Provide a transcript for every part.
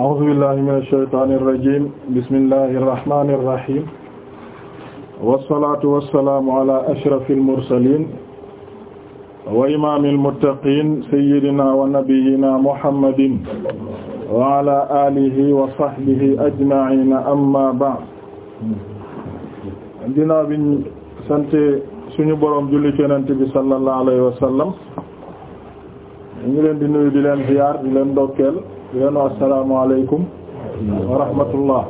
أعوذ بالله من الشيطان الرجيم بسم الله الرحمن الرحيم والصلاة والسلام على أشرف المرسلين وإمام المتقين سيدنا ونبينا محمد وعلى آله وصحبه أجمعين أما بعد ginnaaw bi ñu sant suñu boroom julli ci Yonent bi sallallahu alayhi wa sallam ñu leen di nuyu di leen ziyaar di leen dokkeel yéen asalaamaaleykum wa rahmatullah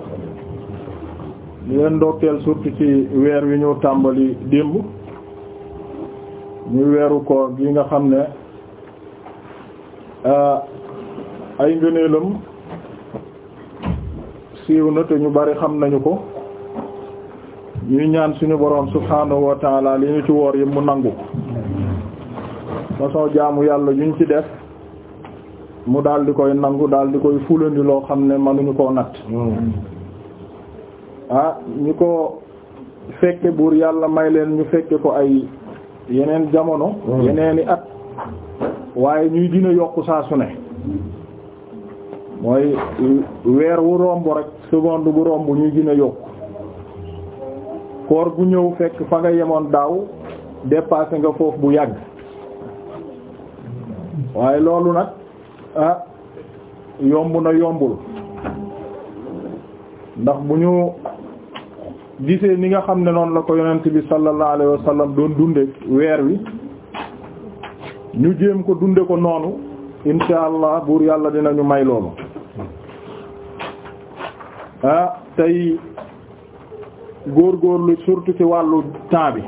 leen ndokkeel surtout ci weer wi ñu tàmbali démb ñu weeru koor gi nga xam ne ay ngëneelam siiw na te ñu bari xam nañu ko ñuy ñaan suñu boroom subhaanahu wa taala li ñu ci woor yi mu nangu façon jaamu yàlla yuñ ci def mu daal di koy nangu daal di koy fulandi loo xam ne manuñu koo natt ah ñu ko fekke buur yàlla may leen ñu fekke ko ay yeneen jamono mm. yeneeni at waaye ñuy dina yokk saa su ne mooy weer wu romb rek seconde bu romb ñuy gën a yokk koor gu ñëw fekk fa nga yemoon daaw dépassé nga foofu bu yàgg waaye loolu nag ah yomb na yombul ndax bu ñu gisee ni nga xam ne noonu la ko yonent bi sallallahu alayhi doon dunde weer wi ñu jéem ko dunde ko noonu insha allah buur yàlla dina ñu may loolu ah tey góorgóorlu surtout ci wàllu temps bi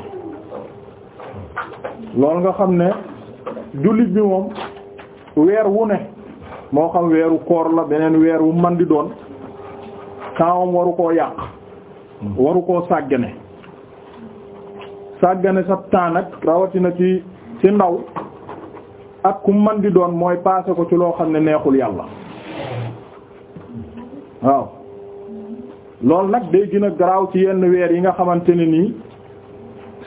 loolu nga xam ne jullit bi moom weer wu ne moo xam weeru koor la beneen weer wu man di doon tempsam waru koo yàq waru koo sàggane sàggane sa temps nag rawatina ci ci ndaw ak ku man di doon mooy paase ko ci loo xam ne neexul yàlla waaw loolu nag day gën a garaaw ci yenn weer yi nga xamante ne nii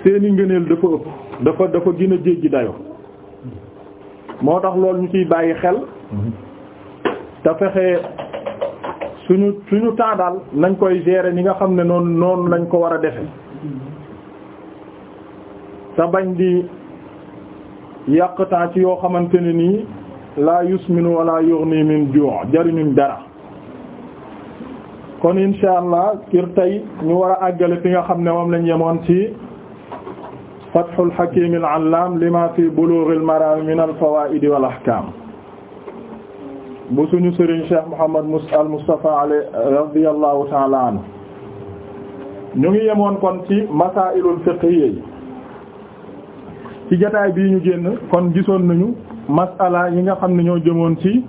seeni ngëneel dafa ëpp dafa dafa gën a jéggi dayo moo tax loolu ñu ciy bàyyi xel te fexe suñu suñu temps daal nañ koy gérer ni nga xam ne noonu noonu lañ ko war a defe te bañ di yàq temps ci yoo xamante ne nii la yusminu wala yughni min ju' jariñuñ dara kon insha allah kir tey ñu war a àggale fi nga xam ne moom lañ yemoon ci fathul hakim al allam lima fi bulughil maram min al fawaid wal ahkam bu suñu sëriñ Cheikh Mouhammad al Moustapha ale radiyallahu taala anhu ñu ngi yemoon kon ci masailul fiqhiyya yi ci jataay bii ñu génn kon gisoon nañu masala yi nga xam ne ñoo jëmoon ci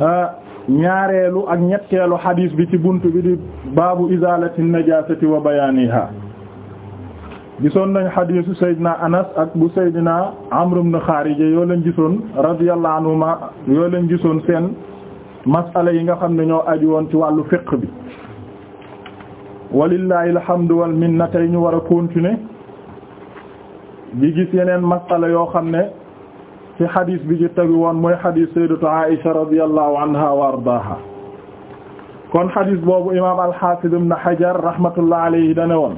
ah, ñaareelu ak ñetteelu xadiis bi ci bunt bi di baabu izalati najasati wa bayaniha gisoon nañ xadiisu Seydina Anas ak bu na Amr ibn Xaarija yoo leen gisoon radiyallahu anhuma yoo leen gisoon seen masala yi nga xam ne ñoo aju woon ci wàllu fiqh bi walillahi alhamdu wal minna tey ñu war a continuer di gis yeneen masala yoo xam ne ci xadiis bi ci tegu woon mooy xadiis Sayyidatu Aisha radiyallahu anha wa ardaaha kon xadiis boobu imaam al-Hafiz ibn Hajar rahmatullah alayhi dane woon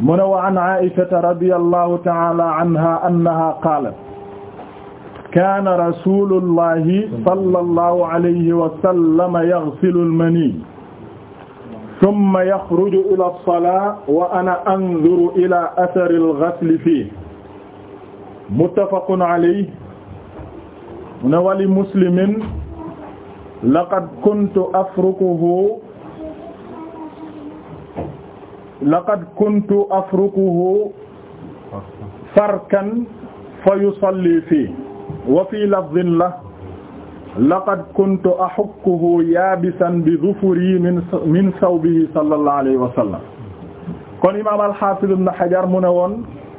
mu ne wa an aishata radiyallahu ta'ala anha annaha qaalat kaana rasulullahi sallallahu alayhi wa sallam yaghsilu al-mani thumma yakhruju ila as-salati wa ana anzuru ila athari al-ghasli fihi muttafaqun alayhi mu ne wa li muslimin laqad kuntu afrukuhu laqad kuntu afrukuhu farkan fa yusalli fii wa fii lafdin la laqad kuntu ahukkuhu yaabisan bi dhufuri min min sawbihi sallallahu alayhi wa sallam kon imaam al-Hafiz ibn Hajar mu ne woon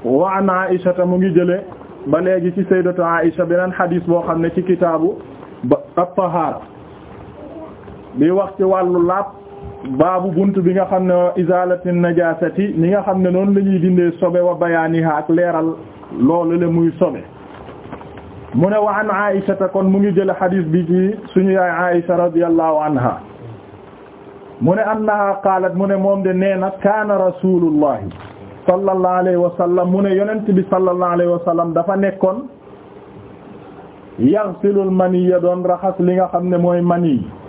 wa an Aisha mu ngi jële ba léegi ci sayyidatu Aisha beneen xadiis boo xam ne ci kitaabu at-tahaara bi wax ci wàllu laab baabu bunt bi nga xam ne izalatin najasati ñi nga xam ne noonu lañuy ñuy dindee sobe wa bayaaniha ak leeral loolu le muy sobe mu ne wa an Aisha kon mu ngi jële xadiis bi ci suñu yaay Aisha radiyallahu anha mu ne annaha qaalat mu ne moom de nee na kaana rasulullahi sallallahu alayhi wa mu ne yonent bi sallallahu alayhi wa dafa nekkoon yaxsilul maniya doon raxas li nga xam ne mooy mani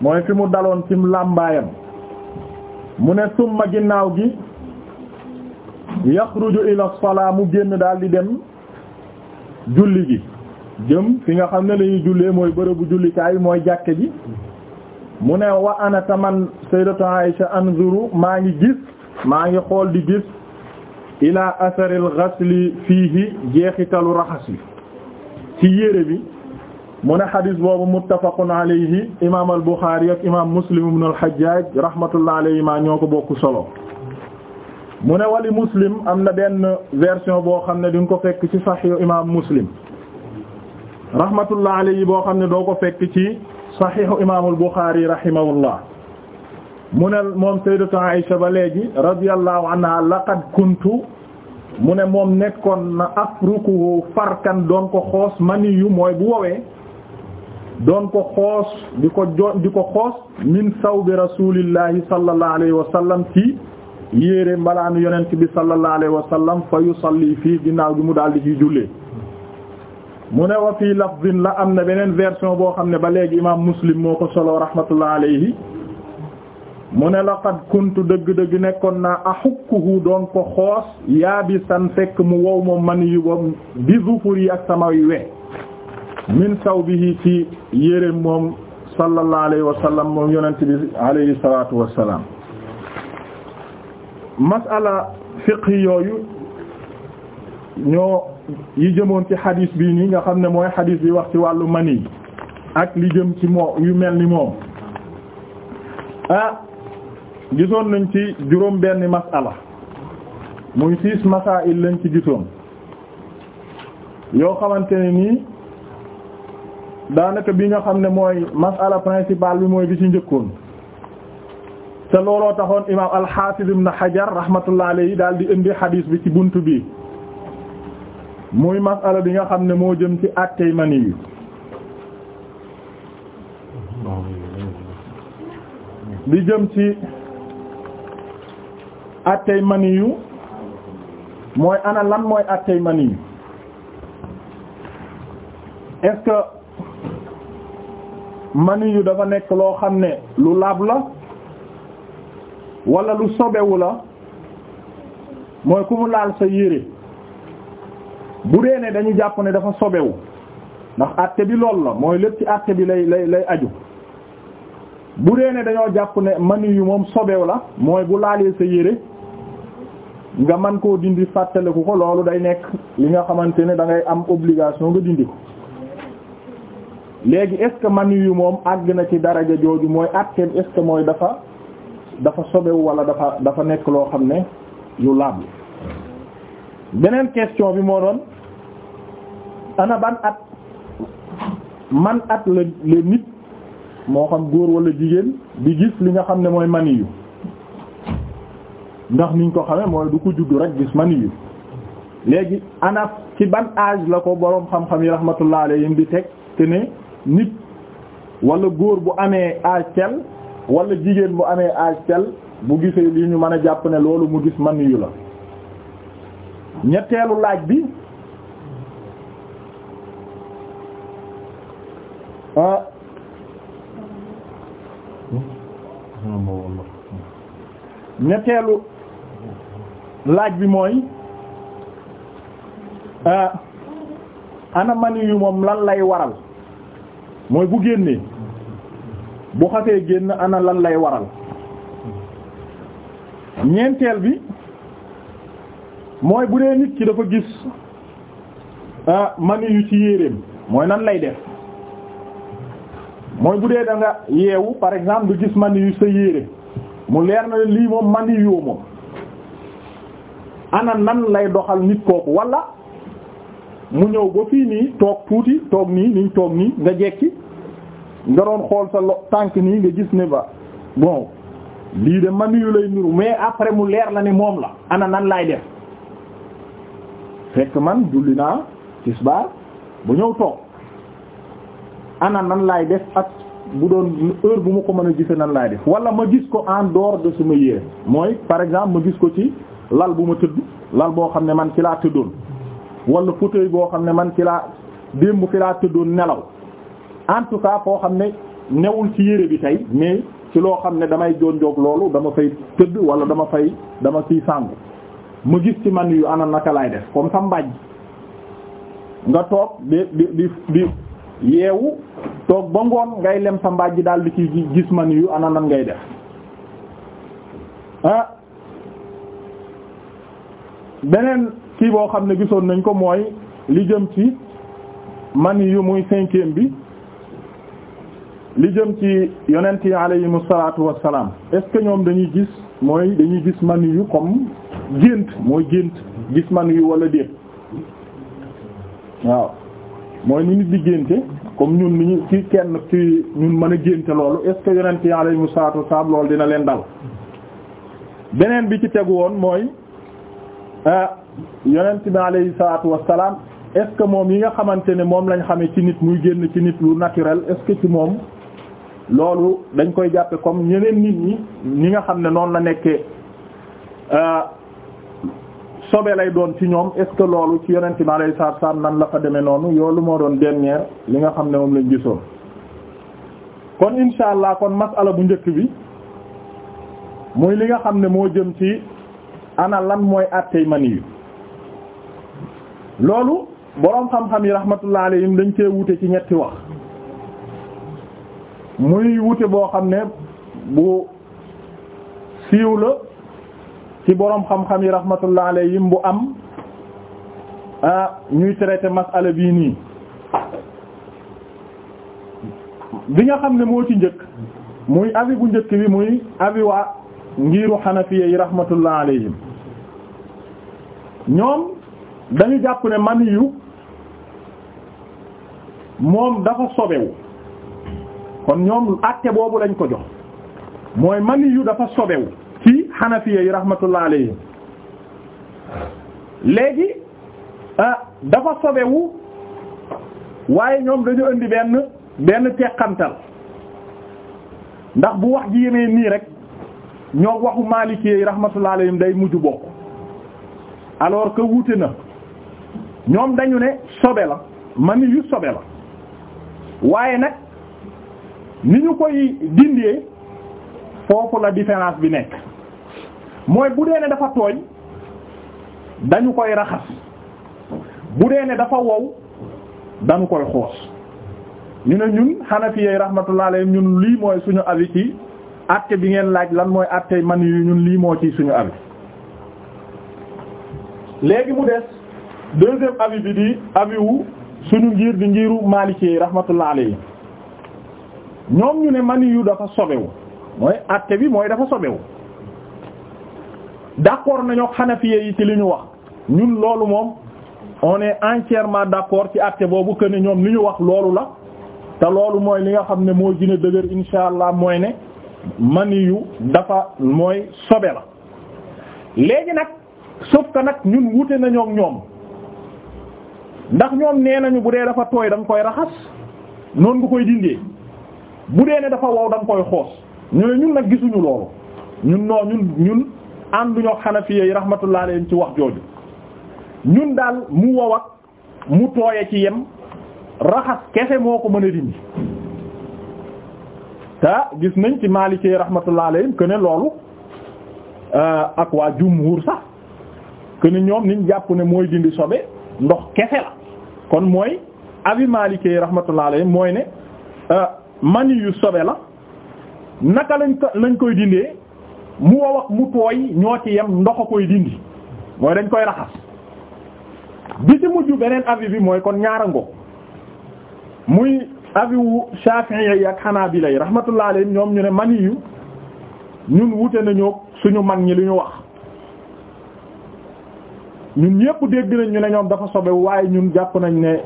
mooy fi mu daloon ci làmbaayam mu ne summa ginnaaw gi yaxruju ila salaa mu génn daal di dem julli gi jëm fi nga xam ne lañuy jullee mooy bërëbu jullikaay mooy jàkke ji mu ne wa ana taman sayyidatu Aisha anzuru maa ngi gis maa ngi xool di gis ila asaril ghasli fiihi jeexitalu raxas yi ci yére bi mu ne xadis boobu muttafaqun alayhi imaam al Buxaari ak imaam Muslim ibn al Hajjaaj rahmatullah alayhi maa ñoo ko bokk solo mu ne wali Muslim am na benn version boo xam ne di nga ko fekk ci saxiix imaam Muslim rahmatullah alayhi boo xam ne doo ko fekk ci saxiixu imaamul Buxaari rahimahullah mu ne moom sayyidatu Aïsha ba léegi radiyallahu anha laqad kuntu mu ne moom nekkoon na afrukuhu farkan doon ko xoos mani mooy bu woowee doon ko xoos di ko jo di ko xoos min sawbi rasulillahi sallallahu alayhi wa sallam ci yéere mbalaanu yonent bi sallallahu alayhi wa sallam fa yusalli fii ginnaaw gi mu daal di ciy jullee mu ne wa fii lafdin la am na beneen version boo xam ne ba léegi imaam muslim moo ko solo rahmatullah alayhi mu ne laqad kuntu dëgg-dëgg nekkoon naa axukkuhu doon ko xoos yaabisan fekk mu wow moom man yu bam bi zufur yi ak samay we min sawbihi ci yéreem moom sallallahu alayhi wa sallam moom yonent bi alayhi salaatu wa masala fiqhi yooyu ñoo yi jëmoon ci xadis bi nii nga xam ne mooy xadis bi wax ci wàllu mani ak li jëm ci moo yu mel ni moom ah gisoon nañ ci juróom benn masala muy six masail lañ ci gisoon yoo xamante ne nii daanaka bi nga xam ne mooy masala principale bi mooy bi ci njëkkoon te looloo taxoon imaam al-Hafiz ibn Hajar rahmatullah alayhi daal di indi hadis bi ci bunt bi muy masala bi nga xam ne moo jëm ci attey mani yi di jëm ci attey mani yu mooy ana lan mooy attey mani yu est mani yu dafa nekk loo xam ne lu laab la wala lu sobewu la mooy ku mu laal sa yére bu dee ne dañu jàpp ne dafa sobewu ndax àtte bi lool la mooy lépp ci àtte bi lay lay lay aju bu dee ne dañoo jàpp ne mani yu moom sobewu la mooy bu laalee sa yére nga man koo dindi fàttaliku ko loolu day nekk li nga xamante ne dangay am obligation nga dindi ko léegi est ce que man yu moom àgg na ci daraja jooju mooy àtteem est ce mooy dafa dafa sobewu wala dafa dafa nekk loo xam ne yu laab beneen question bi moo doon ana ban at man at la le nit moo xam góor wala jigéen bi gis li nga xam ne mooy mani yu ndax niñ ko xamee mooy du ko juddu rek gis mani yu léegi ana ci ban âge la ko boroom xam-xam yi rahmatullah alayhim di teg te ne nit walla góor bu amee âge walla jigéen bu amee âge bu gisee li ñu mën a jàpp ne loolu mu gis man yu la ñetteelu laaj bi ah, ñetteelu laaj bi mooy ah, ana mani moom lan lay waral mooy bu génnee bu xasee génn ana lan lay waral ñeenteel bi mooy bu dee nit ki dafa gis ah mani yu ci yéreem mooy nan lay def mooy bu dee da yeewu par exemple du gis mani yu sa yére mu leer na lii moom mani yoo moom ana nan lay doxal nit kooku walla mu ñëw ba fii nii toog tuuti toog nii niñ toog nii nga jekki nga doon xool sa lo tànk nii nga gis ne ba bon lii de man yu lay niru mais après mu leer la ne moom la ana nan laay def fekk man julli naa tisbaar bu ñëw toog ana nan laay def ak bu doon heure bu ma ko mën a gise nan laay def walla ma gis ko en door de sama yére mooy par exemple ma gis ko ci lal bu ma tëdd lal boo xam ne man ci laa tëddoon wala fauteuil boo xam ne man ci laa démb fi laa tëddoon nelaw en tout cas foo xam ne newul ci yére bi tey mais ci loo xam ne damay jon jonjoog loolu dama fay tëdd wala dama fay dama ciy sàngu mu gis ci man yu ana naka laay def comme sa mbàjj nga toog di di di di yeewu toog ba ngoon ngay lem sa mbàjj daal di ci gis man yu ana ngay def ah beneen kii boo xam ne gisoon nañ ko mooy li jëm ci man yu muy cinquième bi li jëm ci yonent yi mu salaatu wassalaam est ce ñoom dañuy gis mooy dañuy gis man yu kom gént mooy gént gis man yu walla déet waaw mooy ni nit di génte comme ñun ni ñu ci kenn ci ñun mën a génte loolu est ce que yonent yi alayhimu salaatu wassalaam loolu dina leen dal beneen bi ci tegu woon mooy euh, yonent bi alayhi salaatu wassalaam est moom yi nga xamante ne moom lañ xamee ci nit muy génn ci nit lu naturel est ci moom loolu dañ koy jàppe comme ñeneen nit ñi ñi nga xam ne noonu la nekke euh, sobe lay doon ci ñoom est loolu ci yonent bi alayhi salaatu wassalaam nan la fa demee noonu yoolu moo doon dernière li nga xam ne moom lañ gisoon kon insha allah kon masala bu njëkk bi muy li nga xam ne moo jëm ci anal lan mooy attey mani yu loolu boroom xam-xam yi rahmatullah alayhim dañ cee wute ci ñetti wax muy wute boo xam ne bu siiw la ci boroom xam-xam yi rahmatullah alayhim bu am ah ñuy traité masala bii nii bi nga xam ne moo ci njëkk muy avis bu njëkk bi muy avis waa ngiru xanafiya yi rahmatullah alayhim ñoom dañu jàpp ne maniyu moom dafa sobewu kon ñoom àtte boobu lañ ko jox mooy maniyu dafa sobewu ci xanafiya yi rahmatullah alayhi léegi ah dafa sobewu waaye ñoom dañu indi benn benn teqantal ndax bu wax ji yémee nii rek ñoom waxu maalikee yi rahmatullah alayhim day mujj bokk alors que wuute na ñoom dañu ne sobe la mani yu sobe la waaye nag ni ñu koy dindee foofu la différence bi nekk mooy bu dee ne dafa tooñ dañu koy raxas bu dee ne dafa wow dañu koy xoos ñu ne ñun Hanafi yi rahmatullah ñun lii mooy suñu avis ci àtte bi ngeen laaj lan mooy àtte man yu ñun lii moo ci suñu avis léegi mu des deuxième avis bi di avis wu suñu ngir di ngiru Maliki yi rahmatullah ñoom ñu ne mani yu dafa sobewu mooy àtte bi mooy dafa sobewu d'accord nañoo xanafiye yi ci li ñu wax ñun loolu moom on est entièrement d'accord ci àtte boobu que ne ñoom li ñu wax loolu la te loolu mooy li nga xam ne moo gën a dëgër insha allah mooy ne mani yu dafa mooy sobe la léegi nag sauf que nag ñun wute nañoo ak ñoom ndax ñoom nee nañu bu dee dafa tooy da koy raxas noonu bu koy dindee bu dee ne dafa wow da nga koy xoos ñu ne ñun nag gisuñu loolu ñun noo ñun ñun ànduñoo xanafiya yi rahmatullah alayhim ci wax jooju ñun daal mu wow ak mu tooye ci yem raxas kese moo ko mën a dindi ta gis nañ ci maalikee rahmatullah alayhim ne loolu euh, ak waa jumhur sax que ñoom niñ jàpp ne mooy dindi sobe ndox kese la kon mooy abi Maalikee rahmatullah alayhi mooy ne euh, mani yu sobe la naka lañ ko lañ koy dindee mu wow mu tooy ñoo ci yem ndox a koy dindi mooy dañ koy raxas bi ci mujj beneen avis bi mooy kon ñaarango muy avis wu Shafi'i ak Hanabila yi rahmatullah alayhim ñoom ñu ne mani yu ñun wute nañoo suñu mag ñi lu ñu wax ñun ñépp dégg nañ ñu ne ñoom dafa sobewu waaye ñun jàpp nañ ne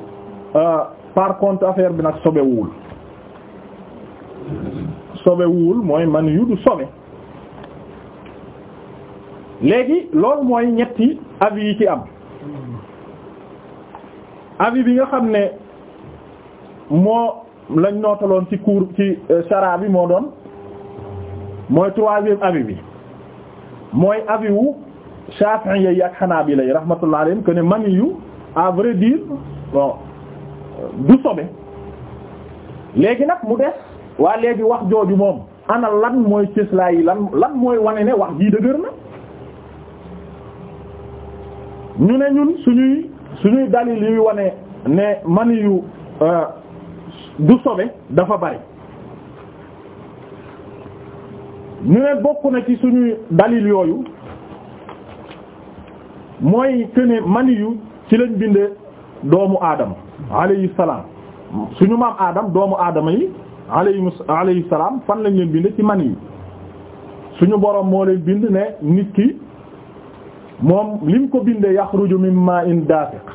euh, par contre affaire bi nag sobewuwul sobewuwul mooy man yu du sobe léegi loolu mooy ñetti avis yi ci am avis bi nga xam ne moo lañ nootaloon ci cours ci euh, sara bi moo doon mooy troisième avis bi mooy avis Shafi'i yi ak Hanabila yi rahmatullah alayhim que ne mani yu à vrai dire bon euh, du sobe léegi nag mu des waa léegi wax jooju moom ana lan mooy cëslaa yi lan lan mooy wane ne wax jii dëgër na ñu ne ñun suñuy suñuy dalil yuy wane ne mani yu euh, du sobe dafa bari ñu ne bokk na ci suñuy dalil yooyu mooy que maniyu ci lañ bindee doomu aadama alayhi salaam suñu maam aadam doomu aadama yi alayhi alayhi salaam fan lañ leen bindee ci maniyu suñu borom moo leen bind ne nit ki moom lim ko bindee yaxruju min ma'in dafiq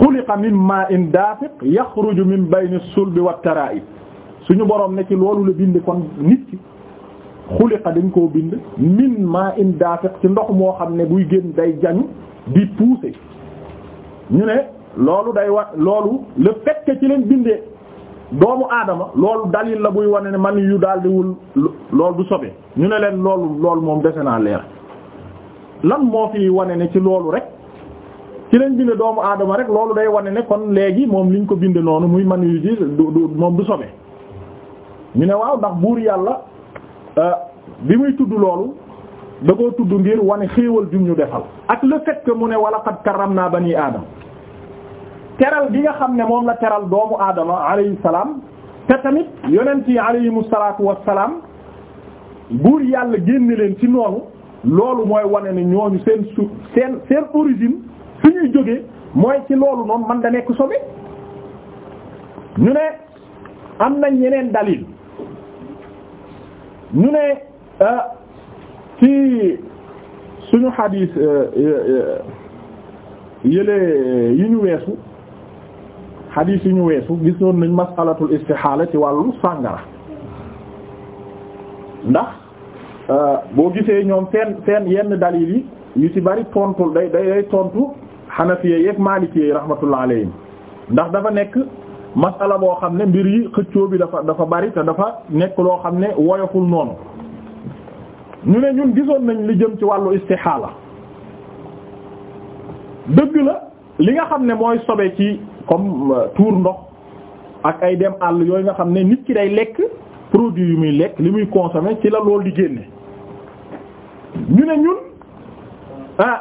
xuliqa min ma'in dafiq yaxruju min bayni sulbi wat suñu borom ne ci loolu la bind kon nit ki xuliqa dañ koo bind min maa in daafiq ci ndox moo xam ne buy génn day jañu di pousser ñu ne loolu day wa loolu le fait ci leen binde doomu aadama loolu dalil la buy wane ne man yu daal diwul loolu du sobe ñu ne leen loolu loolu moom dese naa leer lan moo fi wane ne ci loolu rek ci leen binde doomu aadama rek loolu day wane ne kon léegi moom liñ ko binde noonu muy man yu ji moom du sobe ñu ne waaw ndax buur yàlla Euh, bi muy tudd loolu da koo tudd ngir wane xéewal jum ñu defal ak le fait mu ne wa karam karramna bani aadama teral bi nga xam ne moom la teral doomu aadama alayhi salaam te tamit yonent yi alayhimu salaatu wassalaam buur yàlla génne leen ci noonu loolu mooy wane ne ñooñu seen su seen seen origine fi ñuy jógee mooy ci loolu noonu man da nekk sobe ñu ne am nañ ñeneen dalil ñu ne ah, ci suñu xadiis eh, eh, yële yi ñu weesu xadiis yi ñu weesu gisoon nañ masalatul istixaala ci wàllu sàngara ndax eh, boo gisee ñoom seen seen yenn dalil yi yu ci bari tontul day day day tontu xanafiye yeeg maalikiyee rahmatullah alayhim ndax dafa nekk masala boo xam ne mbir yi xëccoo bi dafa dafa bari te dafa nekk loo xam ne woyoful noonu ñu ne ñun gisoon nañ li jëm ci wàllu istixaala dëgg la li nga xam ne mooy sobe ci comme euh, tuur ndox ak ay dem àll yooyu nga xam ne nit ki day lekk produit yu muy lekk li muy consommer ci la loolu di génne ñu ne ñun ah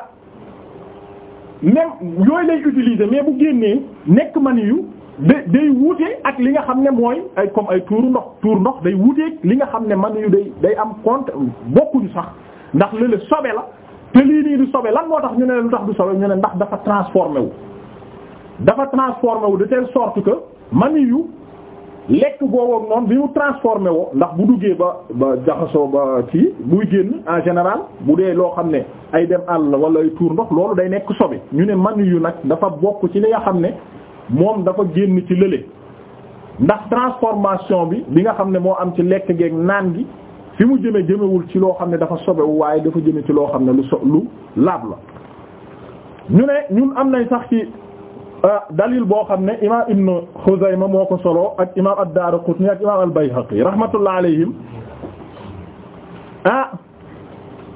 même yooyu lay utiliser mais bu génnee nekk man yu day day wuute ak li nga xam ne mooy ay comme ay tuuru ndox tuur ndox day wuuteeg li nga xam ne man yu day day am compte bokkuñu sax ndax lële sobe la te lii nii du sobe lan moo tax ñu ne lu tax du sobe ñu ne ndax dafa transformé wu. dafa transformé wu de telle que man yu lekk googoog noonu bi transformé woo ndax bu duggee ba ba jaxasoo ba ci buy en général bu dee loo xam ne ay dem àll wala ay tuur ndox loolu day nekk sobe ñu ne man yu nag dafa bokk ci li nga xam ne. moom dafa génn ci lële ndax transformation bi bi nga xam ne moo am ci lekk geeg naan gi fi mu jëme jëmewul ci loo xam ne dafa sobewu waaye dafa jëme ci loo xam ne lu so lu laab la ñu ne ñun am nañ sax ci euh, dalil boo xam ne imaam Ibn Xuzayma moo ko solo ak imaam ad-Daaraqutni ak imaam al-Bayhaqi rahmatullah alayhim ah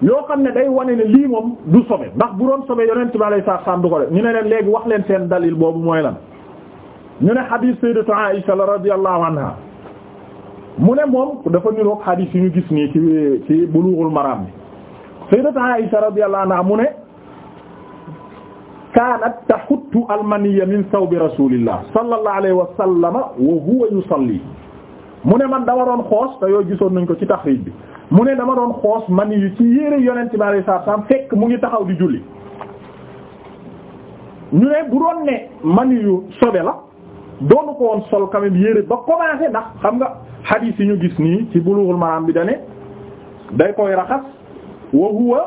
yoo xam ne day wane ne lii moom du sobe ndax bu doon sobe yonent bi alayhi salaam du ko def ñu ne leen léegi wax leen seen dalil boobu mooy lan ñu ne xadiis sayyidatu Aisha radiyallahu anha mu ne moom dafa niroog xadiis yi ñu gis nii ci ci Bulughul Maram bi sayyidatu Aisha radiyallahu anha mu ne kaanat taxuttu almaniya min sawbi rasulillah sallallahu alayhi wa sallam wa huwa yusalli mu ne man dama doon xoos te yooyu gisoon nañ ko ci taxriij bi mu ne dama doon xoos mani ci yére yonent bi alayhi salaatu fekk mu ngi taxaw di julli ñu ne bu doon ne mani sobe la doonu ko woon sol quand même yére ba commencé ndax xam nga hadith yi ñu gis nii ci Bulughul Maram bi dane day koy raxas wa huwa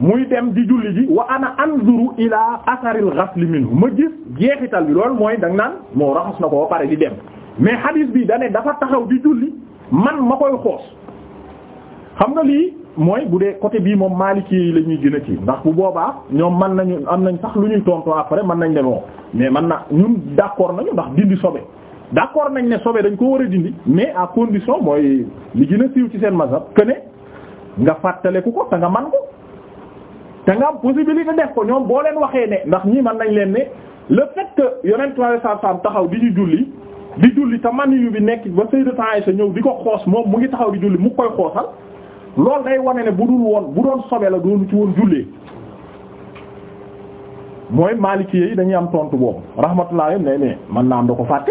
muy dem di julli ji wa ana anzuru ila atharil ghasl minhu ma gis jeexital bi loolu mooy dang naan moo raxas na ko ba pare di dem mais hadith bi dane dafa taxaw di julli man ma koy xoos xam nga lii mooy bu dee côté bii moom Maliki yi la ñuy gën a ci ndax bu boobaa ñoom mën nañu am nañ tax lu ñuy tontoo après mën nañ demoo mais man na ñun d'accord nañu ndax dindi sobe d'accord nañ ne sobe dañ ko war a dindi mais à condition mooy li gën a siiw ci seen mazhab que ne nga fàttaleku ko te nga man ko te nga am possibilité def ko ñoom boo leen waxee ne ndax ñii man nañ leen ne le fait que yonent sallallahu alayhi wasallam taxaw di ñu julli di julli te man yu bi nekk ba Sayyidatu Aisha ñëw di ko xoos moom mu ngi taxaw di julli mu koy xoosal loolu day wane ne bu dul woon bu doon sobe la doonu ci woon jullee mooy maliki yi dañuy am tontu boobu rahmatullah ne ne man naa am da ko fàtte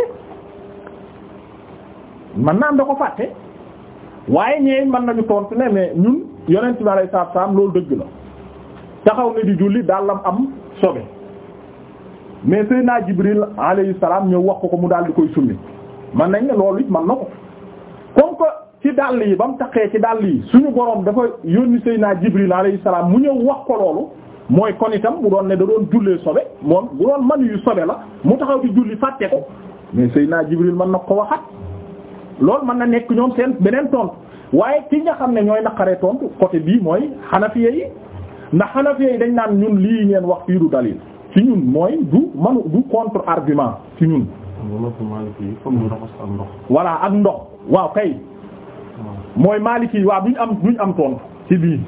man naa am da ko fàtte waaye ñee man nañu tontu ne mais ñun yonent bi alayhi salaatu salaam loolu dëgg la taxaw ne di julli daal lam am sobe mais Seydina Jibril alayhi salaam ñëw wax ko ko mu daal di koy summi man nañ ne loolu man na ko comme que ci dàll yi ba mu taqee ci dàll yi suñu borom dafa yónni Seydina Jibril alayhi salaam mu ñëw wax ko loolu mooy kon itam bu doon ne da doon jullee sobe moom bu doon man yu sobe la mu taxaw di julli fàtte ko mais Seydina Jibril man na ko waxat loolu mën na nekk ñoom seen beneen tontu waaye ki nga xam ne ñooy naqaree tontu côté bii mooy xanafiye yi ndax xanafiye yi dañ naan ñun lii ngeen wax fii du dalil ci ñun mooy du manu du contre argument ci ñun. voilà ak ndox waaw kay. mooy Maliki yi waaw duñ am duñ am tontu ci bii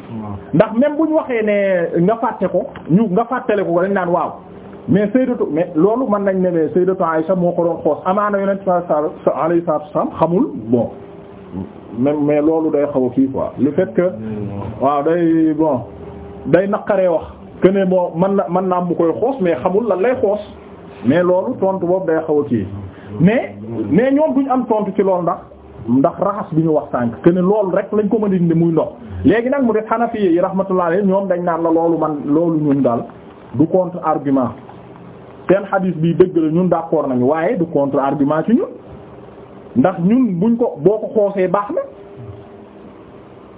ndax même buñ waxee ne nga fàtte ko ñu nga fàttale ko dañ naan waaw mais sayyidatu mais loolu mën nañ ne ne sayyidatu Aisha moo ko doon xoos amaana yonent alayhi salaatu wasallam xamul bon même mais loolu day xaw a kii quoi le fait que hmm. waaw day bon day naqaree wax que ne bon mën na mën naa mu koy xoos mais xamul lan lay xoos mais loolu tontu boobu day xaw a kii hmm. mais mais ñoom duñ am tontu ci loolu ndax ndax raxas bi ñu wax sànk que ne loolu rek lañ ko mën a muy ndox léegi nag mu def xanafi yi rahmatullah alayhi ñoom dañ naan la loolu man loolu ñun daal du contre argument seen xadiis bi dëgg la ñun d'accord nañu waaye du contre argument ci ñun ndax ñun buñ ko boo ko xoosee baax na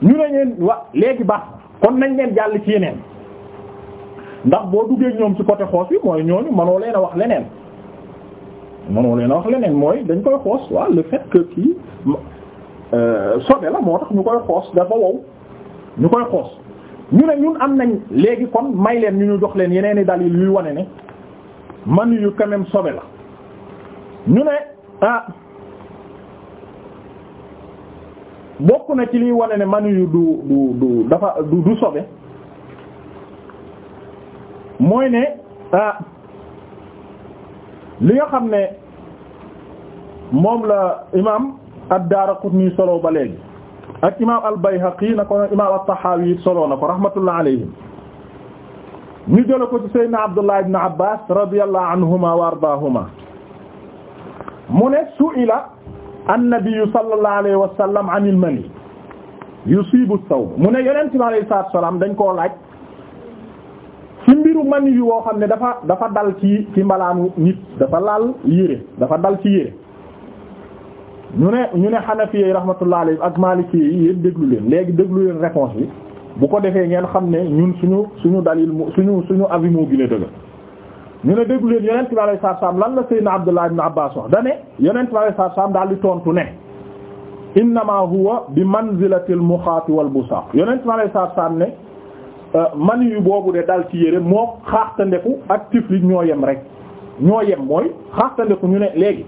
ñu ne leen wa léegi baax kon nañ leen jàll ci yeneen ndax boo duggee ñoom ci côté xoos bi mooy ñooñu mënoo leen a wax leneen. mënoo wax leneen mooy dañ koy xoos waaw le fait que kii euh, sobe la moo tax ñu koy xoos dafa wow ñu koy xoos ñu ne ñun am nañ léegi kon may leen ñu ñu jox leen yeneen i yi luy wane ne man yu quand même sobe la ñu ne ah bokk na ci luy wane ne manu yu du du du dafa du du sobe mooy ne ah li nga xam ne moom la imaam ad-Daaraqutni solo ba léegi ak imaam al-Bayhaqi na ko imaam at-Tahawi solo na ko rahmatullah alayhim ñu jëla ko ci Seydina Abdullah ibn Abbas radiyallahu anhuma wa ardaahuma mu ne su'ila an-nabiyyu sallallahu alayhi wa sallam anil mani yusibu ath-thawb mu ne yonent bi alayhi salaatu wa salaam dañ koo laaj ci mbiru man yu woo xam ne dafa dafa dal ci ci mbalaanu nit dafa laal yére dafa dal ci yére ñu ne ñu ne Hanafi yi rahmatullah alayhi ak Maliki yi yéen déglu leen léegi déglu leen réponse yi bu ko defee ngeen xam ne ñun suñu suñu dalil suñu suñu avis moo gën dëgg ñu ne déglu leen yonent bi alayhi salaam lan la Seydina Abdullah ibn Abbas wax da ne yonent bi alayhi salaam daal di tontu ne innamaa huwa bi manzilatil muxaati wal busaaq yonent bi alayhi salaam ne. Euh, man yu boobu de dal ci yére moom xaaxtandeku ak tiflit ñoo yem rek ñoo yem mooy xaaxtandeku ñu ne léegi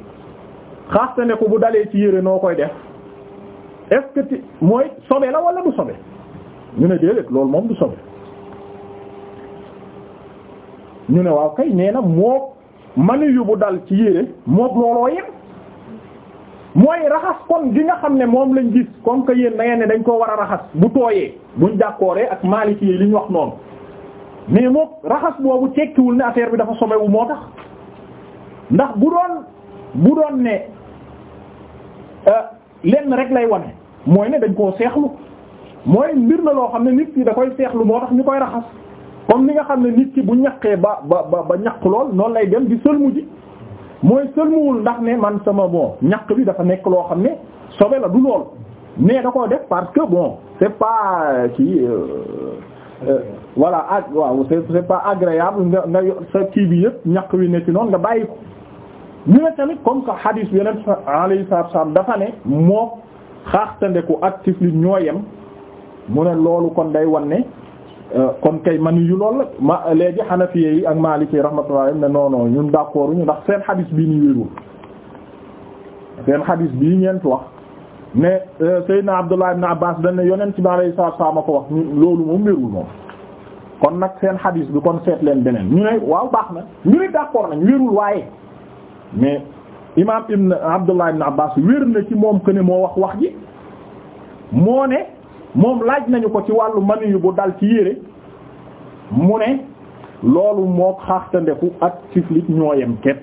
xaaxtandeku bu dalee ci yére noo koy def est mooy sobe la wala du sobe ñu ne déedéet loolu moom du sobe ñu ne waaw kay nee na mook mani yu bu dal ci yére moo looloo yem mooy raxas kon gi nga xam ne moom lañ gis comme que yéen na ngeen ne dañ koo war a raxas bu tooyee buñ jàkkooree ak Maliki yi li ñu wax noonu mais moom raxas boobu tekkiwul ne affaire bi dafa sobewu moo tax ndax bu doon bu doon ne euh, lenn rek lay wane mooy ne dañ koo seexlu mooy mbir na loo xam ne nit ki da koy seexlu moo tax ñu koy raxas comme ni nga xam ne nit ki bu ñaqee ba ba ba ñaq lool noonu lay dem di sëlmu ji mooy sëlmuwul ndax ne man sama bon ñaq bi dafa nekk loo xam ne sobe la du lool nee da koo def parce que bon c'est pas kii euh, euh, voilà ak waaw c'est c'est pas agréable nga nga sa kii bi yëpp ñaq wi ne ci noonu nga bàyyi ko ñu ne tamit comme que hadis yeneen alayhi salaam dafa ne moo xaaxtandeku ak tifli ñoo yem mu ne loolu kon day wan ne kon kay man yu loolu la ma léegi xanafiye yi ak maliki rahmatullah ne non non ñun d'accord ñu ndax seen xadis bii ni wérul seen xadis bii ñeent wax ne euh, Seydina Abdullah ibn Abbas dañ ne yonent bi alayhi salaatu wa salaam ko wax loolu moom wérul moom kon nag seen xadis bi kon seet leen beneen ñu ne waaw baax na ñu ne d'accord nañ wérul waaye mais imam ibn Abdullah ibn Abbas wér na ci moom que ne moo wax wax ji moo ne moom laaj nañu ko ci wàllu mani yu bu dal ci yére mu ne loolu mook xaaxta ndeku ak siflit ñooyem képp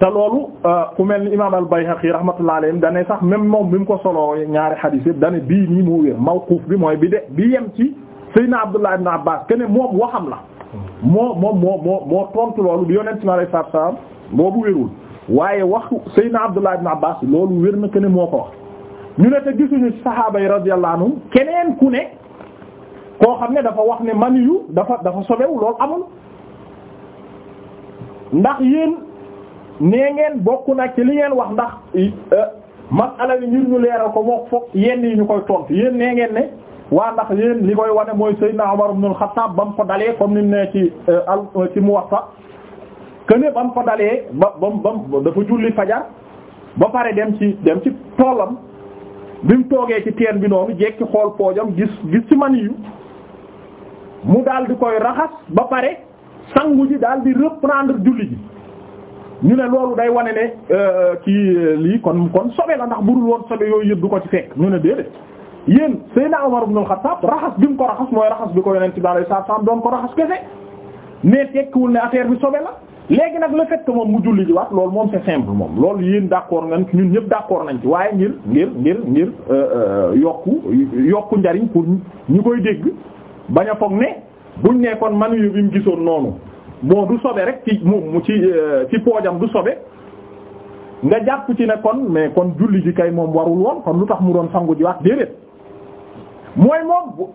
te loolu euh, ku mel ni imaam al-Bayhaqi rahmatullah alayhi dane sax même moom bi mu ko solo ñaari xadiis yëpp dane bii nii moo wér mawquuf bi mooy bi de bi yem ci Seydina Abdullah ibn Abbas kene moom waxam la moo moom moo moo moo tontu loolu bi yonent mi alayhi salaatu wa salaam boobu wérul waaye waxu Seydina Abdullah ibn Abbas loolu wér na kene moo ko wax ñu ne te gisuñu saxaaba yi radiyallahu anhum keneen ku ne koo xam ne dafa wax ne man yu dafa dafa sobewu loolu amul ndax yéen nee ngeen bokk nag ci li ngeen wax ndax euh, masala yi ñu ñu leeral ko wax foog yenn yi ñu koy tontu yéen nee ngeen ne waa ndax yéen li koy wane mooy Seydina Umar ibn al-Khattab ba mu ko dalee comme ni mu ne ci euh, al euh, ci Muwatta këne ba mu ko dalee ba ba mu dafa julli fajar ba pare dem ci dem ci toolam bi mu toogee ci teen bi noonu jekki xool poojam gis gis ci mani yu mu daal di koy raxas ba pare sangu ji daal di reprendre julli ji ñu ne loolu day wane ne euh, kii euh, lii kon kon sobe la ndax burul woon sobe yooyu yëpp du ko ci fekk ñu ne déedéet yéen Seydina Umar ibn al-Khattab raxas bi mu ko raxas mooy raxas bi ko yonent bi sallallahu alayhi wasallam doon ko raxas kese mais tekkiwul ne affaire bi sobe la léegi nag le fait moom mu julli ji waat loolu moom c'est simple moom lool yéen d'accord nañ ñun ñëpp d'accord nañ ci waaye ngir ngir ngir ngir euh, euh, yokku yokku njariñ pour ñu koy dégg bañ a foog ne buñ ne kon man yu bi gisoon noonu bon du sobe rek ci mu ci euh, ci poojam du sobe nga jàpp ci ne kon mais kon julli ji kay moom warul woon kon lu tax mu doon sangu ji waat déedéet mooy moom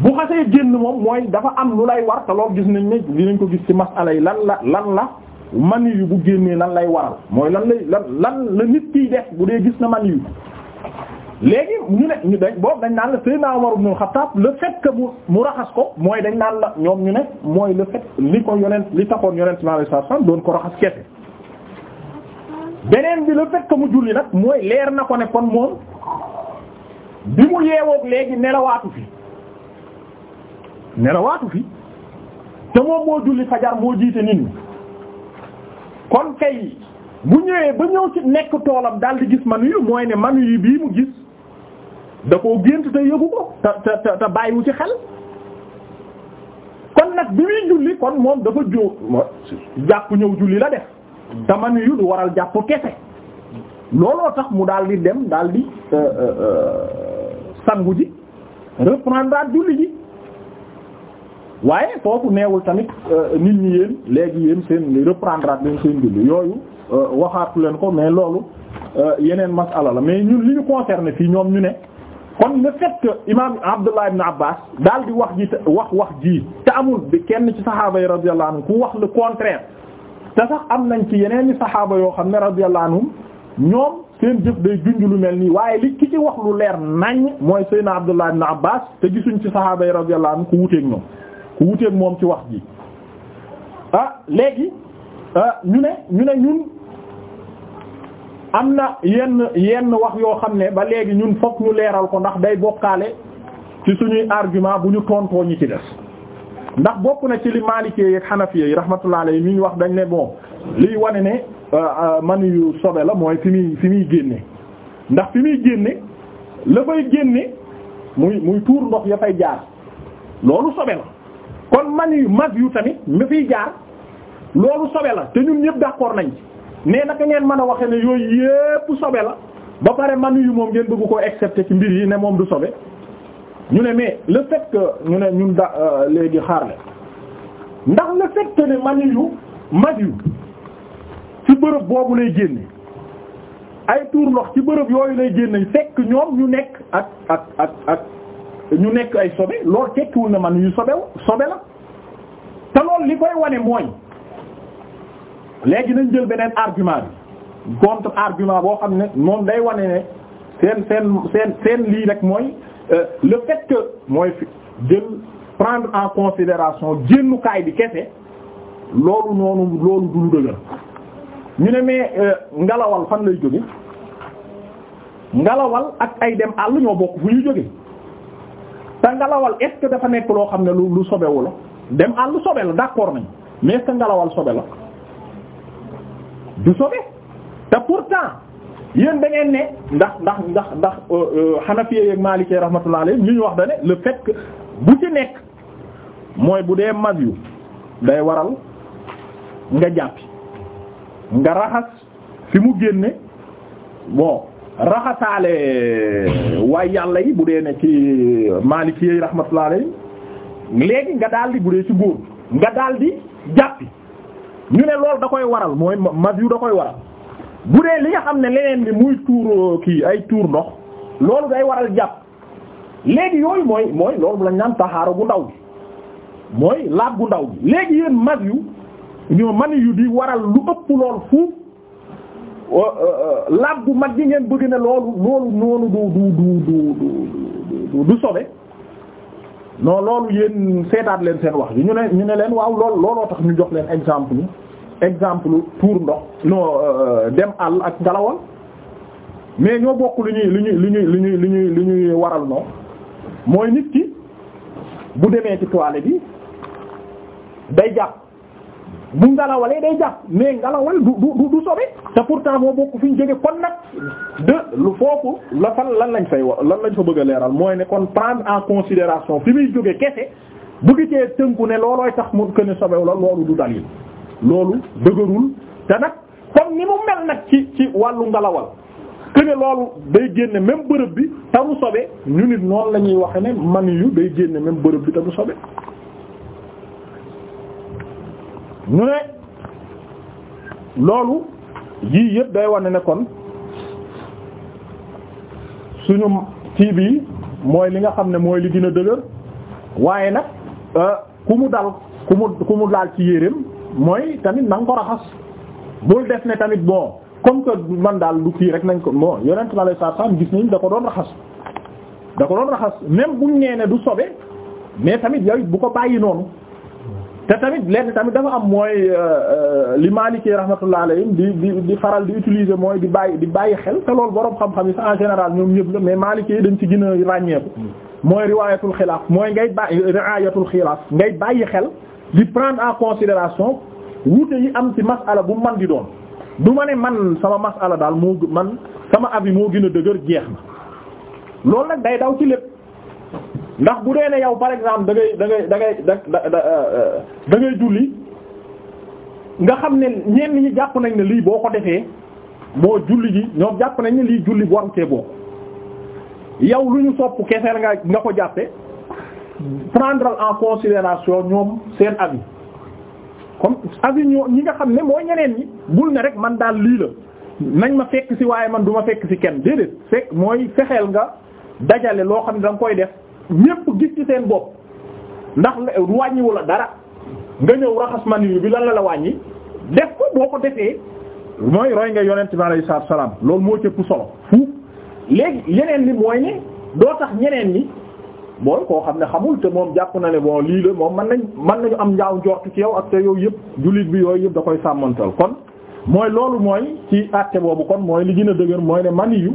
bu xasee génn moom mooy dafa am lu lay war te loolu gis nañ ne nañ ko gis ci masala yi lan la lan la mani yu bu génnee lan lay waral mooy lan lay lan lan la nit kiy def bu dee gis na man yi léegi ñu ne ñu dañ boobu dañ naa la Seydina Umar ibn Khattab le fait que mu mu raxas ko mooy dañ naan la ñoom ñu ne mooy le fait li ko yonent li taxoon yonent sallallahu alayhi wasallam doon ko raxas kese beneen bi le fait mu julli nag mooy leer na ko ne kon moom bi mu yeewoog léegi nelawaatu fi nelawaatu fi te moom moo julli fajar moo jiite nit ñi kon kay bu ñëwee ba ñëw ci nekk toolam daal di gis manu yu mooy ne manu yu bii mu gis da koo gént te yëgu ko te te te bàyyiwu ci xel kon nag bi muy julli kon moom dafa jóo jàpp ñëw julli la def te manu yu du waral jàpp kese looloo tax mu daal dem daldi di euh, euh, euh, sangu julli ji waaye foofu neewul tamit euh, nit ñi yéen léegi yéen seen reprendre at leen seen julli yooyu euh, waxaatu leen ko mais loolu euh, yeneen masala la mais ñun li ñu concerné fii ñoom ñu ne kon le fait que imaam Abdullah ibn Abbas daal di wax ji wax wax ji te amul bi kenn ci saxaaba yi radiyallahu anhum ku wax le contraire te sax am nañ ci yeneen i saxaaba yoo xam ne radiyallahu anhum ñoom seen jëf day junj lu mel nii waaye li ki ci wax lu leer nañ mooy Seydina Abdullah ibn Abbas te gisuñ ci saxaaba yi radiyallahu anhum ku wuteeg ñoom. ku wuteeg moom ci wax ji ah léegi ah ñu ne ñu ne ñun am na yenn yenn wax yoo xam ne ba léegi ñun fokk ñu leeral ko ndax day bokkaale ci suñuy argument bu ñu tontoo ñi ci des ndax bokk na ci li maalikee yeeg xanafiye yi rahmatullah alayhi mi ñu wax dañ ne bon liy wane ne euh, euh, man yu sobe la mooy fi muy fi muy génne ndax fi muy génne la koy génne muy muy tuur ndox ya fay jaar loolu sobe la kon man yu mag yu tamit ma fiy jaar loolu sobe la te ñun ñëpp d'accord nañ ci mais naka ngeen mën a waxee ne yooyu yépp sobe la ba pare man yu moom ngeen bëggu koo accepter ci mbir yi ne moom du sobe ñu ne mais le que ñu ne ñun da euh, léegi xaarle ndax le fait que ne man yu mag yu ci bërëb boobu lay génne ay tuur ndox ci bërëb yooyu lay génne fekk ñoom ñu nekk ak ak ak ak. ñu nekk ay sobe loolu tekkiwul na man yu sobew sobe la te loolu li koy wane mooy léegi nañ jël beneen argument bi contre argument boo xam ne moom day wane ne seen seen seen seen lii rek mooy euh, le fait que mooy jël prendre en considération génnukaay bi kese loolu noonu loolu du lu dëgër ñu ne mais euh, ngalawal fan lay jóge ngalawal ak ay dem àll ñoo bokk fu ñu jóge te ngalawal est dafa nekk loo xam ne lu lu sobewu la dem àll sobe la d'accord nañ mais est-ce que ngalawal sobe la du sobe te pourtant yéen da ne ndax ndax ndax ndax euh, euh, Hanafiyye ak Maalikee rahmatullah ñu ñu wax da ne le fait que bu ci nekk mooy bu dee mag yu day waral nga jàppi nga raxas fi mu génne bon. raxataale waaye yàlla bu dee ne ci maliki yi rahmatullahi alayhi léegi nga daldi bu dee ci góor nga daldi jàppi ñu ne loolu da koy waral mooy mas yu da koy waral bu dee li nga xam ne leneen bi muy tuur kii ay tuur ndox loolu day waral jàpp léegi yooyu mooy mooy loolu la naan taxaaro bu ndaw mooy laab gu ndaw bi léegi yéen mas yu ñoo mani yu di waral lu ëpp lool fuuf Euh, euh, euh, laab bu mag gi ngeen bëgg na loolu loolu noonu du du du du du sobe non loolu yéen seetaat leen seen wax yi ñu ne ñu ne leen waaw looloo tax ñu jox leen exemple exemple tuur ndox non dem àll ak ngalawal mais ñoo bokk lu ñuy lu ñuy lu ñuy lu ñuy lu ñuy waral noonu mooy nit ki bu demee ci toilette bi day jàpp bu ngelawalee day jàpp mais ngelawal du du du sobe te pourtant moo bokk fi ñu jóge kon nag de lu foofu la fan lan lañ fay wax lan lañ fa bëgg a leeral mooy ne kon prendre en considération fi muy jóge kese bëgg cee tënku ne loolooy tax mu que ne sobew la loolu du dalil loolu dëgërul te nag comme ni mu mel nag ci ci wàllu ngelawal que loolu day génne même bërëb bi te du sobe ñu nit noonu la ñuy waxe ne man yu day génne même bërëb bi te du sobe ñu ne loolu yii yëpp day wane ne kon suñu kii bi mooy li nga xam ne mooy li dina a dëgër waaye nag euh, ku mu dal ku mu ku mu laal ci yéreem mooy tamit na ko raxas bul def ne tamit bon comme que man daal du kii rek nañ ko bon yonent na lay saa gis nañ da ko doon raxas da ko doon raxas même buñ nee du sobe mais tamit yow bu ko bàyyi noonu. te tamit lenn tamit dafa am mooy euh, euh, li Maliki rahmatullah alayhim di di di faral di utiliser mooy di bàyyi di bàyyi xel te loolu borom xam-xam yi sax en général ñoom ñëpp la mais Maliki dañ ci gën a ràññeeku. Mm. mooy riwaayatul xilaaf mooy ngay bàyyi riwaayatul xilaaf ngay bàyyi xel di prendre en considération wuute yi am ci masala bu man di doon du ma ne man sama masala daal moo man sama ab yi moo gën a dëgër jeex na loolu nag day daw ci lépp. ndax bu dee ne yow par exemple dangay dangay dangay ngay ngay da julli nga xam ne ñenn ñi jàpp nañ ne lii boo ko defee moo julli ji ñoom jàpp nañ ne lii julli bu waru cee bokk yow lu ñu sopp keseel nga nga ko jàppe prendre en considération ñoom seen avis comme avis ñoo ñi nga xam ne mooy ñeneen ñi bul ne rek man daal lii la nañ ma fekk ci waaye man duma ma fekk ci kenn déedéet fekk mooy fexeel nga dajale loo xam ne danga koy def ñépp gis ci seen bopp ndax wàññiwu la dara nga ñëw raxas man yu bi lan la la wàññi def ko boo ko defee mooy roy nga yonent bi alayhi salaatu salaam loolu moo cëpp solo fu léegi yeneen li mooy ne doo tax ñeneen ñi booy koo xam ne xamul te moom jàpp na ne bon lii la moom man nañ mën nañu am njaaw njortu ci yow ak te yow yëpp jullit bi yooyu yëpp da koy sàmmantal kon mooy loolu mooy ci àtte boobu kon mooy li gën a dëgër mooy ne man yu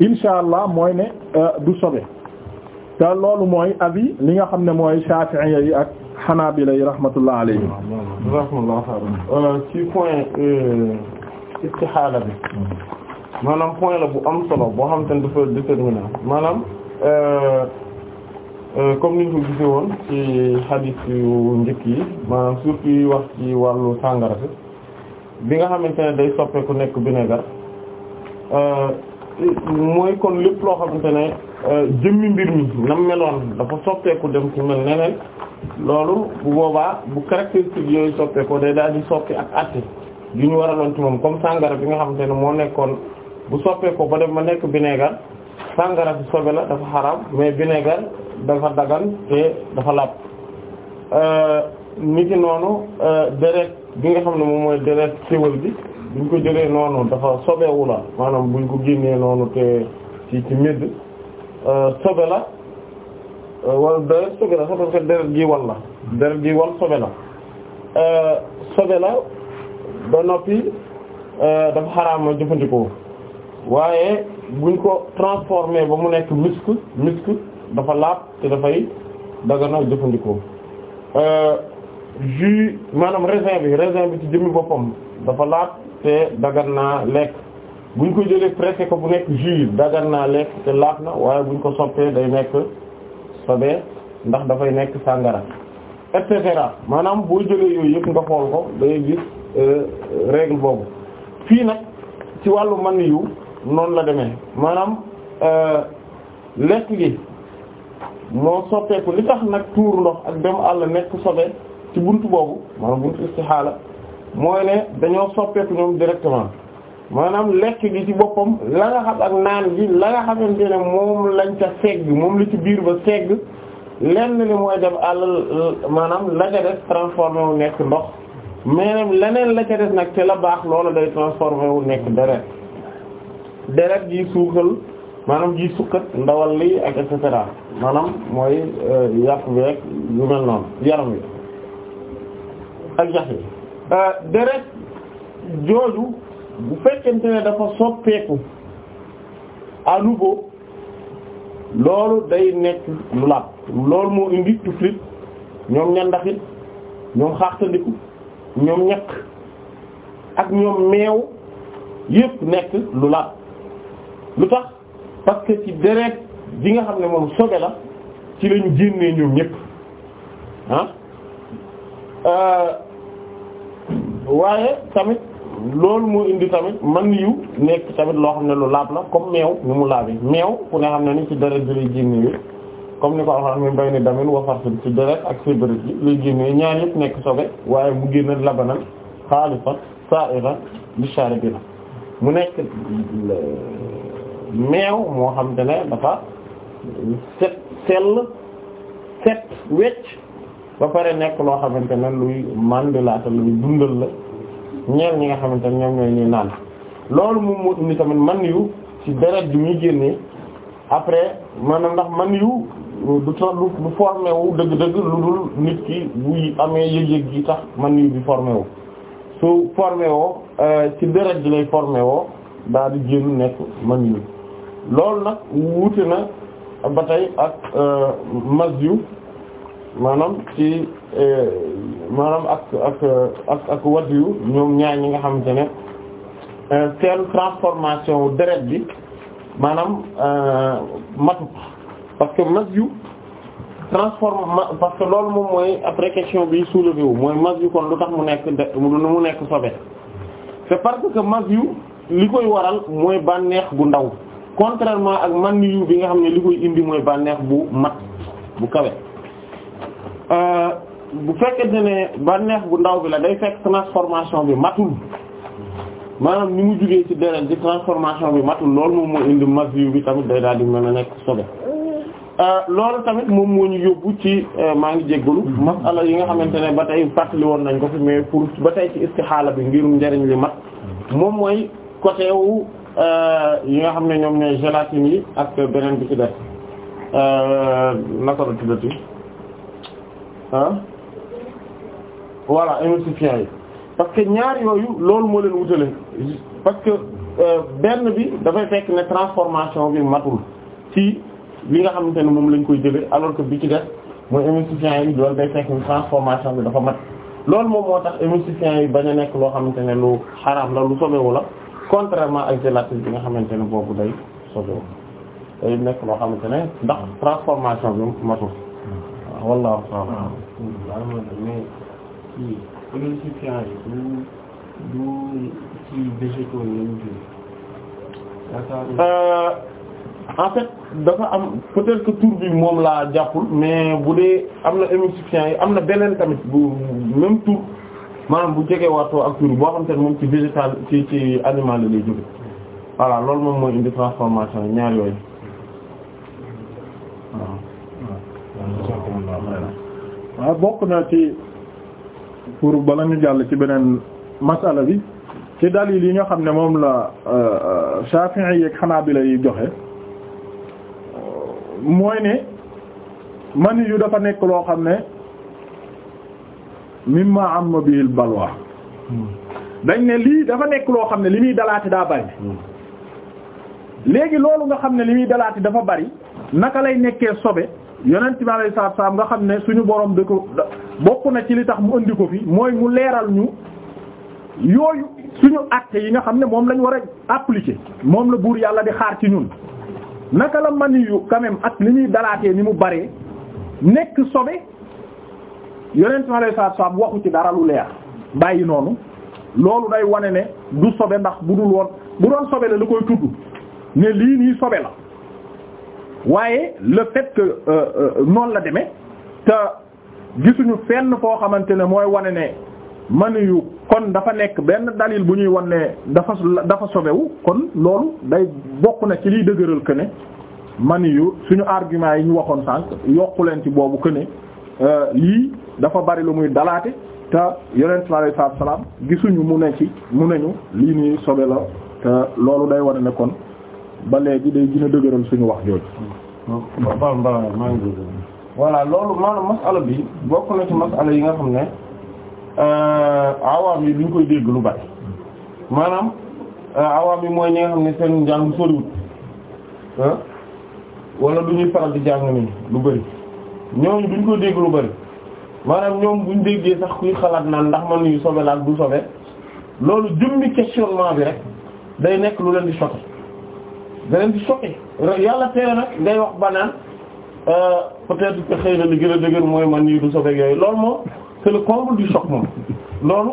insha allah mooy ne euh, du sobe te loolu mooy avis li nga xam ne mooy Shafi'iyya yi ak Hanabila yi rahmatullah alayhim rahmatullah euh, ci point euh, istihaala bi maanaam point la bu am solo boo xam te ne dafa déterminant maanaam euh, comme ni ñu ko gisee woon ci hadith yu njëkk yi maanaam surtout yi wax ci wàllu sàngara si bi nga xamante ne day soppeeku nekk vinaigre mooy kon lépp loo xamante ne Euh, jëmmi mbir mi nam meloon dafa soppeeku dem ci mel neneen loolu bu boobaa bu caractéristique yooyu soppeekoo day daal di soppi ak àtte yu ñu waraloon ci moom comme sàngara bi nga xamante ne moo nekkoon bu soppeekoo ba dem ma nekk vinaigre sàngara bi sobe la dafa xaraam mais vinaigre dafa dagan te dafa laab euh, nit ki noonu euh, deret bi nga xam ne moom mooy deret séwal bi buñ ko jëlee noonu dafa sobeewu la maanaam buñ ko génnee noonu te ci ci médd sobe la euh, wala deret sobe la sobe fekk deret gi wal la deret gi wal sobe la euh, sobe ba noppi euh, dafa xaraama jëfandikoo waaye buñ ko transformé ba mu nekk misk misk dafa laab te dafay dagana jëfandikoo jus maanaam raisin bi raisin bi ci jëmmi boppam dafa laab te dagan naa lekk buñ ko jëlee presque ko bu nekk jus dagan naa lekk te laaf na waaye buñ ko soppee day nekk sobee ndax dafay nekk sàngara et maanaam boo jëlee yooyu yëpp nga xool ko day gis euh, règle boobu fii nag ci wàllu man yu noonu la demee maanaam euh, lekk gi moo soppeeku li tax nag tuur ndox ak dem àll nekk sobe ci bunt boobu maanaam buntu istihaala mooy ne dañoo soppeeku ñoom directement maanaam lekk gi ci boppam la nga xam ak naan gi la nga xamante ne moom lañ ca segg moom li ci biir ba segg lenn li mooy dem àll maanaam la ca nekk ndox mais leneen la ca des nag te la baax loolu day transformé wu nekk deret deret gi suukal maanaam ji sukkat ndawal li ak et cetera mooy euh, yàpp beeg yu mel noonu yaram yi ak yax yi deret jooju bu fekkente ne dafa soppeeku à nouveau loolu day nekk lu laab loolu moo indi tuflit ñoom ñandaxit ñoom xaaxtandiku ñoom ñekk ak ñoom meew yépp nekk lu laab lu tax parce que ci deret ji nga xam ne moom sobe la ci lañu génnee ñoom ñépp ah? euh, waaye tamit loolu moo indi tamit man yu nekk tamit loo xam ne lu laab la comme meew ni mu laabi meew ku ne xam ne ni ci deret bi lay génne comme ni ko alxam mi bay ni damin wafarsin ci deret ak sébérét bi lay génne ñaar yëpp nekk sobe waaye mu génn labanan xaalisan sa'iran lisharibina mu nekk euh, meew moo xam te ne dafa set sell set wecc ba pare nekk loo xamante ne luy mandilaata luy dundal la ñeel ñi nga xamante ne ñoom ñooy ñuy naan loolu moom moo indi tamit man yu ci deret bi muy génnee après maanaam ndax man yu du tax du formé wu dëgg-dëgg lu dul nit ki buy amee yëg-yëg gi tax man yu bi formé wu su formé woo euh, ci deret bi lay formé woo daal di génn nekk man yu loolu nag wuute na ba tey ak euh, mas yu maanaam ci eh, maanaam ak ak ak ak wadiyu ñoom ñaar ñi nga xamante ne eh, seen transformation deret bi maanaam eh, matu parce que mas yu transforme parce que loolu moom mooy après question bi soulevé wu mooy mas yu kon lu tax mu nekk de mu nekk sobe c'est parce que mas yu li koy waral mooy bànneex bu ndaw contrairement ak man yu bi nga xam ne li koy indi mooy bànneex bu mat bu kawe bu fekkente ne bànneex bu ndaw bi la day fekk transformation bi matul maanaam ni mu jugee ci deret ci transformation bi matul lool moom moo indi maziyu bi tamit day daal di mën a nekk sobe euh, lool tamit moom moo ñu yóbbu ci euh, maa ngi jéggalu masala yi nga xamante ne ba tey fàttali woon nañ ko fi mais pour ba tey ci istixaala bi ngirum njëriñ li mat moom mooy côté wu euh, yi nga xam ne ñoom ñooy gélatine yi ak beneen bi ci def naka la ah voilà émulsifiants yi parce que ñaar yooyu loolu moo leen wutale parce que euh, benn bi dafay fekk ne transformation bi matul ci li nga xamante ne moom lañ koy jëlee alors que bi ci def mooy émulsifiants yi loolu day fekk ne transformation bi dafa mat loolu moom moo tax émulsifiants yi bañ a nekk loo xamante ne lu xaraam la lu sobewu la contrairement ak gélatine bi nga xamante ne boobu day sobewu day nekk loo xamante ne ndax transformation bi matul. wallaahu ta'ala. waaw man mais kii récipients yi du du ci végétaux lañ jógee. en fait dafa am peut-être que tur bi moom laa jàppul mais bu dee am na récipients yi am na beneen tamit bu même tur maanaam bu jege waatoo ak tur boo xam te ne moom ci végétal ci ci animal lay jógee voilà loolu moom mooy indi transformation ñaar yooyu. waaw bokk na ci pour bala ñu jàll ci beneen masala bi ci dalil yi nga xam ne moom la euh, euh, Shafi'i yi ak bi lay joxe mooy ne mani yu dafa nekk loo xam ne mimma amma bil balwa dañ ne lii dafa nekk loo xam ne li muy dalaati daa bari léegi loolu nga xam ne li muy dalaati dafa bari naka lay nekkee sobe yonent bi alayhi salaatu salaam nga xam ne suñu borom da ko bokk na ci li tax mu indi ko fi mooy mu leeral ñu yooyu suñu acte yi nga xam ne moom lañ war a appliquer moom la buur yàlla di xaar ci ñun naka la mani yu quand même ak li ñuy dalaatee ni mu baree nekk sobe yonent bi alayhi salaatu waxu ci dara lu leer bàyyi noonu loolu day wane ne du sobe ndax bu dul woon bu doon sobe la lu koy tudd ne lii nii sobe la waaye le fait que euh, euh, la demee te gisuñu fenn foo xamante ne mooy wane ne mani yu kon dafa nekk benn dalil bu ñuy wane ne dafa dafa sobewu kon loolu day bokk na ci liy dëgëral que mani yu suñu argument yi ñu waxoon sànq yokku leen ci boobu këne ne euh, lii dafa bari lu muy dalaate te yonent bi alayhi salaam gisuñu mu ne ci mu ne ñu lii nii sobe la te loolu day wane ne kon. ba bi day gën a dëgëral suñu wax jooju. voilà loolu maanaam masala bi bokk na ci masala yi nga xam ne euh, awaam yi duñ koy dégg lu bari maanaam euh, awaam yi mooy ñi nga xam ne seen njàng soriwut wala du ñuy faral di jàng nii lu bari ñooñu duñ koy dégg lu bari maanaam ñoom buñ déggee sax kuy xalaat naan ndax man yu sobe la ak du sobe loolu jëmmi questionnement bi rek day nekk lu leen di choquer da leen di choqué yàlla tere nag ngay wax banaan naan euh, peut-être que xëy na li gën a dëgër mooy man nii du sobeeg yooyu loolu moom c'est le comble du choc moom loolu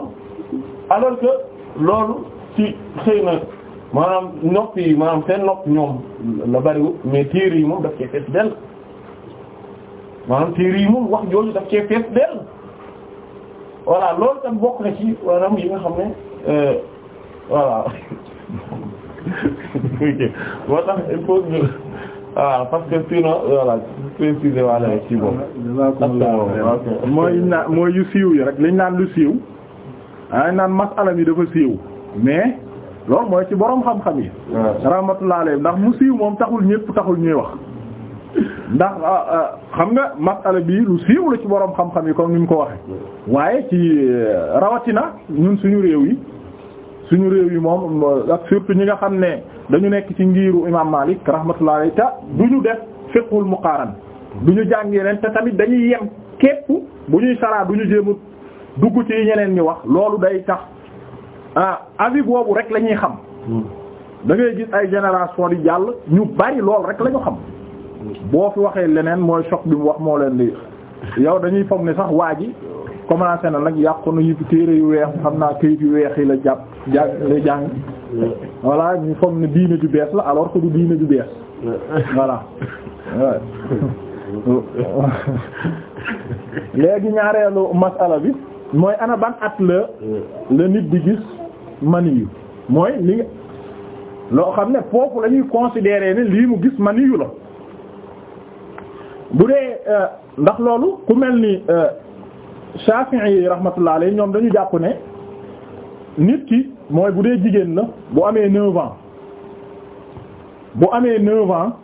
alors que loolu ci xëy na maanaam nopp yi maanaam seen nopp ñoom la bariwul mais téere yi moom daf cee fees dell maanaam téere yi moom wax jooju daf cee fees dell voilà loolu tam bokk na ci maanaam yi nga xam ne euh, voilà moo tax il ah, parce que sinon ci boobu. mooy na mooy yu siiw yi rek liñ naan lu siiw ay ah, naan masala mi dafa siiw mais loolu mooy ci boroom xam-xam yi. rahmatullahi alayhi ndax mu siiw moom taxul ñëpp taxul ñuy wax. ndax ah, xam nga masala bi lu siiw la ci boroom xam-xam yi comme ni mu ko waxee waaye ci euh, rawatina ñun suñu réew yi. suñu réew yi moom ak surtout ñi nga xam ne dañu nekk ci ngiiru imam Malik rahmatullahi ta duñu def fiqhul muqaran duñu jàng yeneen te tamit dañuy yem képp bu ñuy saraa duñu jéem a dugg ci ñeneen ñi wax loolu day tax ah avis boobu rek lañuy xam da ngay gis ay génération di jàll ñu bari lool rek la ñu xam boo fi waxee leneen mooy choc bi mu wax moo leen yow dañuy foog ne sax waa ji commencé na nag yàqu na yu téere yu weex xam naa kayit yu weex yi la jàpp jàng la jàng voilà ñu foog ne diine ju bees la alors que du diine ju bees voilà léegi ñaareelu masala bi mooy ana ban at la la nit di gis maniyu mooy li nga loo xam ne pooku lañuy considere considérer ne lii mu gis maniyu la bu dee euh, ndax loolu ku mel ni euh, Shafi'i yi rahmatullah alayhi ñoom dañu jàpp ne nit ki mooy bu dee jigéen la bu amee neuf ans bu amee neuf ans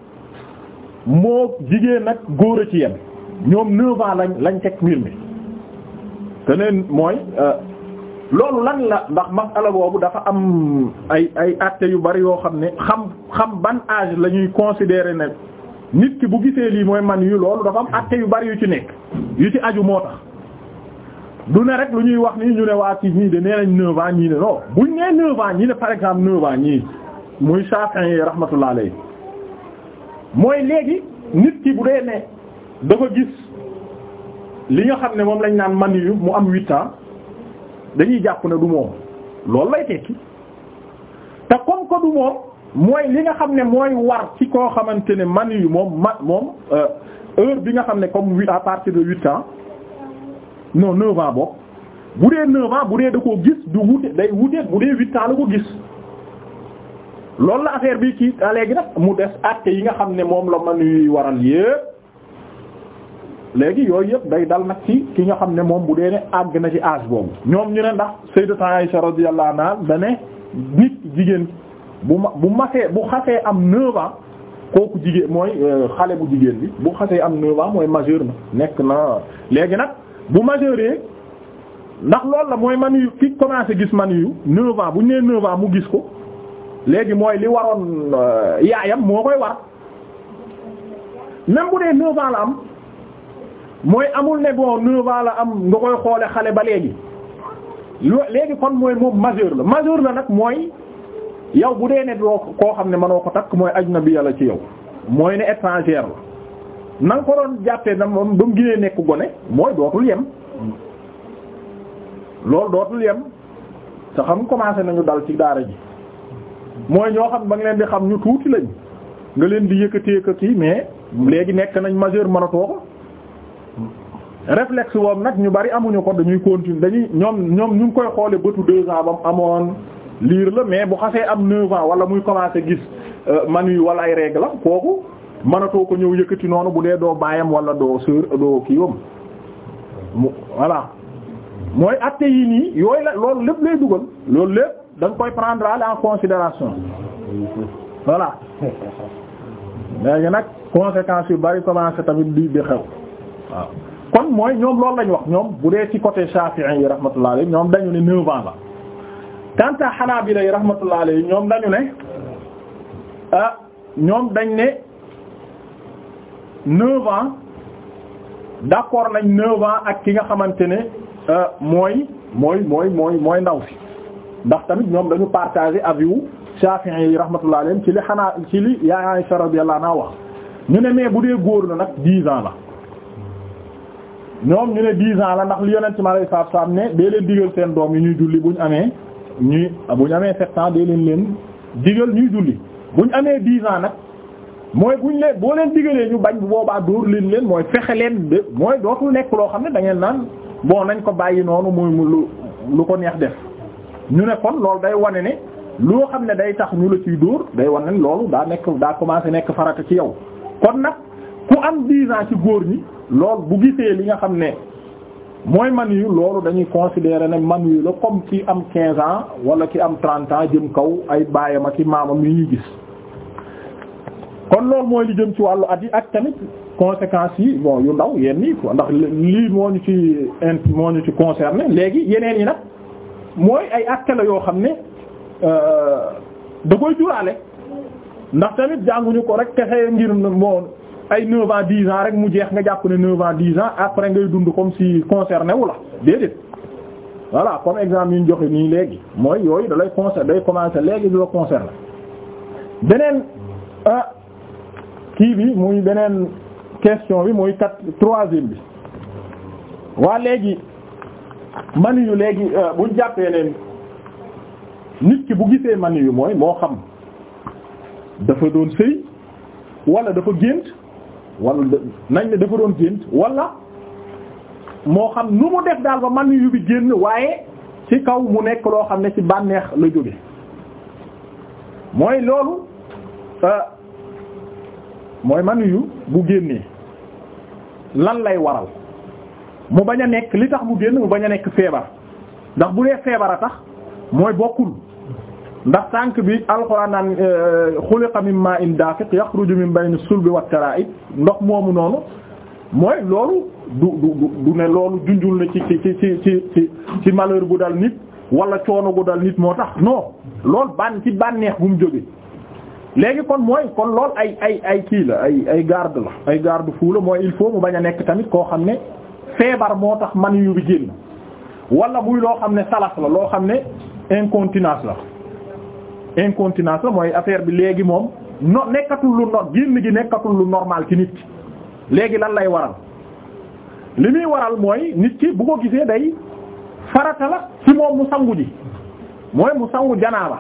moo jigéen ak góor a ci yem ñoom neuf lañ lañ teg mbir mi te neen mooy euh, loolu lan la ndax masala boobu dafa am ay ay atte yu bari yoo xam ne xam xam ban âge la ñuy considérer ne nit ki bu gisee lii mooy man yu loolu dafa am acte yu bari yu ci nekk yu ci aju moo tax du ne rek lu ñuy wax nii ñu ne waa ci ñii de nee nañ neuf ans ñii ne non buñ nee neuf ans ñii ne par exemple neuf ans ñii muy Shafi'i yi rahmatullah mooy léegi nit ki bu dee ne dafa gis li nga xam ne moom lañ naan man yu mu am huit ans dañuy jàpp ne du moom loolu lay tekki te comme que du moom mooy li nga xam ne mooy war ci koo xamante ne man yu moom ma moom euh, heure bi nga xam ne comme à partir de huit ans no 9 ans bu dee 9 bu dee da koo gis du wute day wute bu dee 8 ans la ko gis loolu la affaire bi kii ah, léegi nag mu des acte yi nga xam ne moom la mën yuy waral yépp léegi yooyu yëpp day dal nag ci ki nga xam ne moom bu dee ne àgg na ci âge boobu ñoom ñu ne ndax Sayyidatu Aisha radiyallahu anha da ne nit jigéen bu ma bu masee bu xasee am 9 kooku jigéen mooy euh, xale bu jigéen bi bu xasee am 9 ans mooy majeur na nekk na léegi nag. bu majeure ndax loolu la mooy man yu ki commencé gis man yu neuf bu ñu nee neuf mu gis ko léegi mooy li waroon euh, yaayam moo koy war même bu dee neuf la am mooy amul ne bon neuf la am nga koy xoole xale ba léegi lo léegi kon mooy moom majeur la majeur la nag mooy yow bu dee ne doo koo xam ne mënoo ko takk mooy ajnabi la ci yow mooy ne étranger la na ko doon jàppee na moom ba mu ginee nekk gone mooy dootul yem loolu dootul yem te xam commencé nañu dal ci daara ji mooy ñoo xam ba nga leen di xam ñu tuuti lañ nga leen di yëkkatee ko kii mais léegi nekk nañ majeur mënatoo ko réflexe woom nag ñu bari amuñu ko dañuy continuer dañuy ñoom ñoom ñu ngi koy xoole bëtu deux ans ba mu amoon liir la mais bu xasee am neuf ans wala muy commencé gis euh, man yi wala ay règle kooku mënatoo ko ñëw yëkkati noonu bu dee doo baayam wala doo sœur doo kiiwam mu voilà mooy acte yi nii yooyu la loolu lépp lay dugal loolu lépp da nga koy prendre en considération voilà léegi nag conséquences yu bari commencé tamit di di xew waaw kon mooy ñoom loolu lañ wax ñoom bu dee ci côté Shafi'i yi rahmatullah alayhi ñoom dañu ne neuf ans la quant à Hanabila yi rahmatullah yi ñoom dañu ne ah ñoom dañ ne neuf ans d'accord nañ neuf ans ak ki nga xamante ne euh, mooy mooy mooy mooy mooy ndaw si ndax tamit ñoom dañu partagé avis Shafi'i yi rahmatullah alayhim ci li xanaa ci li yaa Aisha radiyallahu anha wax ñu ne mais bu dee góor la nag dix ans la ñoom ñu ne dix ans la ndax li yonent si malay salaatu salaam ne dee leen digal seen doom yi ñuy julli bu ñu amee ñuy bu ñu amee sept ans dee leen leen digal ñuy julli bu ñu amee dix ans nag mooy buñ leen boo leen digalee ñu bañ bu boobaa dóor leen leen mooy fexe leen de mooy dootul nekk loo xam ne da ngeen naan moo nañ ko bàyyi noonu muy mu lu lu ko neex def ñu ne kon loolu day wane ne loo xam ne day tax ñu la ciy dóor day wane ne loolu daa nekk daa commencé nekk farata ci yow kon nag ku am 10 ans ci góor ñi lool bu gisee li nga xam ne mooy man yu loolu dañuy considérer ne man yu la comme ki am quinze ans wala ci am 30 ans jëm kaw ay baayam ak i maamam yi ñuy kon loolu mooy li jëm ci wàllu at yi ak tamit conséquences yi bon yu ndaw yenn yi quoi ndax lii moo ñu ci int moo ñu ci concerné léegi yeneen yi nag mooy ay actes la yoo xam ne euh, da koy juraale ndax tamit jànguñu ko rek kese ngir moo ay 9 ans 10 ans rek mu jeex nga jàpp ne 9 ans 10 ans après ngay dund comme si concerné wu la déedéet. voilà comme exemple yu ñu joxe nii léegi mooy yooyu dalay lay day commencer léegi du la concerné beneen euh, kii bi muy beneen question bi muy quatre troisième bi waa léegi mani yu léegi euh, buñ jàppee ne nit ki bu gisee mani yu mooy moo xam dafa doon sëy wala dafa gént wala nañ ne dafa doon gént walla moo xam nu mu def daal ba mani yu bi génn waaye ci kaw mu nekk loo xam ne ci bànneex la jóge mooy loolu euh, mooy manuyu bu génnee lan lay waral mu bañ a nekk li tax mu génn mu bañ a nekk feebar ndax bu dee feebar a tax mooy bokkul ndax tànk bi alxuraan naan euh, xuliqa min in dafiq yaxruju min bayni sulbi wat tara'ib ndox moomu noonu mooy loolu du du du ne loolu junjul na ci ci ci ci ci ci malheur bu dal nit wala coono bu dal nit moo tax non loolu ban ci bànneex bu mu jóge léegi kon mooy kon lool ay ay ay kii la ay ay garde la ay garde fou la mooy il faut mu bañ a nekk tamit koo xam ne feebar moo tax man yu bi génn wala muy loo xam ne salas la loo xam ne incontinence la incontinence la mooy affaire bi léegi moom no nekkatul lu nor génn gi nekkatul lu normal ci nit léegi lan lay waral li muy waral mooy nit ki bu ko gisee day farata la ci moom mu sangu ji mooy mu sangu janaara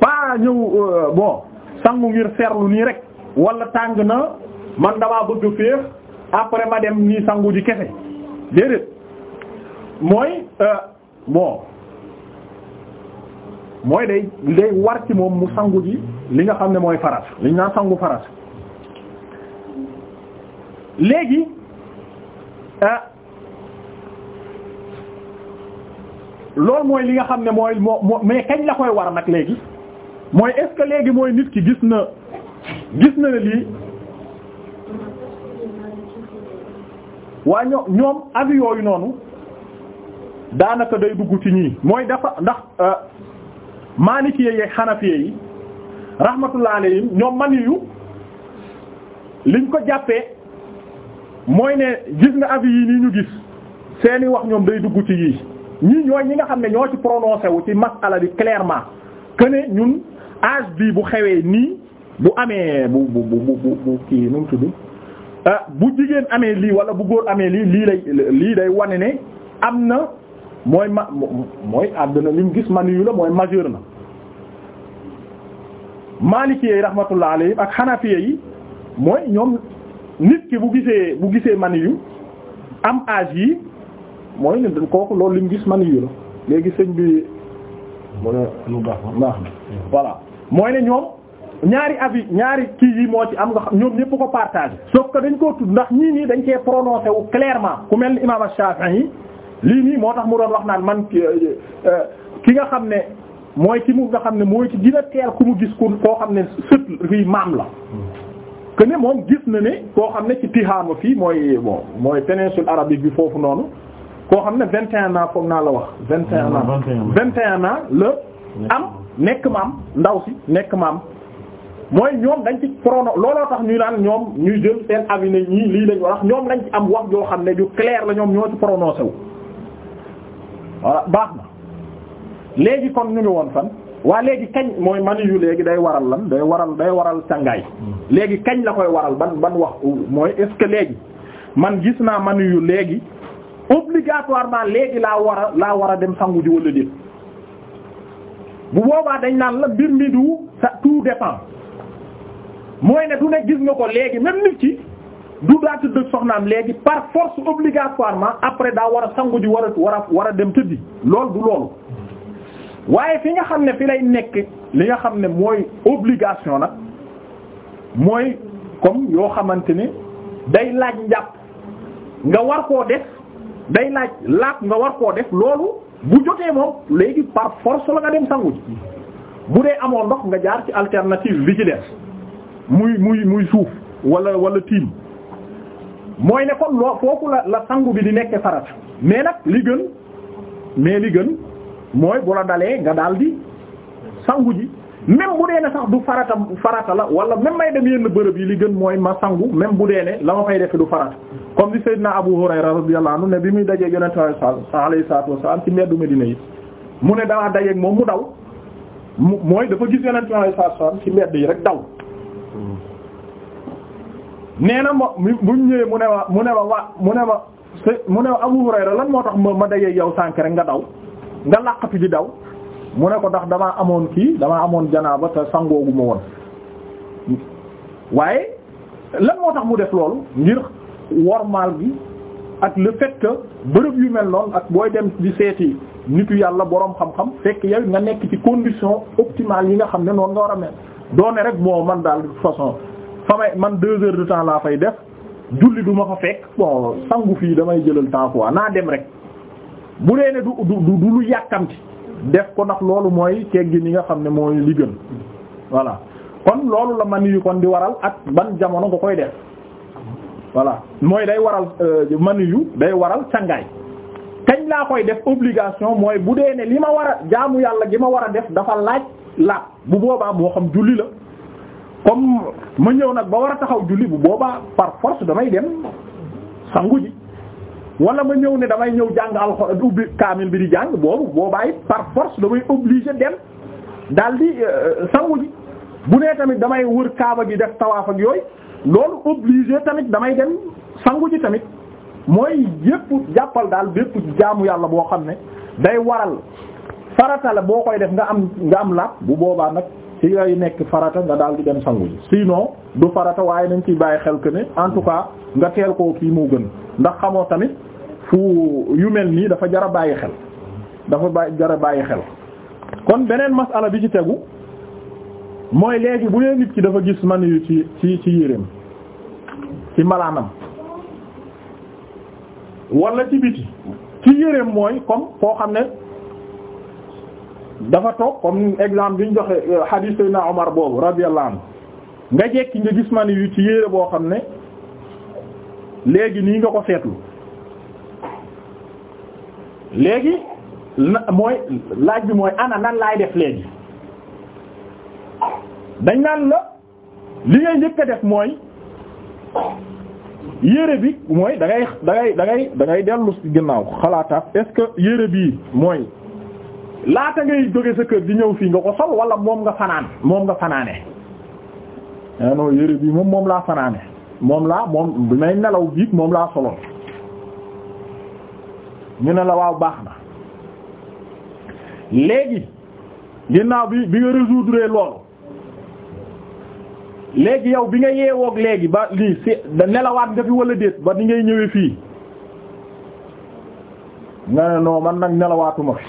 pas ñëw euh, bon sangu ngir seerlu nii rek walla tàng na man damaa bëgg féex après ma dem nii sangu ji kese déedéet mooy euh, bo mooy day day war ci moom mu sangu ji li nga xam ne mooy faras li ñu naan sangu faras léegi euh, loolu mooy li nga xam ne mooy moo mais kañ la koy war nag léegi mooy est-ce que léegi mooy nit ki gis na gis na ne lii waa ñoo ñoom avis yooyu noonu daanaka day dugg ci ñii mooy dafa ndax euh, maalikiyee yeeg xanafiyee yi rahmatullah alayhim ñoom man yu liñ ko jàppee mooy ne gis nga avis yi nii ñu gis seeni wax ñoom day dugg ci yii ñii ñooy ñi nga xam ne ñoo ci prononcé ci masala bi clairement que ne ñun âge bii bu xewee nii bu amee bu bu bu bu bu kii nu mu tudd ah, bu jigéen amee lii wala bu góor amee lii lii lay lii day wane ne am na mooy ma mooy àdduna li mu gis mani yu la mooy majeur na maalikee yi rahmatullah alayhi ak xanafiye yi mooy ñoom nit ki bu gisee bu gisee mani yu am âge yi mooy ne kooku loolu li gis man yu la léegi sëñ bi mu ne lu na voilà mooy ne ñoom ñaari avis ñaari kii yi moo ci am nga xam ñoom ñëpp ko partagé sauf ko dañ koo tudd ndax ñii nii dañ cee prononcé wu clairement ku mel ni imam yi lii nii moo tax mu doon wax naan man ki euh, euh, nga xam ne mooy ki mu nga xam ne mooy ki dina teel ku mu gis ku koo xam ne sët fii maam la que moom gis na ne koo xam ne ci Tihaama fii mooy bon mooy arab yi bi foofu noonu koo xam ne vingt et un foog naa la wax vingt et un ans vingt et un ans la nekk maam ndaw si nekk maam mooy ñoom dañ ci prono looloo tax ñuy naan ñoom ñuy jël seen avis ñii lii lañ wax ñoom dañ ci am wax yoo xam ne ju clair la ñoom ñoo ci prononcé wu voilà baax na léegi kon ñu ngi woon fan waa léegi kañ mooy mani yu léegi day waral lan day waral day waral càngaay léegi kañ la koy waral ban ban wax mooy est-ce que léegi man gis naa mani yu léegi obligatoirement léegi laa war a laa war a dem sangu ji wala déet bu boobaa dañ naan la mbir mi du ça tout dépend mooy ne du ne gis nga ko léegi même nit ci du daa tëdd soxnaam léegi par force obligatoirement après daa war a sangu ji war a war a war a dem tëddi lool du loolu waaye fi nga xam ne fi lay nekk li nga xam ne mooy obligation nag mooy comme yoo xamante ne day laaj njàpp nga war koo def day laaj laaj nga war koo def loolu bu jotee moom léegi par force la nga dem sangu bu dee amoon ndox nga jaar ci alternative bi ci def muy muy muy suuf walla wala tiim mooy ne kon loo foofu la la sangu bi di nekk farat mais nag li gën mais li gën mooy bu la dalee nga daldi sangu ji même bu dee ne sax du farata farata la wala même may dem yenn bërëb yi li gën mooy ma sangu même bu dee ne la ma fay defe du farata comme di Seydina Abu Hurayra radiyallahu anhu ne bi muy dajee yonente alayhi salaatu wasallam ci mbeddu Medina yi mu ne damaa dajeeg moom mu daw mooy dafa gis yonente alayhi ci mbedd yi rek daw nee na ma buñ ñëwee mu ne wa mu ne ma waa mu ne ma mu ne Abu Hurayra lan moo tax ma ma dajee yow sànk rek nga daw nga làqatu ji daw mu ne ko ndax damaa amoon kii damaa amoon janaaba te sangoogu ma woon waaye lan moo tax mu def loolu ngir wormaal bi ak le fait bërëb yu mel noon ak booy dem di seeti nitu yàlla boroom xam-xam fekk yow nga nekk ci condition optimale yi nga xam ne noon nga war a mel doone rek moo man daal de façon fa may man deux heures de temps laa fay def julli du ma fa fekk sangu fii damay jëlal temps quoi naa dem rek bu dee ne du du du lu yàkkamti def ko ndax loolu mooy teggi ni nga xam ne mooy li gën voilà kon loolu la mani yu kon di waral ak ban jamono nga koy def voilà mooy day waral euh, mani yu day waral cangaay kañ laa koy def obligation mooy bu dee ne li ma war a jaamu yàlla gi ma war a def dafa laaj laab bu boobaa moo xam julli la comme ma ñëw nag ba war a taxaw julli bu boobaa par force damay dem sangu ji wala ma ñëw ne damay ñëw jàng alxuraan ubbi kaamil bi di jàng boobu boobaay par force damay obligé dem daldi euh, sangu ji bu nee tamit damay wër kaaba gi def tawaaf ak yooyu loolu obligé tamit damay dem sangu ji tamit mooy yëpp jàppal daal bépp jaamu yàlla boo xam ne day waral farata la boo koy def nga am nga am lapp bu boobaa nag ci yooyu nekk farata nga daal di dem sangu ji sinon du farata waaye nañ ciy bàyyi xel que ne en tout cas nga teel ko kii moo gën ndax xamoo tamit fu yu mel nii dafa jar a bàyyi xel dafa bàyyi jar a bàyyi xel kon beneen masala bi ci tegu mooy léegi bu dee nit ki dafa gis man yu ci ci ci yéreem ci malaanam wala ci biti ci yéreem mooy comme koo xam ne dafa toog comme exemple bi ñu joxe euh, hadith Seydina Omar boobu radiyallahu anhu nga jekki nga gis man yu ci yére boo xam ne léegi nii nga ko seetlu léegi na mooy laaj bi mooy ana nan laay def léegi dañ naan la li ngay njëkk def mooy yére bi mooy dangay ngay da da ngay dellu ci ginnaaw xalaataat est-ce que yére bii mooy laata ngay jóge sa kër di ñëw fii nga ko sol wala moom nga fanaan moom nga fanaane ah non yére bii moom moom laa fanaane moom laa moom bi may nelaw biig moom laa soloon ñu ne la waaw baax na léegi ginnaaw bi bi nga résoudre loolu léegi yow bi nga yeewoog léegi ba lii si nelawaat nga fi wala déet ba ni ngay ñëwee fii nga ne non man nag nelawaatuma fi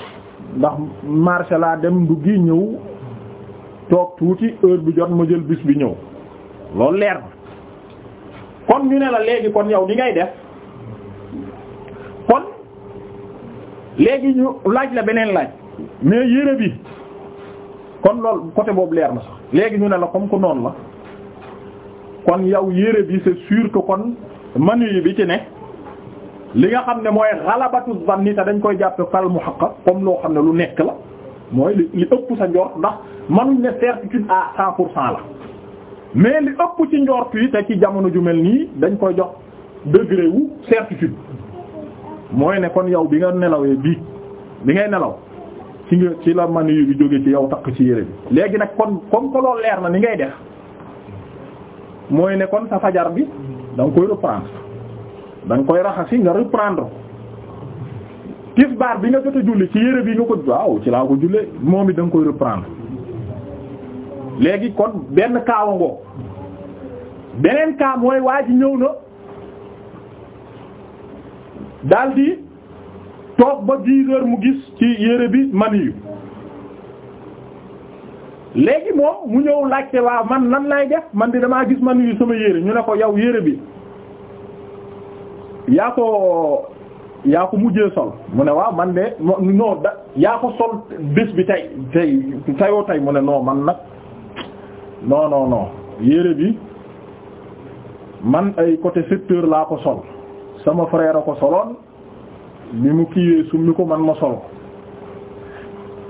ndax marché laa dem nduggi ñëw toog tuuti heure bi jot ma jël bis bi ñëw loolu leer na kon ñu ne la léegi kon yow ni ngay def kon léegi ñu laaj la beneen laaj mais yére bi kon lool côté boobu leer na sax léegi ñu ne la comme que noonu la kon yow yére bi c'est sûr kon manu yi bi ci ne li nga xam ne mooy xalabatu zanni te dañ koy jàppe fal muhaqqaq comme loo xam ne lu nekk la mooy li li ëpp sa njort ndax manuñ ne certitude à cent pour cent la mais li ëpp ci njort yi te ci jamono ju mel nii dañ koy jox degré wu certitude mooy ne kon yow bi nga nelawee bii bi ngay nelaw ci nga ci la manu bi jóge ci yow takk ci yére bi léegi nag kon comme que loolu leer na ni ngay def mooy ne kon sa fajar bi da nga koy reprendre da koy raxasi nga reprendre tisbaar bi nga jot a ci yére bi nga ko waaw ci laa ko jullee moom bi danga koy reprendre léegi kon benn kaawa ngoo beneen kaa mooy waa ji ñëw na daldi di toog ba dix mu gis ci yére bi man yu léegi moom mu ñëw laajte waa man nan lay def man di damaa gis man yu sama yére ñu ne ko yaw yére bi yaa ko yaa ko mujjee sol mu ne waaw man de non da yaa ko sol bés bi tey tey tayoo tey mu ne non man nag non non non yére bi man ay côté secteur laa ko sol sama frère a ko soloon bi mu kii kiiwee summi ko man ma solo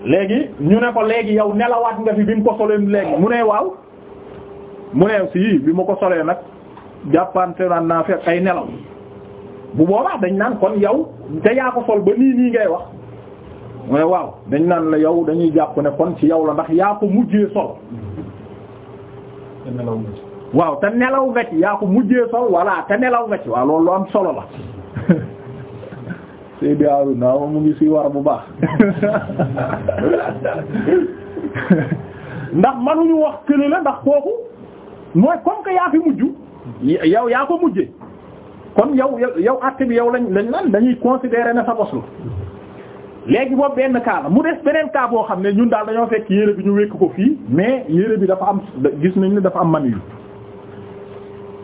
léegi ñu ne ko léegi yow nelawaat nga fi bi mu ko soleen léegi mu ne waaw mu ne si bi ma ko solee nag jàppante naan naa fekk ay nelaw bu boobaa dañ naan kon yow te yaa ko sol ba nii nii ngay wax mu ne waaw dañ naan la yow dañuy jàpp ne kon ci yow la ndax yaa ko mujjee sol waaw te nelaw nga ci yaa ko mujjee sol walla te nelaw nga ci waaw loolu am solo la Seydi Haruna mu ngi si war bu baax ndax manuñu wax kële la ndax kooku mooy comme que yaa fi mujj yow yaa ko mujjee kon yow yow atte bi yow lañ lañ naan dañuy considérer na sa bos la léegi boobu benn kaa la mu des beneen kaa boo xam ne ñun daal dañoo fekk yére bi ñu wékk ko fii mais yére bi dafa am gis nañ ne dafa am manu yu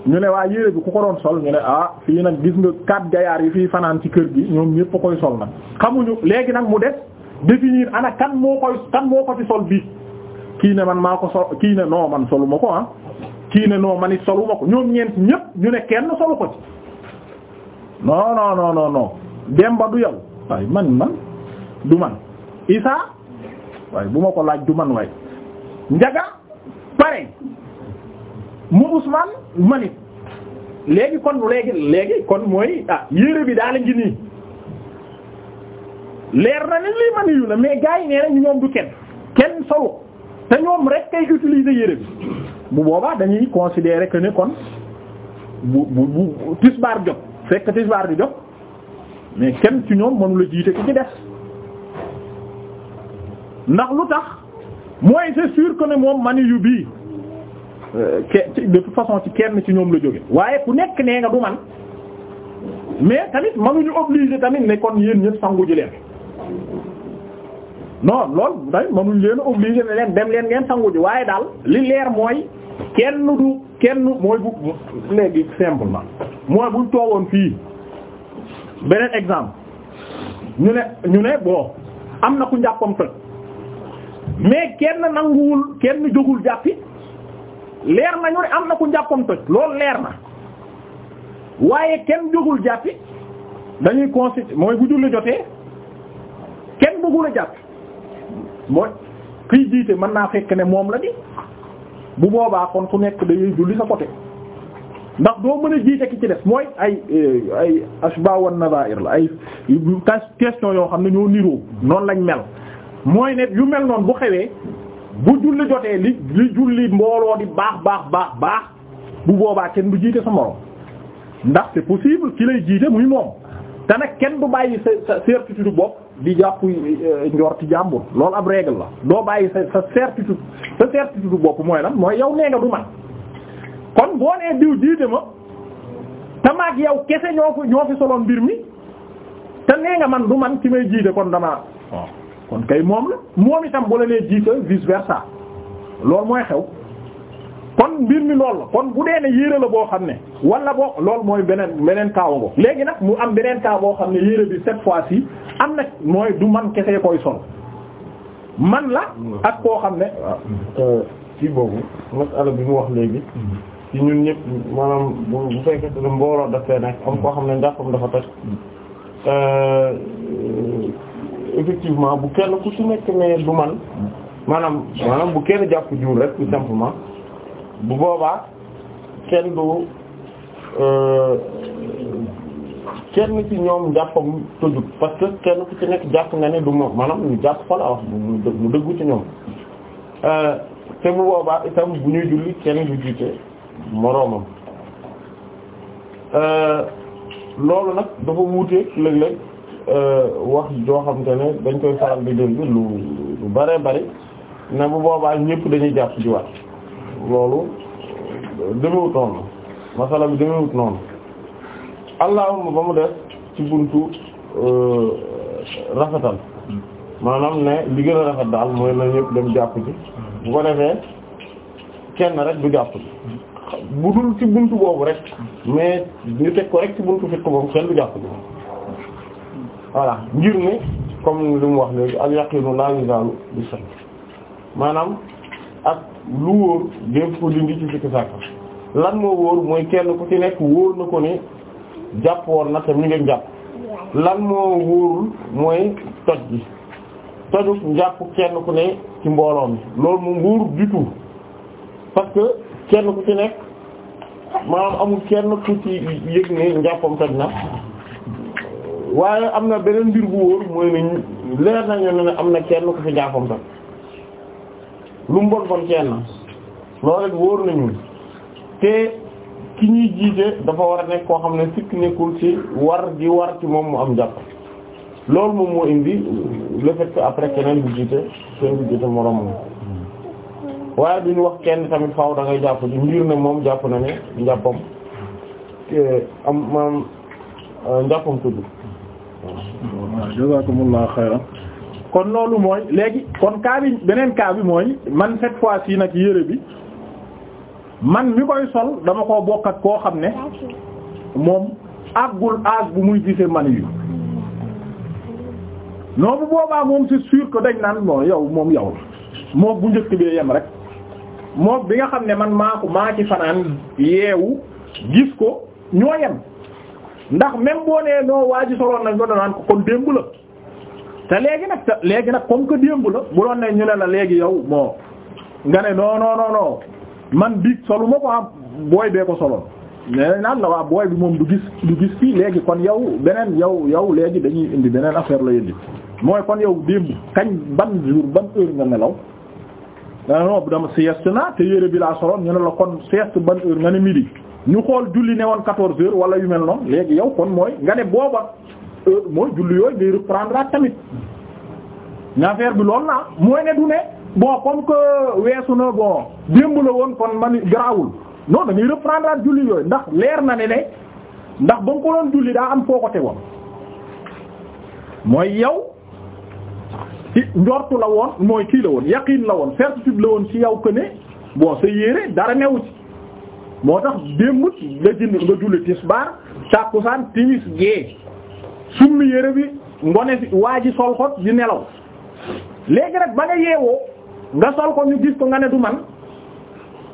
ñu ne waa yére bi ku ko doon sol ñu ne ah fii nag gis nga quatre gayaar yi fii fanaan ci kër gi ñoom ñépp a koy sol nag xamuñu léegi nag mu des définir ana kan moo koy kan moo ko ci sol bii kii ne man maa ko sol kii ne noo man soluma ko ah kii ne non man it soluma ko ñoom ñeent ñépp ñu ne kenn solu ko ci non non non non Demba du yow waaye man man du man Isa waaye bu ma ko laaj du man waaye Njaga pare mu Ousmane manit léegi kon léegi léegi kon mooy ah yére bi daal ngi nii leer na ne lii mani yu la mais gars yi nee nañ ñoom du kenn kenn solu te ñoom rek kay utiliser yére bi bu boobaa dañuy considérer que ne kon bu bu bu tisbaar jot fekk tisbaar di jot mais kenn ci ñoom mënu la jiite ki ci des ndax lu tax mooy c'est sûr que ne moom mani yu bii ke de toute façon ci kenn ci ñoom la jóge waaye ku nekk nee nga du man mais tamit mënuñu obligé tamit ne kon yéen ñëpp sangu ji leen non loolu tamit mënuñ leen obligé ne leen dem leen ngeen sangu waaye daal li leer mooy kenn du kenn mooy bu léegi simplement mooy buñ toogoon fii beneen exemple ñu ne ñu ne bon am na ku njàppam toj mais kenn nanguwul kenn jógul jàppi leer nañu ne am na ku njàppam toj loolu leer na waaye kenn jógul jàppi dañuy constitué mooy bu julli jotee kenn bëggul a jàpp mooy kiy jiite mën naa fekk ne moom la di bu boobaa kon ku nekk dañuy julli sa côté ndax doo mën a jiite ki ci def mooy ay ay ashba wan nazair la ay question yoo xam ne ñoo niroo noonu lañ mel mooy ne yu mel noonu bu xewee bu julli jotee li li julli mbooloo di baax baax baax baax bu boobaa kenn du jiite sa moroom ndax c'est possible ki lay jiite muy moom te nag kenn du bàyyi sa sa certitude bopp di jàpp euh, njorti jàmbur loolu ab règle la doo bàyyi sa sa certitude sa certitude bopp mooy lan mooy yow nee nga du man kon boo nee diw jiite ma te maag yow kese ñoo fi ñoo fi soloon mbir mi te nee nga man du man ki may jiite kon damaa kon kay moom la moom itam bu la nee jiita vice versa lool mooy xew kon mbir mi lool la kon bu dee ne yére la boo xam ne wala boo loolu mooy beneen beneen kaawa ngo léegi nag mu am beneen kaa boo xam ne yére bi cette fois ci am na mooy du man kese koy sol man la ak koo xam ne ci euh, boobu masala bi mu wax léegi ci ñun ñëpp maanaam bu fekkee ne mbooloo dafee nekk am koo xam ne njàppam dafa toj euh, effectivement bu kenn ku ci nekk ne du man maanaam maanaam bu kenn jàpp juul rek tout simplement bu boobaa kenn du euh, kenn ci ñoom jàppam tojut parce que kenn ku ci nekk jàpp nga ne du ma maanaam ñu jàpp fa mu dëggu ci ñoom euh, te bu boobaa itam bu ñuy julli kenn du jiite moroomam euh, loolu nag dafa wuute léeg-léeg Euh, wax joo xam ne dañ koy faral di dégg lu lu bare bari na bu boobaa ñëpp dañuy jàpp jiwaat loolu euh, demewut noonu masala bi demewut noonu allahumma ba mu def ci buntu euh, rafetal maanaam ne li gën rafet daal mooy na ñëpp dem jàpp ji bu ko defee kenn rek du jàpp ji bu dul ci buntu boobu rek mais ñu teg ko rek ci buntu fiq moom kenn du jàpp ji voilà ngir ne comme lu mu wax léegi al yaqinu la yuzalu bi shakk maanaam ak lu wóor def ko dindi ci sikki sàkk lan moo wóor mooy kenn ku ci nekk wóor na ko ne jàpp woon na te mi ngi jàpp lan moo wóorul mooy toj gi tojug njàpp kenn ku ne ci mbooloom mi loolu moom wóorul du tout parce que kenn ku ci nekk maanaam amul kenn ku ci yëg ne njàppam toj na waaye am na beneen mbir bu wóor mooy nañ leer nañu ne am na kenn ku fi jàppam tam lu mu bon bon kenn loolu ñuy jiite dafa war a nekk koo xam ne sikk nekkul ci war gi war ci moom mu am jàpp loolu moom moo indi le fait que après keneen bu jiite kenn bu jiite moroom waaye duñu wax kenn tamit faaw da jàpp ci mbir ne moom jàpp na ne njàppam am maanaam njàppam tudd waaw jazakumullahu kon loolu mooy léegi kon cas beneen kaabi mooy man cette fois ci nag yére bi man mi koy sol dama ko bokk ak koo xam ne moom àggul âge bu muy gisee man yu non bu boobaa moom c'est sûr que dañ naan moo yow moom yow la moom bu njëkk bee yem rek moo bi nga xam ne man maa ko maa ci fanaan yeewu gis ko ñoo yem ndax même boo nee noo waa ji soloon nañ ko naan ko kon démb la te léegi nag te léegi nag comme que démb la bu doon ne ñu ne la léegi yow moo nga ne non non non man biig solu ma ko am booy bee ko soloon mais naan la waa booy bi moom du gis du gis fii léegi kon yow beneen yow yow léegi dañuy indi beneen affaire la indi mooy kon yow démb kañ ban jour ban heure nga nelaw nga ne non dama sieste na te yére bi laa soloon ñu ne la kon sieste ban heure nga ne midi ñu xool julli ne woon quatorze heures wala yu mel noonu léegi yow kon mooy nga ne booba euh, mooy julli yooyu ngay reprendre ak tamit affaire bi loolu naa mooy ne du ne bon comme que weesu na bon démb la woon kon man garaawul non da ngay reprendre julli yooyu ndax leer na ne ne ndax ba nga ko doon julli daa am foo ko tegoon mooy yow ci njortu la woon mooy kii la woon yaqiin la woon certitude la woon ci yow que ne bon sa yéere dara newu ci moo tax démb nga jënd nga julli tisbaar tàkkusaan timis gée summi yére bi ngone fi waa ji sol ko di nelaw léegi rek ba nga yeewoo nga sol ko ñu gis ko nga ne du man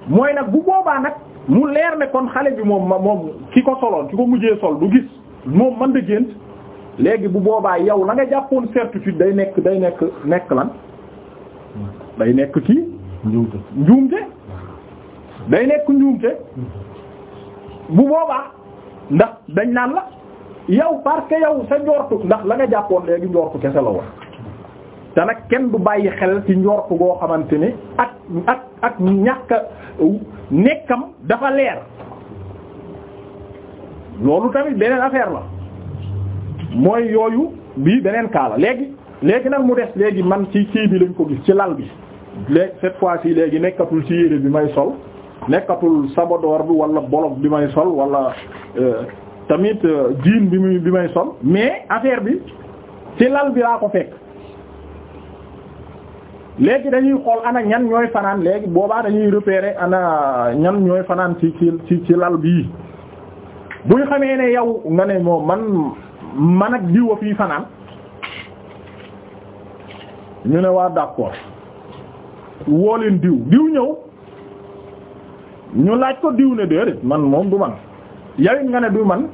mooy nag bu boobaa nag mu leer ne kon xale bi moom moom ki ko soloon ki ko mujjee sol du gis moom man da gént léegi bu boobaa yow la nga jàppoon certitude day nekk day nekk nekk lan day nekk kii njuumte njuumte day nekk njuumte bu boobaa ndax dañ naan la yow parce que yow sa njortu ndax la nga jàppoon léegi njortu kese la woon te nag kenn du bàyyi xel ci njortu goo xamante ni ak ak ak ñàkk a nekkam dafa leer loolu tamit beneen affaire la mooy yooyu bii beneen kaa léegi léegi nag mu des léegi man ci kii bi lañ ko gis ci lal bi léegi cette fois ci léegi nekkatul ci yére bi may sol nekkatul sabadoor bi wala bolog bi may sol walla euh, tamit euh, jean bi muy bi may sol mais affaire bi ci lal bi laa ko fekk léegi dañuy xool ana ñan ñooy fanaan léegi boobaa dañuy repérer ana ñan ñooy fanaan ci ci ci lal bi buñ xamee ne yow nga ne moom man man ak diwa fii fanaan ñu ne waa d'accord woo diw diw ñëw ñu laaj ko diw ne déedéet man moom du man yawit nga ne du man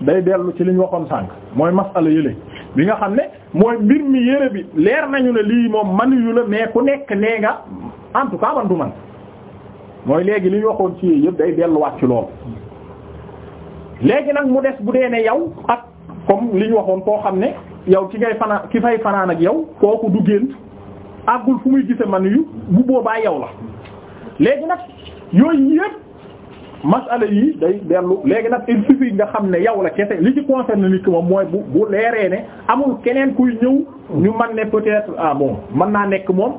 day dellu ci li ñu waxoon sànq mooy masala yële bi nga xam ne mooy mbir mi yére bi leer nañu ne lii moom man yu la mais ku nekk nee nga en tout man mooy léegi li waxoon ci yëpp day delluwaat ci loolu léegi nag mu des bu dee ne yow ak comme li ñu waxoon koo xam ne yow ki ngay fanaan ki fay fanaan ak yow kooku du génn àggul fu muy gise man yu bu boobaa yow la léegi nag yooyu yëpp masala yi day dellu léegi nag il nga xam ne yow la kese li ci concerne nit ki moom mooy bu bu leeree ne amul keneen kuy ñëw ñu man ne peut-être ah bon mën naa nekk moom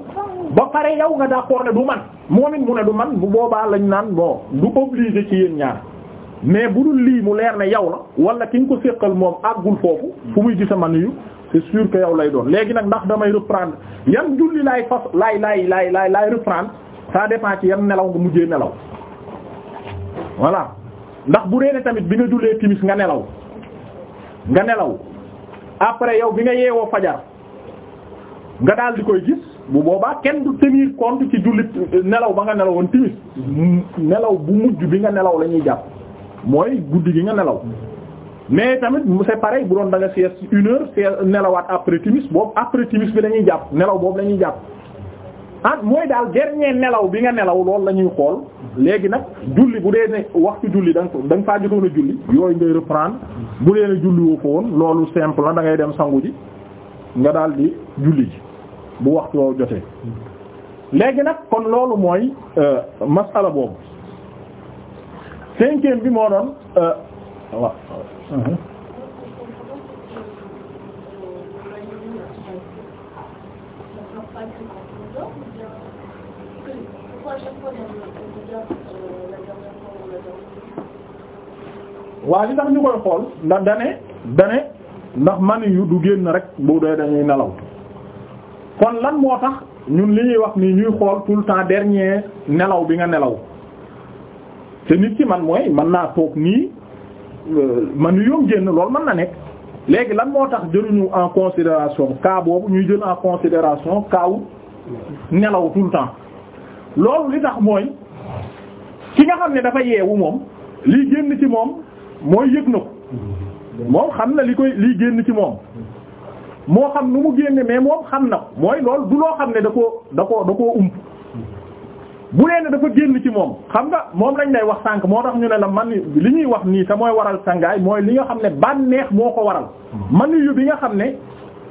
ba pare yow nga d'accord ne du man moom it mu ne du man bu boobaa lañ naan bon du obligé ci yéen ñaar mais bu dul lii mu leer ne yow la wala ki nga ko séqal moom àggul foofu fu muy gis man yu c'est sûr que yow lay doon léegi nag ndax damay reprendre yan julli laay fas laay laay laay laay laay reprendre ça dépend ci yan nelaw nga mujjee nelaw voilà ndax bu ne tamit bi nga jullee timis nga nelaw nga nelaw après yow bi nga yeewoo fajar nga daal di koy gis bu boobaa kenn du tenir compte ci jullit nelaw ba nga nelaw nelawoon timis nelaw bu mujj bi nga nelaw la ñuy jàpp mooy guddi gi nga nelaw mais tamit c'est pareil bu doon da nga sieste une nelawaat après timis boobu après timis bi la ñuy jàpp nelaw boobu la ñuy jàpp ah mooy daal dernier nelaw bi nga nelaw loolu la ñuy xool léegi nag julli bu dee ne waxtu julli da nga ko da nga faa jotoon a julli yooyu ngay reprendre bu dee ne julli woo ko woon loolu simple la dangay dem sangu ji nga daal di julli ji bu waxtu woo jotee. léegi nag kon loolu mooy euh, masala boobu cinquième bi moo doon euh, waa li tax ñu koy xool ndax dane dane ndax mani yu du génn rek bu dee dañuy nelaw kon lan moo tax ñun li ñuy wax nii ñuy xool tout le temps dernier nelaw bi nga nelaw te nit ci man mooy man naa toog nii euh, man yu yoom génn loolu mën na nekk léegi lan moo tax jëluñu en considération cas boobu ñuy jël en considération cas wu nelaw tout le temps loolu li tax mooy ki nga xam ne dafa yeewu moom lii génn ci moom mooy yëg na ko moom xam na li koy liy génn ci moom moo xam nu mu génne mais moom xam na mooy lool du loo xam ne da koo da koo da koo ump bu leen dafa génn ci moom xam nga moom lañ lay wax sànk moo tax ñu ne la man li ñuy wax nii te mooy waral sangaay mooy li nga xam ne bànneex moo ko waral man yu bi nga xam ne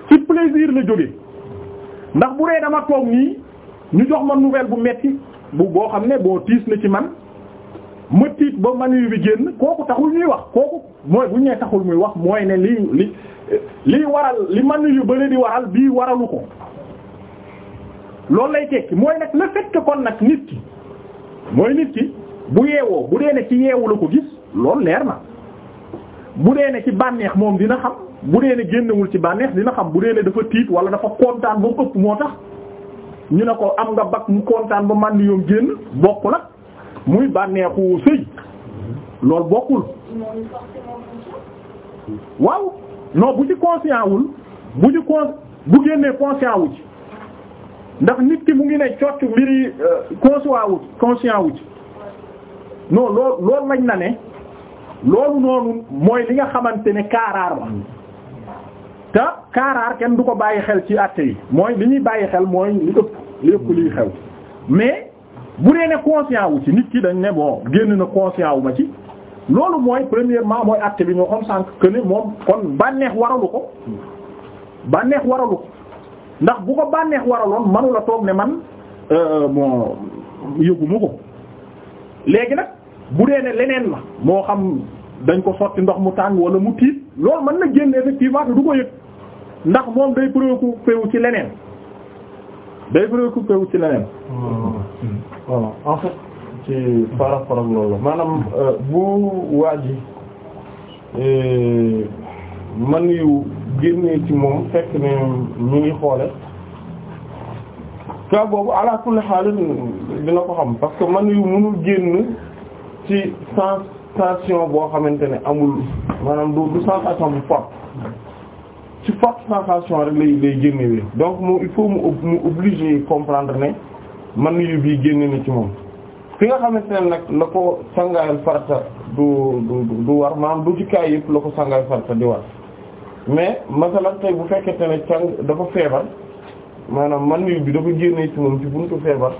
ci plaisir la jóge ndax bu dee dama toog nii ñu jox ma nouvelle bu metti bu boo xam ne boo tiis na ci man ma tiit ba manu bi génn kooku taxul ñuy wax kooku mooy bu ñu nee taxul muy wax mooy ne lii li lii waral li manu yu bële di waral bii waralu ko loolu lay tekki mooy nag le fait kon nag nit ki mooy nit ki bu yeewoo bu dee ne ci yeewu la ko gis loolu leer na bu dee ne ci bànneex moom dina xam bu dee ne génnewul ci bànneex dina xam bu dee ne dafa tiit wala dafa kontaan ba mu ëpp moo tax ñu ne ko am nga bag mu kontaan ba manu yoom génn bokk la muy bànneexu sëy loolu bokkul waaw non bu ci conscient wul bu ci con bu génnee conscient wu ci ndax nit ki mu ngi ne cocc mbiri euh, conscient wu conscient wu ci non loolu loolu lañ na ne loolu noonu mooy li nga xamante ne kaaraar la te kaaraar kenn du ko bàyyi xel ci àtte yi mooy li ñuy bàyyi xel mooy li ëpp li ëpp liy xew mais bu dee ne conscient wu ci nit ki dañ ne bon génn na conscient wu ma ci loolu mooy premièrement mooy acte bi ñoo xam sànq que moom kon bànneex waralu ko bànneex waralu ko ndax bu ko bànneex waraloon manu la toog ne man euh, bon yëguma ko léegi nag bu dee ne leneen la moo xam dañ ko sotti ndox mu tàng wala mu tiit loolu mën na génn effectivement te du ko yëg ndax moom day préoccupé wu ci leneen day préoccupé wu ci leneen hmm. voilà en fait ci par rapport ak loolu maanaam euh, bu waa ji euh, man yu génnee ci moom fekk ne ñu ngi xoole ka boobu ala kulli xaal dina ko xam parce que man yu mënul génn ci sensation boo xamante ne amul maanaam du du sensation bu forte ci forte sensation rek lay lay génnewee donc moom il faut mu mu comprendre ne man yu bii génne na ci moom fi nga xamante ne nag la ko sangaayal farata du du du war maanaam du jikkaay yëpp la ko sangaayal farata di war mais masalan tey bu fekkente ne càng dafa feebar maanaam man yu bi dafa génne ci moom ci buntu feebar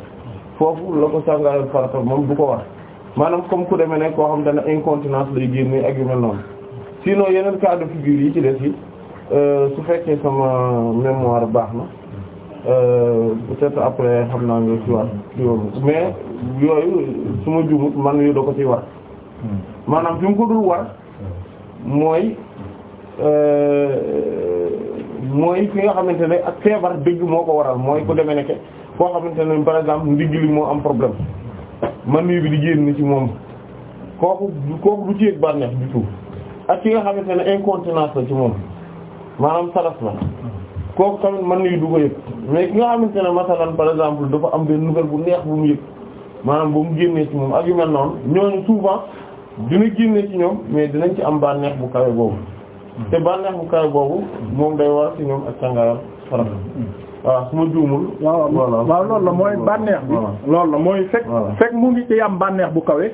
foofu la ko sangaayal farata moom du ko war maanaam comme ku demee ne koo xam ne incontinence lay génnee ak yu mel noonu sinon yeneen cas de figure yi ci des yi euh, su fekkee sama mémoire baax na Euh, peut-être après xam naa nga ci war mais yooyu su ma jumut man yu da ko ci war maanaam fi mu ko dul war mooy euh, mooy fi nga xamante ne ak feebar dëgg moo ko waral mooy ku demee nekke koo xamante ne par exemple ndigg li moo am problème man yu bi di génn ci moom kooku kooku du ci yëg bànneex du ak ki nga xamante ne incontinence la ci moom maanaam salas la kooku tamit man nañu du ko yëg mais ki nga xamante ne masalan par exemple dafa am benn nouvelle bu neex bu mu yëg maanaam bu mu génnee ci moom ak yu mel noonu ñooñu souvent dina génne ci ñoom mais dinañ ci am bànneex bu kawe boobu te bànneex bu kawe boobu moom day war ci ñoom ak càngaayal farat waaw su ma juumul waaw waaw loolu la mooy bànneex bi loolu la mooy fekk fekk mu ngi ci am bànneex bu kawe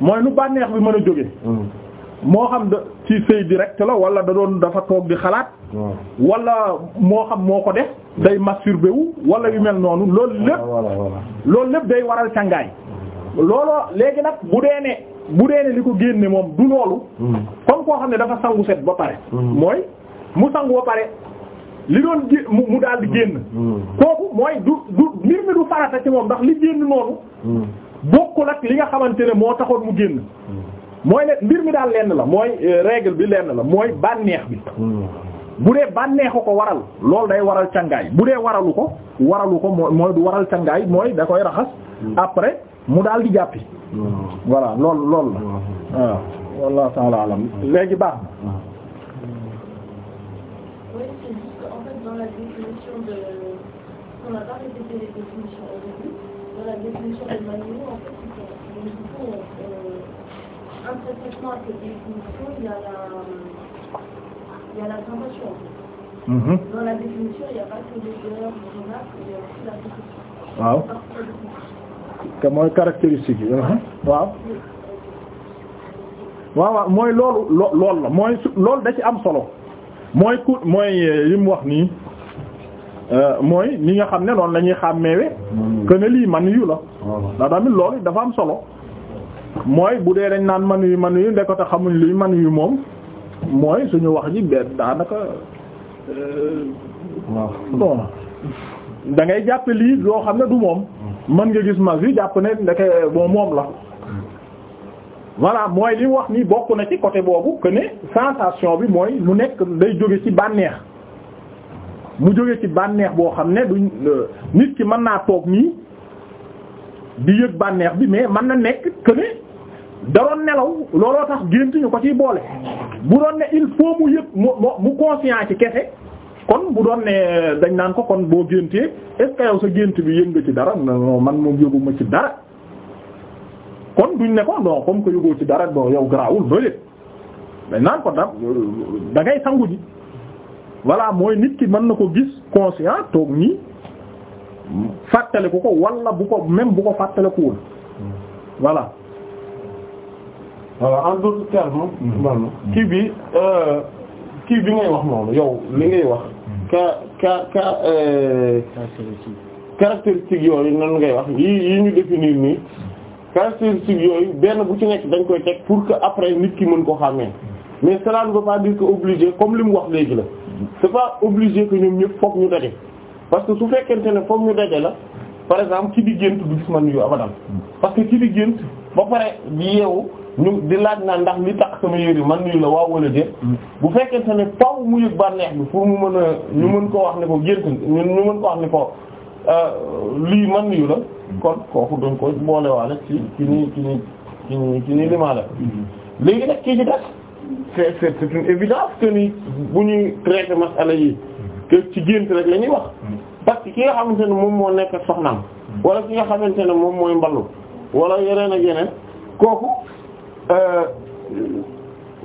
mooy nu bànneex bi mën a jóge hmm. moo xam da ci sëy direct la wala da doon dafa toog di xalaat wala moo xam moo ko def day masturbé wu wala yu mel noonu loolu lépp loolu lépp day waral cangaay looloo léegi nag bu dee ne bu dee ne li ko génne moom du loolu hmm. comme koo xam ne dafa sangu set ba pare hmm. mooy mu sangu ba pare li doon gé mu daal di hmm. génn kooku mooy du du mbir mi du farata ci moom ndax li génn noonu bokkul ak li nga xamante ne moo taxoon mu génn mooy ne mbir mi daal lenn la mooy euh, règle bi lenn la mooy bànneex bi hmm. bu dee bànneexu ko waral loolu day waral cangaay bu dee waralu ko waralu ko mooy du waral cangaay mooy da koy raxas hmm. après mu daal di jàppi hmm. voilà lool lool la waaw wallahu ta'ala alam léegi baax na un mhm. waaw mooy caractéristique yi uh-huh. waaw waaw waaw mooy loolu lool la mooy loolu da ci am solo mooy ku mooy eh, li wax nii euh, mooy ni nga xam ne noonu la ñuy xàmmeewe que ne lii man yu la ndax tamit loolu dafa am solo mooy bu dee dañ naan man yu manu yu ndekete xamuñ luy man yu moom mooy suñu wax ji benn daanaka euh, waaw bon da lii loo xam ne du moom mën nga gis mag yi jàpp ne ndeke bon moom la voilà mooy li wax ni bokk na ci côté boobu que ne bi mooy mu nekk day jóge ci bànneex mu jóge ci bànneex boo xam ne duñ euh, nit ki mën naa toog nii di yëg bànneex bi mais mën na nekk que da doon nelaw looloo tax gént ñu ko ciy boole bu doon ne il faut mu yëg mu mu conscient ci kese kon bu doon ne eh, dañ naan ko kon boo géntee est-ce que sa gént bi yëg nga ci dara non man moom yëguma ci dara kon duñ ne ko non comme que yëgoo ci dara bon yow garaawul ba léegi dañ naan ko da da ngay sangu ji voilà mooy nit ki mën na ko gis conscient toog nii fàttaliku ko wala bu ko même bu ko fàttalikuwul voilà. en d'autres termes man kii bi euh, kii bi ngay wax moom yow li ngay wax ka ka ka euh, caractéristique yooyu nan ngay wax yi yi ñu définir nii caractéristique yooyu benn bu ci nekk dañ koy teg pour que après nit ki mën ko xàmmee mais cela ne veut pas dire que obligé comme li mu wax léegi la c'est pas obligé que ñoom ñëpp fokk ñu daje parce que su fekkente ne fokk ñu daje la par exemple ci di gént du gis man yu abadan parce que ci di gént ba pare di yeewu ñu di laaj naa ndax li tax sama yére man nii la waaw wala déet bu fekkente ne faw mu yëg bànneex bi pour mu mën a ñu mën ko wax ne ko gént ñu mën ko wax ne ko euh, lii man nii la kon kooku dañ ko boolewaale ci ci ni ci ni ci ni ci ni limaale léegi nag kii ci des c'est c'est une évidence que ni bu ñuy traité masala yi que ci gént rek la ñuy wax parce que ki nga xamante ne moom moo nekk soxnaam wala ki nga xamante ne moom mooy mballu wala yeneen ak yeneen kooku euh,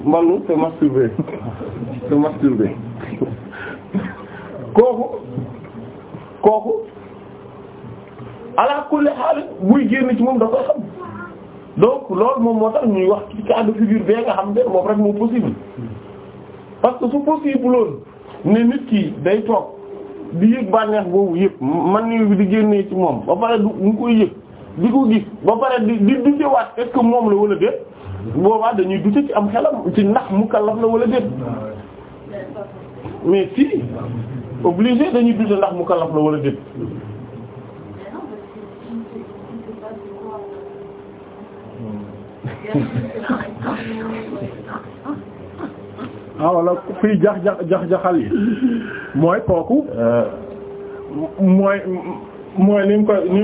mballu te masturbé te masturbé kooku kooku ala kulli xaal buy génn ci moom da koy xam donc loolu moom moo tax ñuy wax ci cas de bee nga xam ne moom rek moo possible parce que su possible loolu ne nit ki day toog di yëg bànneex boobu yëpp man ni di génnee ci moom ba pare du mu koy yëg di ko gis ba pare di di dutewaat est-ce que moom la wala déet boobaa dañuy dute ci am xelam ci ndax mukallaf la wala déet mais si obligé dañuy dute ndax mukallaf la wala déet ah wala kuy jax jax jax jaxal yi mooy kooku euh. mooy mooy ni mu ko ni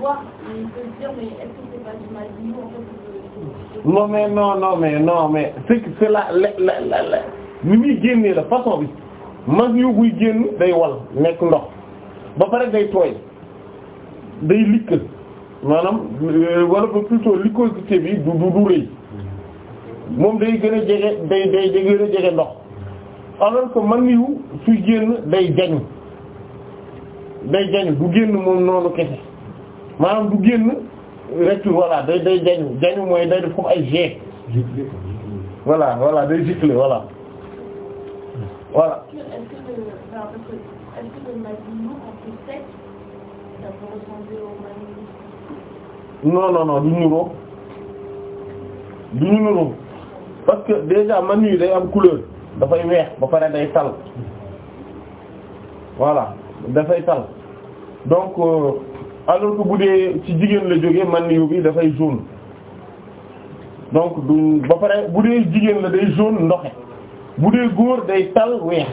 voir, il peut se dire, mais est-ce que c'est pas du mal de nous, en fait Non, mais non, non, mais non, mais c'est que c'est la, la, la, la, la, ni muy génnee la façon bi mag yu buy génn day wal nekk ndox ba pare day tooy day likkal maanaam euh, wala ba plutôt liquosité bi du du du rëy moom day gën a jege day day day gën a jege ndox alors que mag yu suy génn day jañu day jañu du génn moom noonu kese maanaam du génn recture voilà day day jañu jañu mooy day def comme ay g voilà voilà day gicler voilà voilà non non non du nuroo du ñu nuroo parce que déjà man yi day am couleur dafay weex ba pare day tal voilà dafay alors que bu dee ci jigéen la jógee man yu bi dafay jaune donc du bapare pare bu jigéen la day jaune ndoxe bu dee góor day tal weex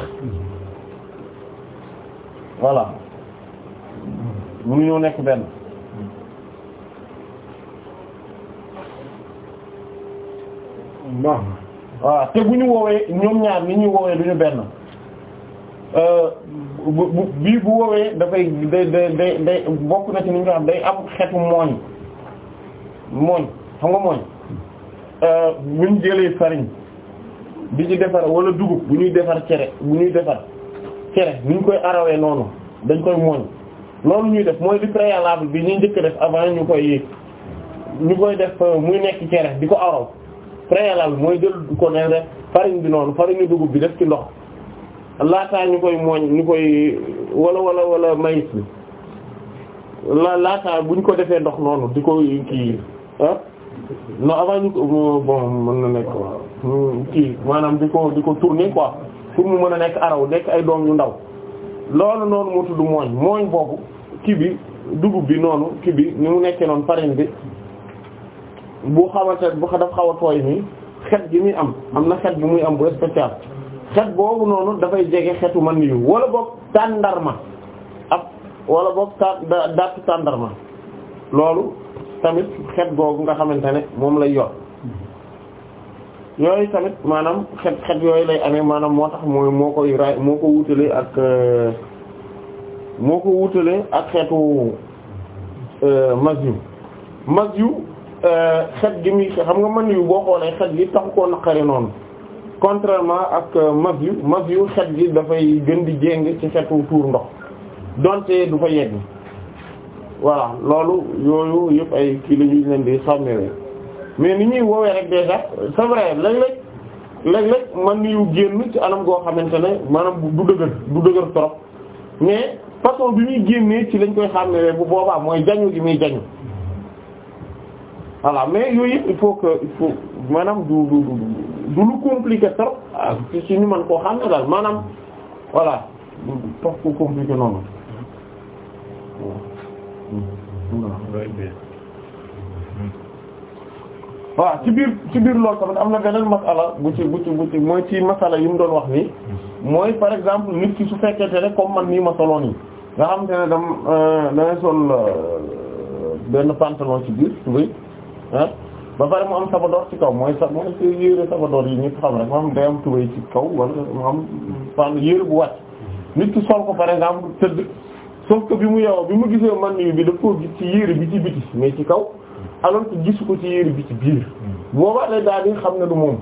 voilà mënuñoo nekk benn waaw te bu ñu woowee ñoom ñaar ni ñuy woowee duñu benn Euh, bu bu bii bu woowee dafay day day day bokk na ci li nga xam day am xetu mooñ mooñ xam nga mooñ euh, buñ jëlee farine bi ñu defar wala dugub bu ñuy defar cere bu ñuy defar cere ni ñu koy arawee noonu dañ koy mooñ loolu ñuy def mooy li préalable bi ñuy njëkk def avant ñu koy ñu koy def euh, muy nekk cere di ko araw préalable mooy jël ko ne rek farine bi noonu farine dugub bi def ci ndox. laataa ñu koy mooñ ñu koy wala wala wala maïs bi la laataa buñ ko defee ndox noonu di koy kii ah non mën na nekk kii maanaam di ko di ko tourner ko pour mu mën a nekk araw nekk ay doom yu ndaw loolu noonu moo tudd mooñ mooñ boobu kii bi dugub bi noonu kii bi ni mu nekkee noonu farine bi bu xamante bu daf xaw a tooy nii xet gi muy am am na xet bi muy am bu spécial xet boobu noonu dafay jege xetu man yu wala boog tàndarma ab wala boog ta dattu tàndarma loolu tamit xet googu nga xamante ne moom lay yor yooyu tamit maanaam xet xet yooyu lay amee maanaam moo tax mooy moo koy raay moo ko wutale ak euh, moo ko wutale ak xetu euh, mas yu mas yu euh, xet gi muy xam nga man yu boo xoolee xet gi taxu koo naqari noonu contrairement ak mas yu mas yu xet gi dafay gën di jéng ci xetu tuur ndox donte du fa yegg voilà loolu yooyu yëpp ay kii la ñuy leen di xàmmee mais ni ñuy woowee rek déjà c'est vrai léeg-léeg léeg-léeg mën nañu génn ci anam goo xamante ne maanaam du dëgër du dëgër trop mais façon bi muy génnee ci lañ koy xàmmee bu boobaa mooy jañu gi muy jañu voilà mais yooyu yëpp il faut que il faut maanaam du du du. du lu compliqué trop ah ci ñu mën koo xam ne daal maanaam voilà du tax ko noonu. waaw ci biir ci biir loolu tamit am na beneen masala bu ci bu ci bu ci mooy ci masala yi mu doon wax nii mooy par exemple nit ki su fekkente ne comme man nii ma soloon yi nga xam te ne dam euh, sol euh, benn pantalon ci biir tubéy ah ba pare mu am sabadoor ci kaw mooy sabadoor yi ñëpp xam rek moom day am tubéy ci kaw wala mu am maanaam yére bu wàcc nit ki sol ko par exemple tëdd sauf que bi mu yow bi mu gisee man bi daf gis ci yére bi ci biti mais ci kaw alors que ko ci yére ci biir boobaa day daal di xam ne du moom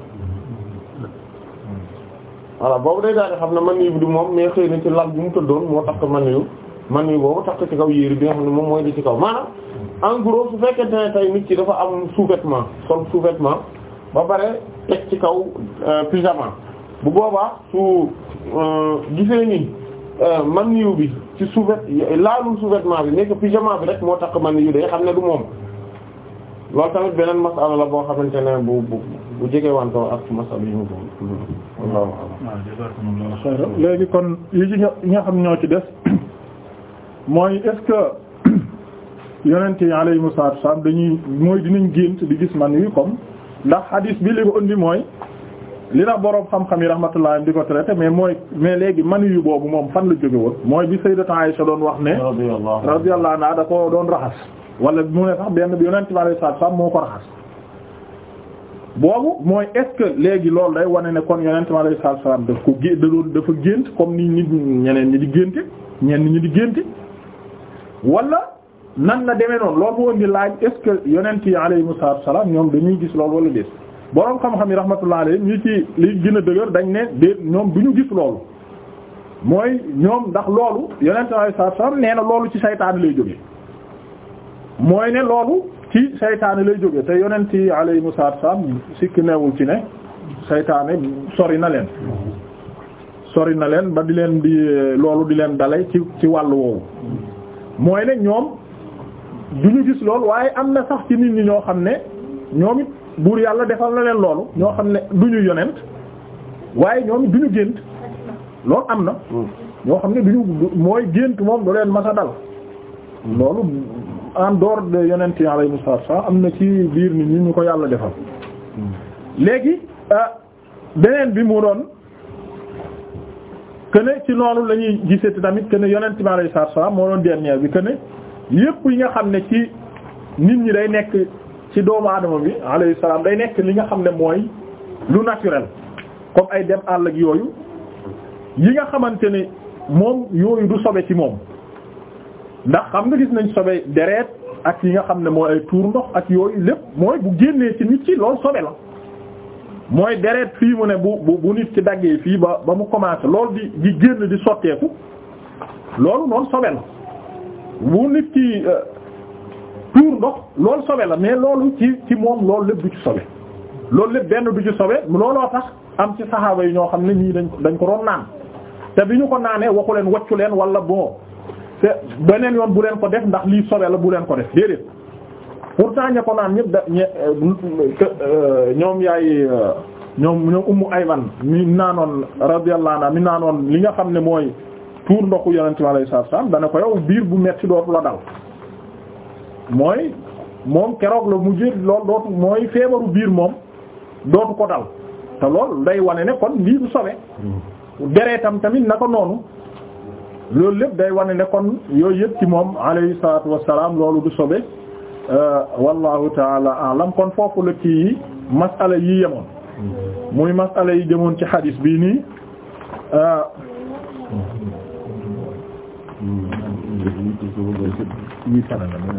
voilà boobu day daal di xam ne man bi du moom mais xëy na ci lal bi mu tëddoon moo tax man yu man yu boobu tax ci kaw yére bi nga xam ne moom mooy di ci kaw maanaam en gros su fekkente ne tey nit ci dafa am sous-vêtement sol sous ba pare teg ci kaw euh, pyjama bu boobaa su euh, gisee ni euh, man niw bi ci sous-vêtement laalul bi nekk pyjama bi rek moo tax man niw day xam ne du moom loolu tamit beneen masala la boo xamante ne bu bu bu jege wantoo ak masala yi mu boobu léegi kon yi ci xam ñoo ci des mooy est yonent yi alayhimu salaatu salaam dañuy mooy dinañ gént di gis man wi comme ndax hadis bi li ko indi mooy li la boroom xam-xam yi rahmatullah di ko traité mais mooy mais léegi man yu boobu moom fan la jóge woon mooy bi Sayyidatu Aisha doon wax ne radiyallahu anha da ko doon raxas wala mu ne sax benn bi yonent bi alayhi salaatu salaam moo ko raxas boobu mooy est ce que léegi loolu day wane ne kon yonent bi alayhi salaatu salaam daf ko gé da doon dafa gént comme ni nit ñeneen ñi di génte ñenn ñi di génte wala nan na demee noonu loolu moo indi laaj est-ce que yi alayhimu salaam ñoom dañuy gis loolu wala des borom xam-xam yi rahmatullah alayhim ñu ci li gën a dëgër dañ ne déet ñoom du ñu gis loolu mooy ñoom ndax loolu yonent alayhi salaam nee na loolu ci saytaan lay jóge mooy ne loolu ci seytaane lay jóge te yonent yi alayhimu salaam sikki neewul ci ne seytaane sori na leen sori na leen ba di leen di loolu di leen dalay ci ci wàllu woowu mooy ne ñoom. du ñu gis lool waaye am na sax ci nit ñi ñoo xam ne ñoom it buur yàlla defal na leen loolu ñoo xam ne du ñu yonent waaye ñoom it du ñu gént loolu am na ñoo xam ne du ñu mooy gént moom du leen masa dal loolu en dehors de yonent yi alayhimu salaam am na ci biir nit ñi ñu ko yàlla defal léegi euh, beneen bi mu doon que ne ci noonu la ñuy gisati tamit que ne yonent bi alayhi salaam moo doon dernier bi que ne yépp yi nga xam ne ci nit ñi day nekk ci doomu aadama bi alayhi salaam day nekk li nga xam ne mooy lu naturel comme ay dem àll ak yooyu yi nga xamante ni moom yooyu du sobe ci moom ndax xam nga gis nañ sobe deret ak yi nga xam ne mooy ay tuur ndox ak yooyu lépp mooy bu génnee ci nit ci loolu sobe la mooy deret fii mu ne bu bu bu nit ci daggee fii ba ba mu commencé lool di di génn di sotteeku loolu noonu sobe la bu nit ki tuur euh, ndox lool sobe la mais loolu ci ci moom loolu lépp du ci sobe loolu lépp benn du ci sobe looloo tax am ci saxaaba yi ñoo xam ne nii dañ ko dañ ko doon naan te bi ñu ko naanee waxu leen waccu leen wala bon te beneen yoon bu leen ko def ndax lii sobe la bu leen ko def déedéet pourtant ña ko naan ñëpp da euh, ñoom yaay euh, ñoom ñoom ummu aywan mi naanoon la radiyallahu anha mi naanoon li nga xam ne mooy. tuur ndoxu yonent bi alayhi salaatu salaam dana ko yow biir bu metti dootu la dal mooy moom keroog la mujj loolu dootu mooy feebaru biir moom dootu ko dal te lool day wane ne kon lii du sobe deretam tamit na ko noonu loolu lépp day wane ne kon yooyu yëpp ci moom alayhi salaatu wassalaam loolu du sobe euh, wallahu taala alam kon foofu la kii masala yi yemoon muy masala yi jëmoon ci xadiis bii nii euh, yi tànn na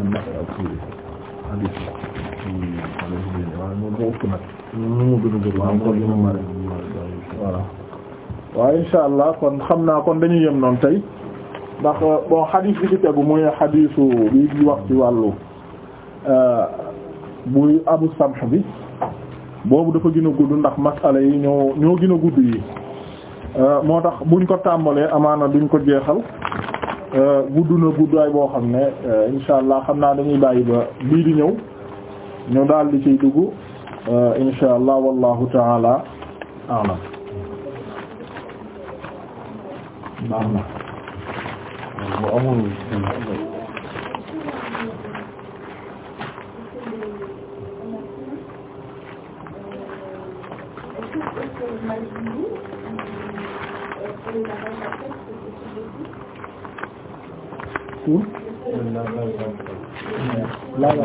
mu waaw insha allah kon xam naa kon dañuy yem noonu tey ndax euh, bon xadiis bi ci tegu muy xadiisu bi wax ci wàllu buy euh, abu samh bi boobu dafa gën a gudd ndax masala yi ñoo ñoo gën a gudd yi euh, moo tax buñ ko tàmbalee amaana duñ ko jeexal Euh, gudd na guddaay boo xam ne euh, insha xam naa dañuy bàyyi ba bii di ñëw ñu daal ciy dugg euh, insha wallahu taala a'lam pour la la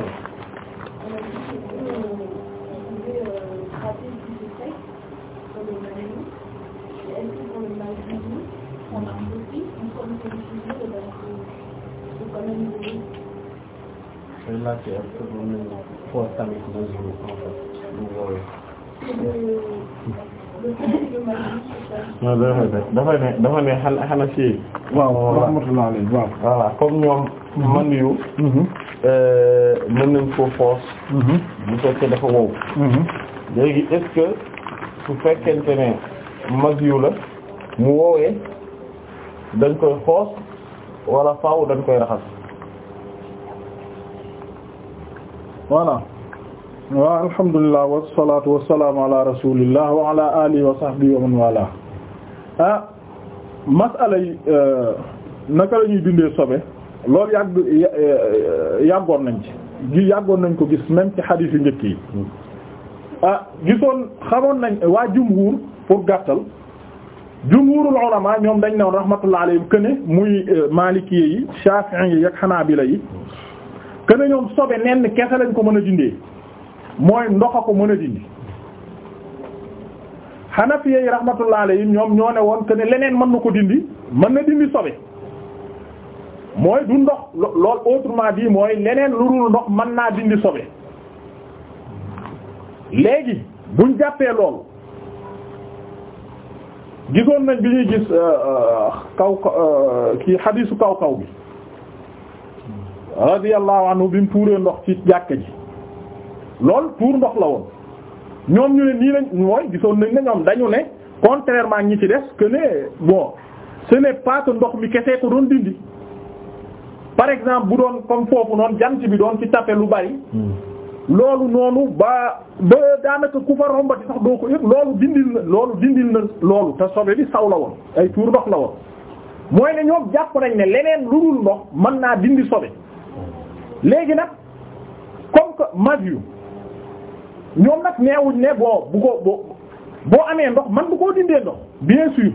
Fay laajte est-ce que mën nañu xool tamit mesure en fait bu woowee non dafa ne dafa ne dafa ne xana waaw waaw waaw. voilà comme ñoom. Mhm. man yu. Mhm. Euh, mën nañ ko force. Mhm. bu fekkee dafa wow. léegi est su fekkente ne mag yu la mu woowee dañ koy xoos wala faaw dañ koy raxas. voilà. waaw alhamdulilah wasalaatu wasalaamu ala rasulillah wa ala alihi wa man wala ah, masala yi euh, naka la ñuy dundee sobe loolu yàgg euh, yàggoon nañ ci gi yàggoon nañ ko gis même ci xadiis yu njëkk yi ah, gisoon xamoon nañ waa jumhur pour gàttal jumhurul ulama ñoom dañ ne woon rahmatullah alayhim que muy euh, maalikiyé yi shafi'i yi ak bila yi que ñoom sobe nenn kese lañ ko mën a dindee mooy ndox a ko mën a dindi Hanafiya yi rahmatullah alayhim ñoom ñoo ne woon que ne leneen mën na ko dindi mën na dindi sobe mooy du ndox lool autrement dit mooy leneen lu dul ndox mën naa dindi sobe léegi buñ jàppee loolu gisoon nañ bi ñuy gis euh, euh, kaw euh, kii xadiisu kaw kaw bi radiyallahu anhu bi mu tuuree ndox ci jàkk ji loolu tuur ndox la woon ñoom ñu ne nii lañ mooy gisoon nañ ne ñoom dañu ne contrairement ñi ci des que ne bon ce n'est pas que ndox mi kese ko doon dindi par exemple bu doon comme foofu noon jant bi doon ci tape lu bari hmm. loolu noonu ba ba daanaka ku fa rombati sax doo ko yëg loolu dindil na loolu dindil na loolu te sobe bi saw la woon ay tuur ndox la woon mooy ne ñoom jàpp nañ ne leneen lu dul ndox mën naa dindi sobe hmm. léegi nag comme que majeur ñoom nag neewuñ ne boo bu ko boo boo amee ndox man bu koo dindee ndox bien sûr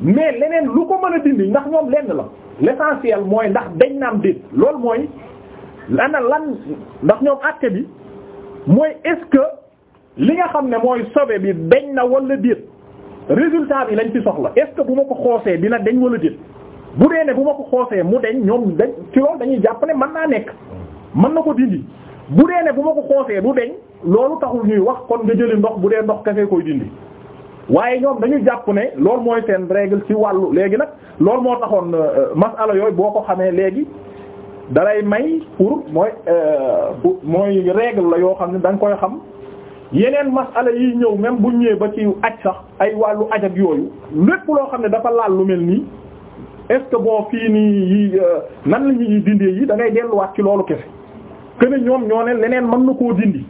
mais leneen lu ko mën a dindi ndax ñoom lenn la l'essentiel mooy ndax dañ naam déet loolu mooy ana lan ndax ñoom àtte bi mooy est-ce que li nga xam ne mooy sobe bi dañ na wala déet résultat bi lañ ci soxla est-ce que bu ma ko xoosee dina dañ wala déet bu dee ne bu ma ko xoosee mu deñ ñoom dañ ci dañuy jàpp ne man naa nekk mën na ko dindi bu dee ne bu ma ko xoosee du deñ loolu taxul ñuy wax kon nga jëli ndox bu dee ndox kafee koy dindi waaye ñoom dañu jàpp ne loolu mooy seen règle ci wàllu léegi nag loolu moo taxoon euh, masala yooyu boo ko xamee léegi dalay may pour mooy euh, mooy règle la yoo xam ne da koy xam yeneen masala yi ñëw même bu ñëwee ba ci aj sax ay wàllu aj ak yooyu lépp loo xam ne dafa laal lu mel nii est ce bon fii nii yi euh, nan la ñuy dindee yi da ngay delluwaat ci loolu kese que ne ñoom ñoo ne leneen mën na koo dindi.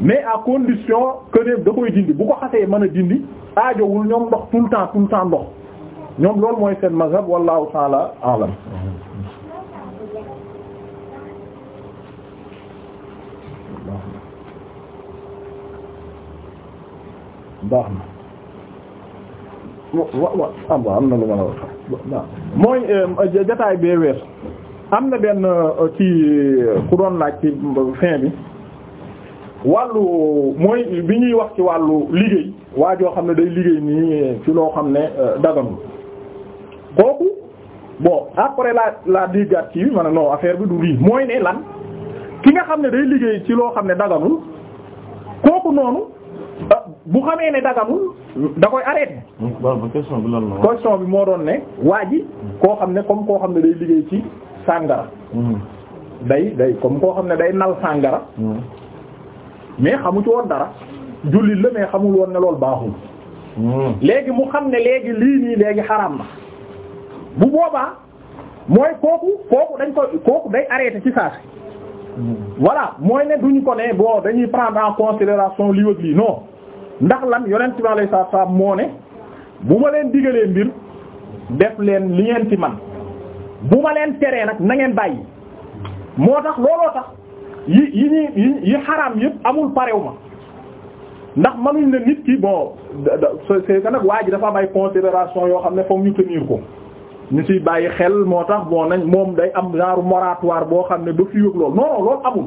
mais à condition que da koy dindi bu ko xasee mën a dindi aajowul ñoom ndox tout le temps tout ndox ñoom loolu mooy seen mazhab wallahu ta'ala a'lam am na mooy euh, jotaay bee weesu am na benn ci euh, ku doon laaj ci fin bi wàllu mooy bi ñuy wax ci wàllu liggéey waa joo xam ne day liggéey nii ci loo xam ne euh, daganul kooku bon après la la déggat ci ma ne non affaire bi du lii mooy ne lan ki nga xam ne day liggéey ci loo xam ne daganul kooku noonu euh, bu xamee ne daganul da koy arrêté. Hmm, question bi lan la question bi moo doon ne waa ji koo xam ne comme koo xam ne day liggéey ci sàngara hmm. day day comme koo xam ne day nal sàngara hmm. mais xamu ci woon dara jullit la mais xamul woon ne loolu baaxul hmm. léegi mu xam ne léegi lii nii léegi xaraam na bu boobaa mooy kooku kooku dañ koy kooku day arrêté ci saa si hmm. voilà mooy ne duñu ko ne bon dañuy prendre en considération lii wëg lii non ndax lan yonent bi alayhi salaatu salaam moo ne bu ma leen digalee mbir def leen li ngeen ci man bu ma leen teree nag na ngeen bàyyi moo tax looloo tax yi yi ñuy yi xaraam yëpp amul parew ma ndax manuñ ne nit ki bon c'est que nag waa ji dafa am ay considération yoo xam ne foog ñu tenir ko ñu ciy bàyyi xel moo tax nañ moom day am genre moratoire boo xam ne ba fi loolu non loolu amul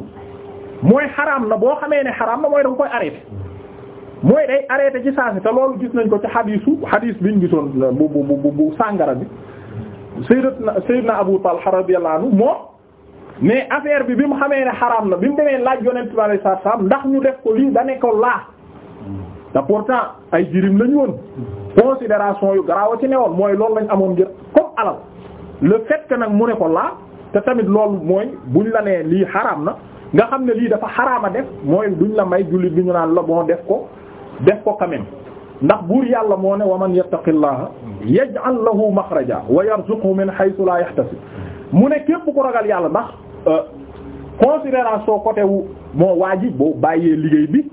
mooy xaraam na boo xamee ne xaraam ma mooy da nga koy arrêté mooy day arrêté ci saa si te loolu gis nañ ko ci xadiisu xadiis biñ gisoon bu bu bu sàngara bi sayyidna na Abu Talha radiyallahu anhu mais affaire bi bi mu xamee ne xaraam na bi mu demee laaj yonent bi alayhi salaam ndax ñu def ko lii da ne ko laa te pourtant ay jirim lañu woon considération yu garaaw a ci woon mooy loolu lañ amoon ngir comme alal le fait nag mu ne ko laa te tamit loolu mooy buñ la nee lii xaraam na nga xam ne lii dafa xaraam a def mooy duñ la may jullit bi ñu naan la bon def ko def ko quand ndax buur yàlla moo ne wa man yattaqillaha yaj'al lahu makhraja wa yarzuqhu min haythu la yahtasib mu ne képp ku ragal yàlla ndax Euh, considération côté wu moo waa ji boo bàyyee liggéey bi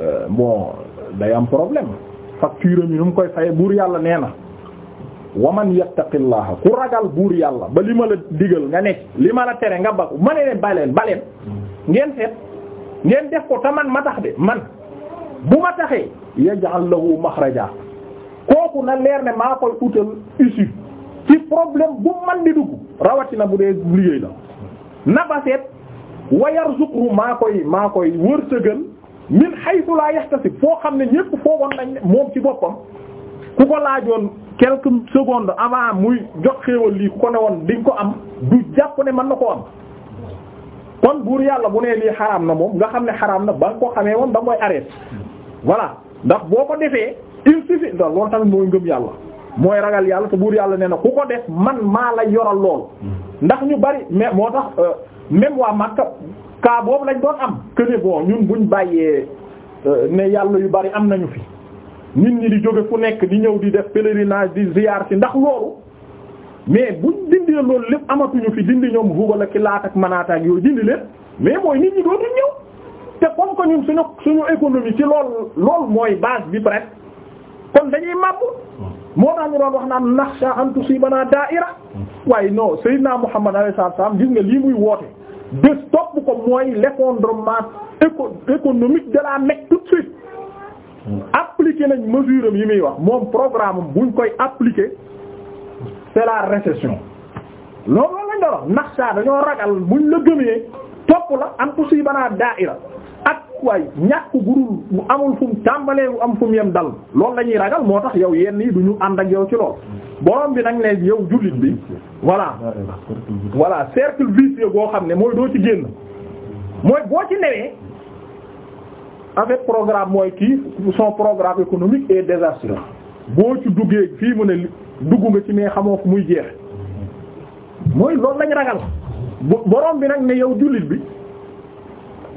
euh, bon day am problème facture mi nu mu koy faye buur yàlla nee na waman yattaqillaha ku ragal buur yàlla ba li ma la digal nga nekk li ma la tere nga ba ma ne baleen baleen ngeen seet ngeen def ko te ma tax de man bu ma taxee yaj'al lahu maxraja kooku na leer ne maa koy utal issue ci problème bu man di dugg rawatina bu dee liggéey la nafa seet wayar zuqru maa koy maa koy wërsëgal min haythu la yahtasib foo xam ne ñépp foogoon nañ moom ci boppam ku ko laajoon quelques secondes avant muy jox xéewal lii ku ko ne woon di ko am du jàpp ne mën na ko am kon buur yàlla bu nee lii xaraam na moom nga xam ne xaraam na ba nga ko xamee woon da mooy arrêté ndax boo ko defee il suffit ndax loolu tamit mooy ngëm yàlla mooy ragal yàlla te buur yàlla nee na ku ko def man maa la yoral lool ndax ñu bari mais moo tax euh, même waa Makka cas boobu lañ doon am que ne bon ñun buñ bàyyee euh, ne yàlla yu bari am nañu fi nit ñi di jóge fu nekk di ñëw di def pèlerinage di ziyaar ci ndax loolu mais buñ dindi loolu lépp amatuñu fi dindi ñoom Hubal ak Laat ak Manaat ak yooyu dindi leen mais mooy nit ñi dootuñ ñëw te comme que ñun suñu suñu économie ci lool lool mooy base bi presque kon dañuy moo tax ñu doon wax naa naan naxsha an tusibana da'ira waaye non Seydina Muhammad alayhi salaam gis nga lii muy woote bés topp ko mooy l'effondrement éco économique de la Mecque tout de suite. appliqué nañ mesure am yi muy wax moom programme am buñ koy appliqué c'est la récession loolu lañ doon wax dañoo ragal buñ la gëmee topp la an tusibana da'ira waay ñàkk gurul mu amul fu mu tàmbalee am fu mu yem dal loolu lañuy ragal moo tax yow yenn yi du ñu ànd ak yow ci lool borom bi nag ne yow jullit bi voilà voilà cercle vicieux boo xam ne mooy doo ci génn mooy boo ci newee avec programme mooy kii son programme économique est désastreux boo ci duggee fii mu ne dugg nga ci mais xamoo fu muy jeexe mooy loolu lañ ragal borom bi nag ne yow jullit bi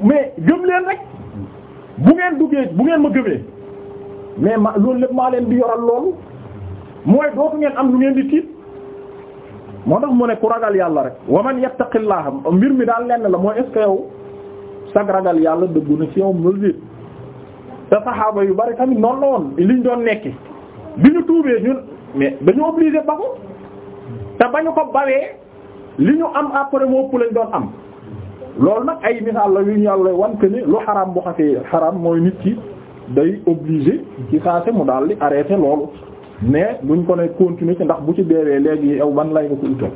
mais gëm leen rek bu ngeen duggee bu ngeen ma gëmee mais ma loolu lépp maa leen di yoral loolu mooy dootu ngeen am lu ngeen di tiit moo tax mu ne ku ragal yàlla rek wa man yattaqillaaha mbir mi daal lenn la moo est-ce que sag ragal yàlla dëggu na ci yow loolu te saxaaba yu bari tamit noonu la woon liñ doon nekki bi ñu tuubee ñun mais dañu obligé ba te ba ñu ko bawee li ñu am après moo ëpp lañ doon am loolu nag ay misaal la yu ñu yàlla wan que ni lu xaram bu xasee xaram mooy nit ki day obligé ci saa si mu daal di arrêté loolu mais buñ ko ne continuer ci ndax bu ci deewee léegi yow ban lay nga ko utal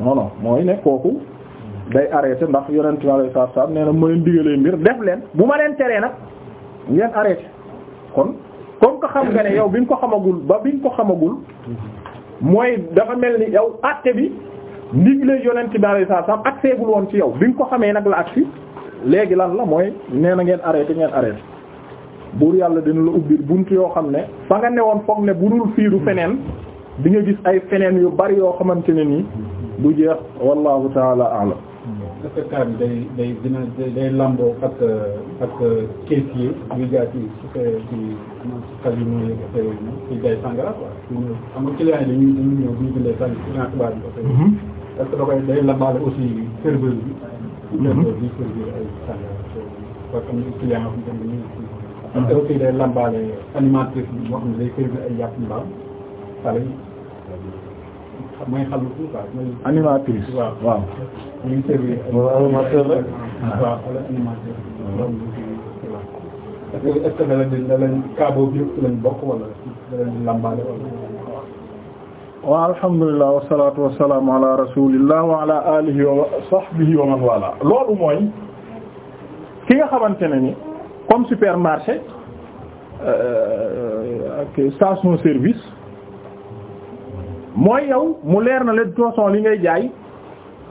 non mooy ne kooku day arrêté ndax yonent bi alayhi salaatu salaam nee na ma leen digalee mbir def leen bu ma leen teree nag ngeen arrêté kon comme que xam nga ne yow bi nga ko xamagul ba bi nga ko xamagul mooy dafa mel ni yow àtte bi ndigle yonent bi alayhi salaam ak seegul woon ci yow bi nga ko xamee nag la agsi léegi lan la mooy nee na ngeen arrêté ngeen arrêté buur yàlla dina la ubbi bunt yoo xam ne fa nga woon foog ne bu dul fii du feneen di nga gis ay feneen yu bari yoo xamante ne nii du jeex wallahu taala a'lam est ce que cas bi day day dina day lamboo ak ak caissier yu jaay ci su fekkee ci casino yi affaire yooyu noonu ci jaay est-ce que da koy day labaale aussi serveur bi. Mhm. serveur bi mhm. servir ay parce que ñu client yoo xam ne parce mooy xalu tout mooy. animatrice waaw waaw. muy servir animateur waaw wala wala. wa alhamdulillah wassalatu wassalamu ala rasulillah wa ala alihi wa sahbihi wa wala loolu mooy ki nga xamante ne ni comme supermarché euh, station service mooy yow mu leer na leen tooson li ngay jaay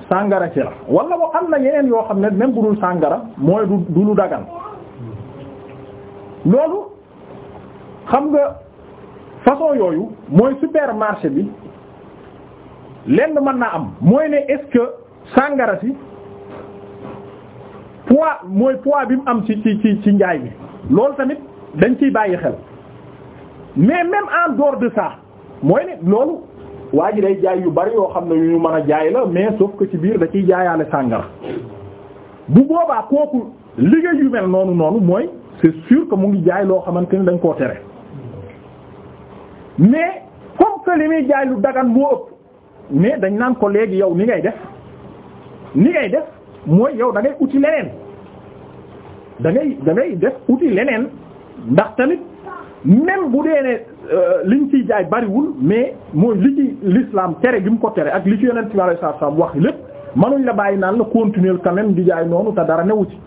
sàngara ci la wala boo am na yeneen yoo xam ne même bu dul sàngara mooy du du dagan loolu xam nga façon yooyu mooy supermarché bi lenn mën naa am mooy ne est sàngara si poids mooy poids bi mu am ci ci njaay bi loolu tamit dañ ciy bàyyi xel mais même en door de ça mooy ne loolu waa ji day jaay yu bari yoo xam na yu ñu mën a jaay la mais sauf que ci biir da ciy jaayaale sàngara bu boobaa kooku liggéey yu mel noonu noonu mooy c'est sûr que mu ngi jaay loo xamante ni dañ koo tere. mais comme que li muy jaay lu dagan moo ëpp mais dañ naan ko léegi yow ni ngay def ni ngay def mooy yow da ngay uti leneen dangay ngay da ngay def uti leneen ndax tamit même bu dee ne euh, ñu ci jaay bariwul mais mooy li ci l'islam tere gi mu ko tere ak li ci yonent bi sallallahu alayhi wasallam wax lépp mënuñ la bàyyi naan la continuer quand même di jaay noonu te dara newu ci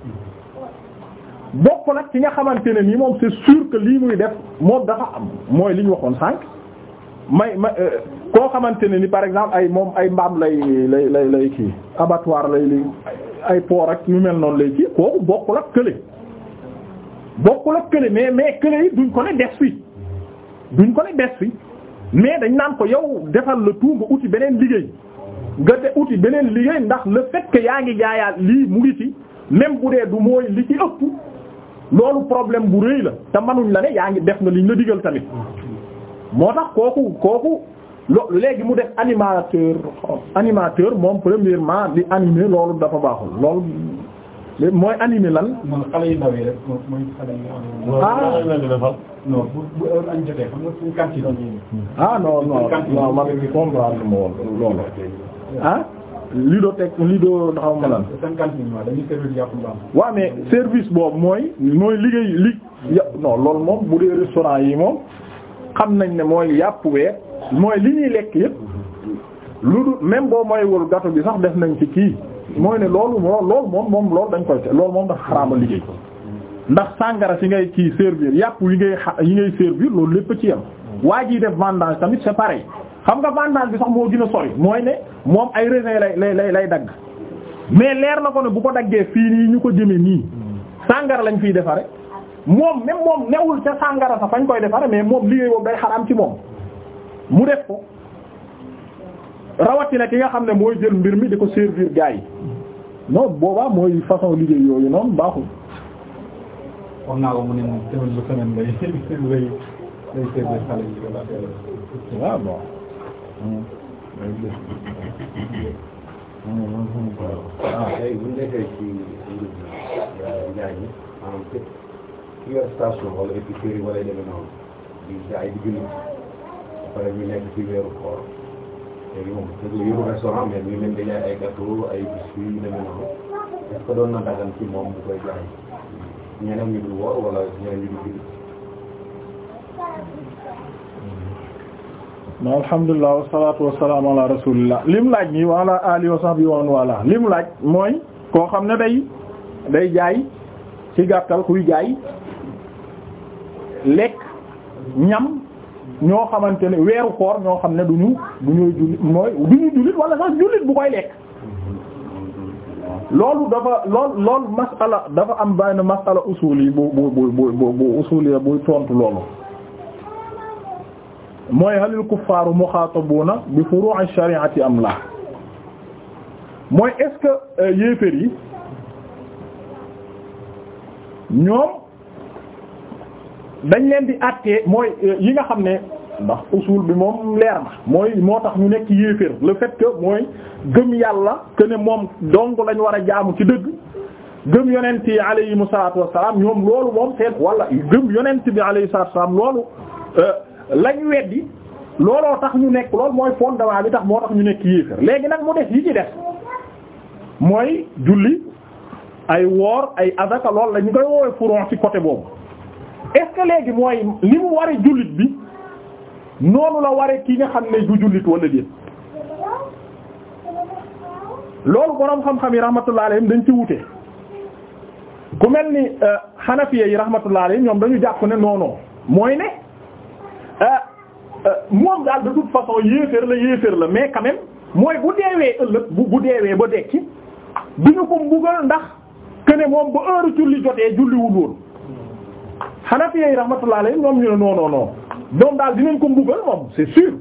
bokk nag ci nga xamante ne nii moom c'est sûr que lii muy def moom dafa am mooy li ñu waxoon sànq may ma euh, koo xamante ne ni par exemple ay moom ay mbaam lay lay lay lay kii abattoir lay li ay por ak ñu mel noonu lay kii kooku bokkul ak kële bokkul ak kële mais mais kële yi duñ ko ne des fi duñ ko ne des fi mais dañ naan ko yow defal la tout nga uti beneen liggéey nga te uti beneen liggéey ndax le fait yaa ngi jaayaat lii mu ngi ci même bu dee du mooy li ci ëpp loolu problème bu rëy la te manuñ la ne yaa ngi def na liñ la digal tamit moo tax kooku kooku lo léegi mu def animateur animateur moom premièrement di animer loolu dafa baaxul loolu mooy animer lan. man xale yu ah xam nga suñu kànti doon ah non non non man ma loolu ah. ah? lii lido teg lido xaw ma naan waaw mais service boobu mooy mooy liggéey li ya non loolu moom bu dee restaurant yi moom xam nañ ne mooy yàpp weer mooy li ñuy lekk yëpp lu du même boo maywul gato bi sax def nañ ci kii mooy ne loolu loolu moom moom loolu dañ koy te moom dafa xaraama liggéey ndax sàngara si ngay kii servir yàpp yi ngay yi ngay servir loolu lépp ci yam waa jii def vendange tamit c'est pareil xam nga vandaan bi sax moo gën sori mooy ne moom ay raisin lay lay lay lay dagg mais leer na ko ne bu ko daggee fii nii ñu ko jëmee nii sàngara lañ fiy defare moom même moom newul ca sàngara sax fañ koy defare mais moom liggéey boobu day xaraam ci moom mu def ko rawatina ki nga xam ne mooy jël mbir mi di ko servir gars yi non boobaa mooy façon liggéey yooyu noonu baaxul. wax naa waaw tey bu ñu defee ci njaay mi maanaam képp ki yor station wala épicerie wala demee noonu di jaay di gën a ba pare ñu nekk ci weeru koor léegi moom dëgg la yoru restaurant mais ñu leen di jaay ay gâteau ay biscuits yu demee noonu est-ce que doon na dagan ci moom bu koy jaay ñeneen ñu dul woor wala ñeneen ñu dul ma alhamdulilah wasalatu wasalaamu ala rasulillah lim laaj nii wa ala alihi wa sahbihi wa lim laaj mooy koo xam ne day day jaay ci gàttal kuy jaay lekk ñam ñoo xamante ne weeru koor ñoo xam ne du ñu du ñuy jullit mooy du ñu jullit wala sax jullit bu koy lekk loolu dafa lool loolu masala dafa am benn masala usuli bu bu bu bu usuli buy tontu loolu mooy halil kuffaaru muxaatabuna bi furu' ash-shari'ati am la mooy est euh, yéeféer yi ñoom dañ leen di àttee mooy euh, yi nga xam ne ndax usul bi moom leer na mooy moo tax ñu nekk yéeféer le fait que mooy gëm yàlla que ne moom dong lañ war a jaamu ci dëgg gëm yonent yi alayhimu salaatu wassalaam ñoom loolu moom seen wala gëm yonent bi alayhi salaatu wassalaam loolu euh, lañ weddi looloo tax ñu nekk loolu mooy fondement bi tax moo tax ñu nekk yéefar léegi nag mu def yi ci def mooy julli ay woor ay azaka lool la ñu koy woowee furon ci côté boobu est-ce que léegi mooy li mu ware jullit bi noonu la ware ki nga xam ne du jullit wala déet loolu boroom xam-xam yi rahmatullah alayhim dañ ci wute ku mel ni xanafiya euh, yi rahmatullah yi ñoom dañu jàpp ne non mooy ne. Euh, euh, moom daal de toute façon yéeféer la yéeféer la mais quand mooy bu deewee ëllëg bu bu deewee ba dekki du ñu ko mbugal ndax que moom ba heure julli jotee julliwul woon Hanafi yi rahmatullah alayhi ñoom ñu ne non non non doom daal dinañ ko mbugal moom c'est sûr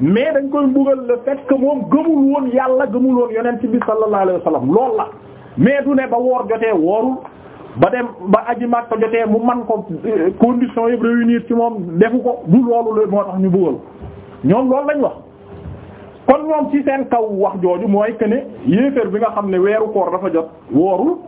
mais dañ koy mbugal le fait que moom gëmul woon yàlla gëmul woon yonent bi sallallahu lool la mais du ne ba woor jotee woorul ba dem ba aji Makka jotee mu man ko euh, condition yëpp réunir ci moom defu ko du loolu la moo tax ñu bëggal ñoom loolu lañ wax kon ñoom ci seen kaw wax jooju mooy que ne yéeféer bi nga xam ne weeru koor dafa jot woorul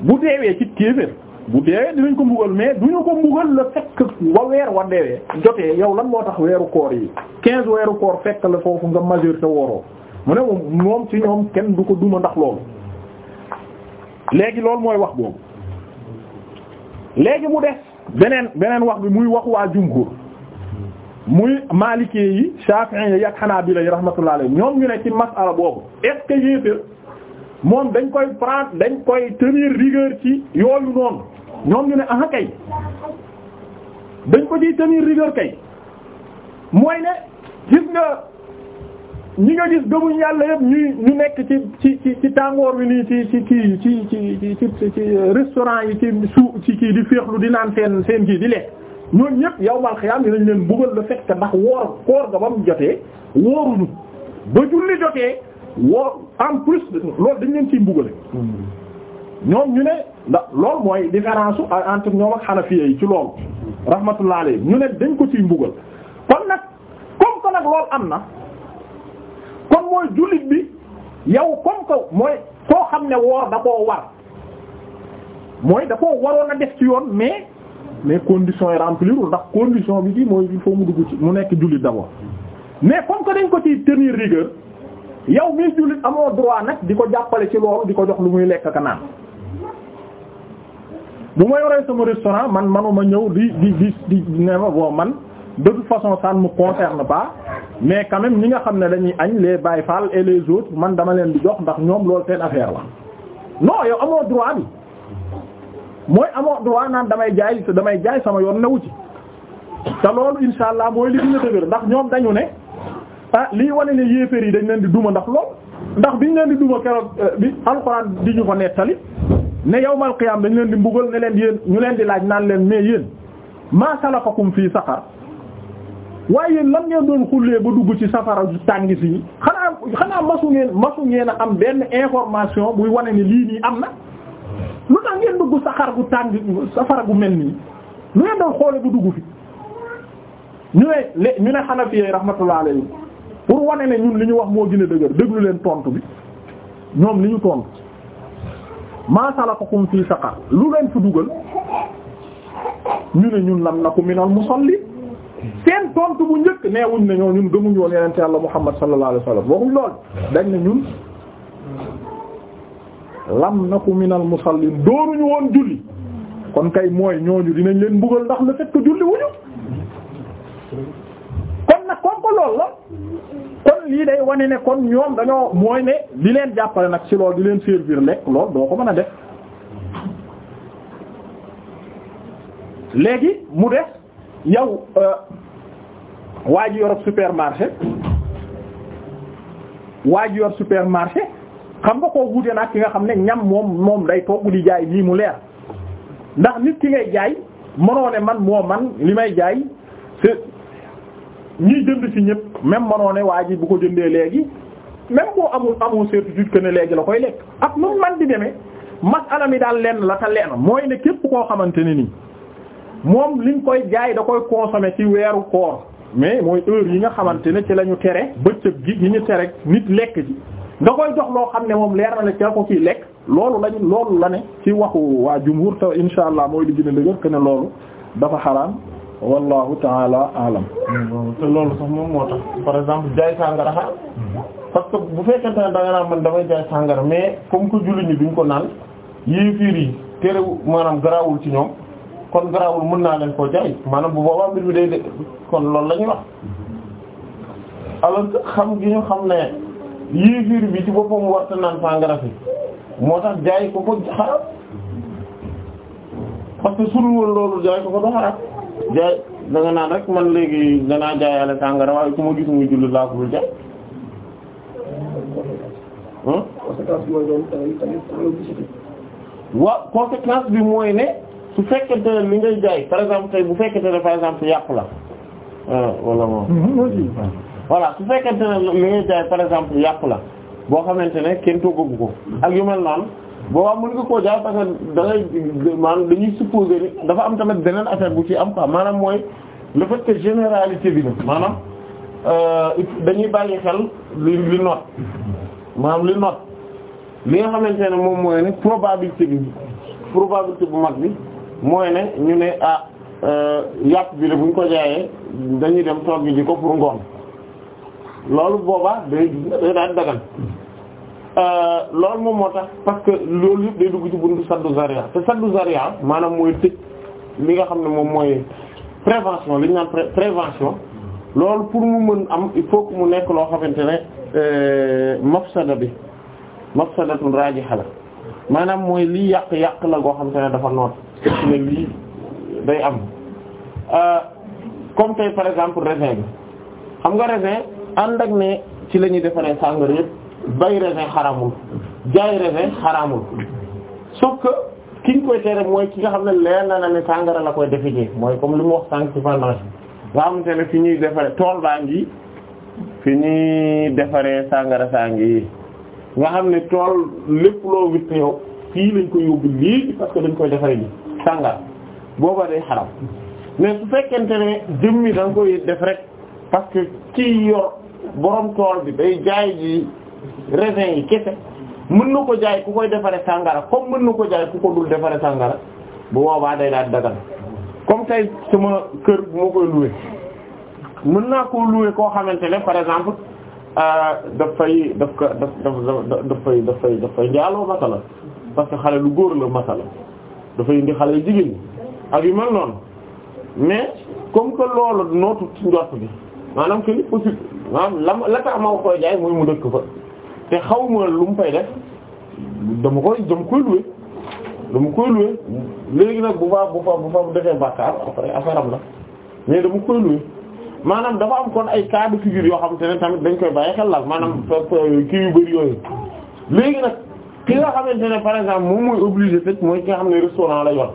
bu deewee ci kéeféer bu deewee dinañ ko mbugal mais duñu ko mbugal la fekk wa weer wa deewee jotee yow lan moo tax weeru koor yi quinze weeru koor fekk la foofu nga majeur te wooroo mu ne moom ci ñoom kenn du ko duma ndax loolu léegi loolu mooy wax boobu léegi mu de beneen beneen wax bi muy wax waa jumhur muy maliki yi shafi'i yi ak hanabila yi rahmatullah alayhi ñoom ñu ne ci masala boobu est-ce moom dañ koy prendre dañ koy tenir rigueur ci yooyu noonu ñoom ñu ne aha kay dañ ko ciy tenir rigueur kay mooy ne gis nga ñi nga gis gëmuñ yàlla yëpp ñuy ñu nekk ci ci ci tàngoor bi nii ci ci ci ci ci ci ci restaurant yi ci suu ci kii di féexlu di naan seen seen kii di lekk ñooñu ñëpp yow mal xiyaam dinañ leen buggal la fekk ndax woor koor ga ba mu jotee wooruñu ba julli jotee woor en plus loolu dañ leen ciy mbugale ñoom ñu ne ndax loolu mooy différence su entre ñoom ak xanafiya yi ci loolu rahmatullah alayhi ñu ne dañ ko ciy mbugal kon nag comme que nag loolu am na kon mooy jullit bi yow comme que mooy koo xam ne woor da koo war mooy da waroon a def ci yoon mais mais condition yi remplir ndax condition bi ci mooy il mu dugg ci mu nekk jullit d'abord mais comme que dañ ko ci tenir rigueur yow mii jullit amoo droit nag di ko jàppale ci loolu di ko jox lu muy lekk ka naan bu ma yoree sama restaurant man manuma ñëw di di di di ne ma bon man. de toute façon ça ne me concerne pas mais quand ñi nga xam ne dañuy añ les Baye Fall et les autres man dama leen di jox ndax ñoom loolu seen affaire la non yow amoo droit bi mooy amoo droit naan damay jaay damay jaay sama yoon newu ci te loolu insha allah mooy li ñu dëgër ndax ñoom dañu ne ah lii wane ne yéeféer yi dañ leen di duma ndax lool ndax biñ leen di duma keroog euh, bi alxuraan di ñu ko nettali ne yawmal qiyaam dañ leen di mbugal ne leen yéen ñu leen di laaj naan leen mais yéen maa salakakum fii saqar waaye lan ngeen doon xullee ba dugg ci safara tàng si xanaa xanaa masu ngeen masu ngeen a am benn information buy wane ne lii nii am na lu tax ngeen dugg saxar gu tàng safara gu mel nii lu ngeen doon xoole bu dugg fi ñu ne ñu ne xanafiyee rahmatullah alayhi pour wane ne ñun li ñu wax moo gën a dëgër déglu leen tontu bi ñoom li ñu tontu ma salakakum fii saqar lu leen fu dugal ñu ne ñun lam naku minal musallin seen tontu bu njëkk neewuñ ne ñoo ñun gëmuñu woon yeneen yàlla Muhammad sallallahu alayhi wasallam waxuñ lool dañ na ñun lam naku minal musallin dooruñu woon julli kon kay mooy ñooñu dinañ leen mbugal ndax le fait que julli wuñu kon nag kon ko lool la kon lii day wane ne kon ñoom dañoo mooy ne di leen jàppale nag ci lool di leen servir lekk lool doo ko mën a def léegi mu def yow euh, waa ji yor supermarché waa ji yor supermarché xam nga koo wuute nag ki nga xam ne ñam moom moom day togg jaay lii mu leer ndax nit ki ngay jaay mënoo man moo man li may jaay c'est ñiy jënd ci ñëpp même mënoo waa ji bu ko jëndee léegi même boo amul amul certitude que ne léegi la koy lekk ak nu man di demee masala mi daal lenn la te lenn mooy ne képp koo xamante ne nii moom liñ koy jaay da koy consommer ci weeru koor mais mooy heure yi nga xamante ne ci la ñu tere bëccëg gi yi ñu tere nit lekk ji nga koy jox loo xam ne moom leer na la ci la ko ciy lekk loolu lañu loolu la ne ci waxu waa jumhur te insha allah mooy li gën a dëgër que ne loolu dafa xaraam wallahu taala alam te loolu sax moom moo tax par exemple jaay sàngara xaram parce que bu fekkente ne da nga naan man damay jaay sàngara mais comme que jullit ñi duñ ko naan yéefiir yi terew maanaam garawul ci ñoom kon garaawul mën naa leen koo jaay maanaam bu boobaa mbir mi de kon loolu la ñuy wax alors xam gi ñu xam ne yéefir bi ci boppam warta naan sangara fi moo tax jaay ko ko xaraam parce que suru jaay ko ko do jaay da nga naan rek man léegi danaa jaayale sangara waaye ku ma gis muy julli laa ko dul jaay hmm? conséquence bi mooy doon bi mooy ne su fekkente ne li ngay jaay par exemple tey bu fekkente ne par exemple yàpp la ah, wala moom mm-hmm, voilà su fekkente ne li ngay jaay par exemple yàpp la boo xamante ne kenn toggagu ko ak yu mel noonu boobaa mën nga koo jaay parce que da ngay maanaam dañuy supposer dafa am tamit beneen affaire bu ci am quoi maanaam mooy le fait que généralité bi la maanaam euh, dañuy bàyyi xel li li noot maanaam li noot li nga xamante ne moom mooy ne probabilité bi probabilité bu mag bi mooy ne ñu ne ah euh, yàpp bi la bu ñu ko jaayee dañuy dem toog ji ko pour ngoon loolu boobaa day day daal euh, loolu moom moo tax parce que loolu yëpp day dugg ci buntu saddu zaria te saddu zaria maanaam mooy tëj li nga xam ne moom mooy prévention li ñu naan prévention loolu pour mu mën am il faut que mu nekk loo xamante ne euh, mafsada bi mafsadatun rajiha la maanaam mooy lii yàq yàq la goo xamante ne dafa noot ne lii day am euh, comme tey par exemple raisin bi xam nga raisin ànd ak ne ci la ñuy defaree sàngara yëpp bay raisin xaraamul jaay raisin xaraamul soo ko ki ñu koy tere mooy ki nga xam ne leer na na ne sàngara la koy defee mooy comme li mu wax sànq ci vendange nga xamante ñuy defaree tool baa ngi fi ñuy defaree sàngara saa ngi nga xam ne tool lépp loo wit yow fii lañ ko yóbbu léegi parce que lañ koy defaree nii. sàngar booba day xaram mais su fekkente ne jëmmi da nga koy def rek parce que ci yor borom tool bi day jaay ji raisin yi kese mën na ko jaay ku koy defare sàngara comme mën na ko jaay ku ko dul defare sàngara bu boobaa day daal dagal comme tey sama kër bu ma koy louer mën naa koo louer koo xamante ne par exemple euh, daf fay daf ko daf daf daf fay daf fay daf fay njaaloo masala parce que xale lu góor la masala dafa indi xale yu jigéen ñi ak yu mel noonu mais comme que loolu nootu ci njort bi maanaam que li maanaam la la koy jaay mooy mu dëkk fa te xaw ma lu mu fay def dama koy dama koy loué dama koy loué léegi nag bu fa bu fa bu fa defee bàkkaar après la mais dama koy loué maanaam dafa am kon ay cas de yoo xam te ne tamit dañ koy bàyyi xel laal maanaam kii yu bari yooyu léegi nag. ki nga xamante ne par exemple moom mooy obligé tëj mooy ki nga xam ne restaurant la yor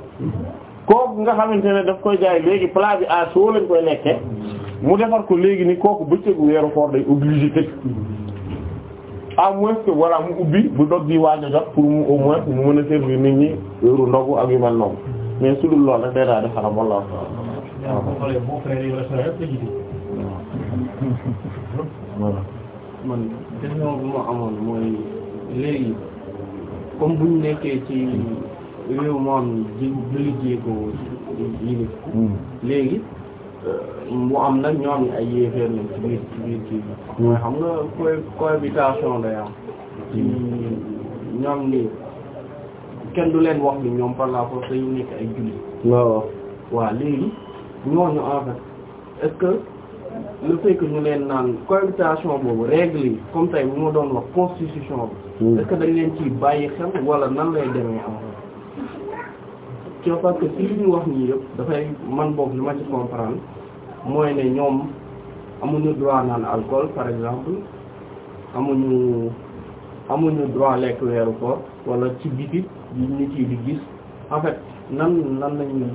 kooku nga xamante ne daf koy jaay léegi plat bi à chaud koy nekkee mu defar ko léegi ni kooku bëccëgu weeru koor day obligé tëj à moins que voilà mu ubbi bu dog di waaj a jot pour mu au mu mën a servir nit ñi heure ndogu ak yu mel noonu mais su dul loolu rek daal di xaram walla man léegi comme bu ñu nekkee ci réew moom ji jullit yi ko yi hmm. léegi euh, mu am nag ñoom ay yéefeer lañ ci biir ci biir ci mooy hmm. xam nga co cohabitation day am hmm. ci ñoom ni kenn du leen wax ni ñoom par la force dañu nekk ay jullit waaw waa léegi ñooñu en fait est-ce que ñu leen naan cohabitation boobu règle yi comme tey bu ma doon wax constitution bi Hmm. est-ce que dañ ci bàyyi xel walla nan lay demee am ci parce que li ñu wax nii yëpp dafay man boog li ma ci comprendre mooy ne ñoom amuñu droit naan alcool par exemple amuñu amuñu droit lekk weeru koor walla ci biti ñu nit yi di gis en nan nan lañuy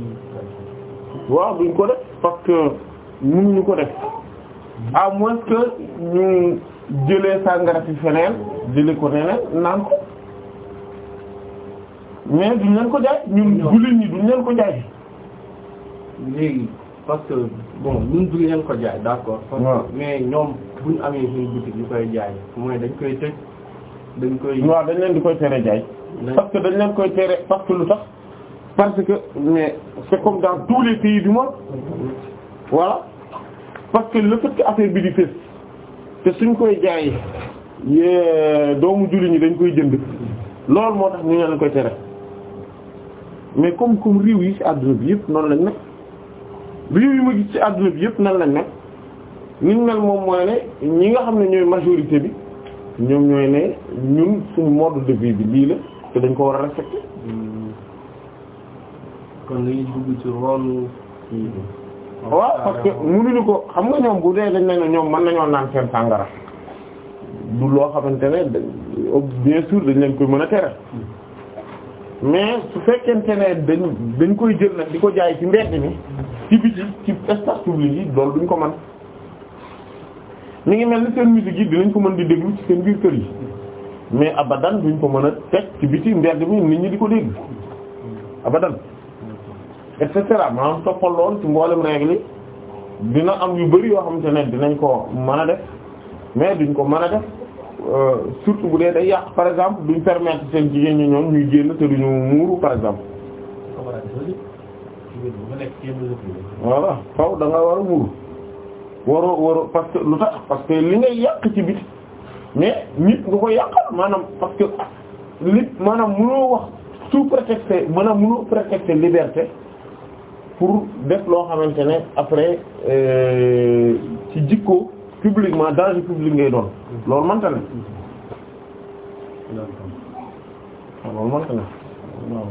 waaw duñ ko def parce que mënuñu ko def à moins que jële sàngara fi feneen jëlee ko neneen naan ko mais duñ leen ko jaay ñun jullit ñi duñ leen ko jaay léegi parce que bon ñun duñ leen ko jaay d'accord mais ñoom buñ amee seen boutique yu koy jaay mooy dañ koy tëj dañ koy waaw dañ leen di koy tere jaay parce que dañ leen koy tere parce que lu tax parce que mais c'est comme dans tous les pays du monde voilà parce que la fait que affaire bi di fës te suñ koy jaay doomu julli ñi dañ koy jënd loolu moo tax ñu leen koy tere mais comme comme réew yi ci àdduna bi yëpp noonu lañ nag réew yi ma gis ci àdduna bi yëpp nan lañ nag niñ mel moom mooy ne ñi nga xam ne ñooy majorité bi ñoom ñooy ne ñun suñu mode de vie bi lii la te dañ ko war a respecter hmm. kon lañu dugg waaw parce que mënuñu ko xam nga ñoom bu dee dañ ne ñoom man nañoo naan seen sàngara du loo xamante ne bien sûr dañ leen koy mën a tere mais su fekkente ne dañ dañ koy jël nag di ko jaay ci mbedd mi ci biti ci espace public yi loolu duñ ko man mi ngi mel ni seen musique yi dinañ ko mën di déglu ci seen biir kër yi mais abadan duñ ko mën a teg ci biti mbedd mi nit ñi di ko dégg abadan et cetera maanaam toppal lool ci mboolem règle dina am yu bari yoo xamante ne dinañ ko mën a def mais duñ ko mën a def euh, surtout bu dee day yàq par exemple duñ permettre seen jigéen ñi ñoom ñuy génn te duñu muuru par exemple. voilà faw da nga war a muuru waroo waroo parce lu tax parce li ngay yàq ci biti mais nit nga ko yàqal maanaam parce que maanaam mënoo wax sous prétexte maanaam mënoo prétexte liberté. pour def loo xamante ne après euh, ci jikko publiquement danger public ngay doon loolu mënta ne loolu mënta ne waaw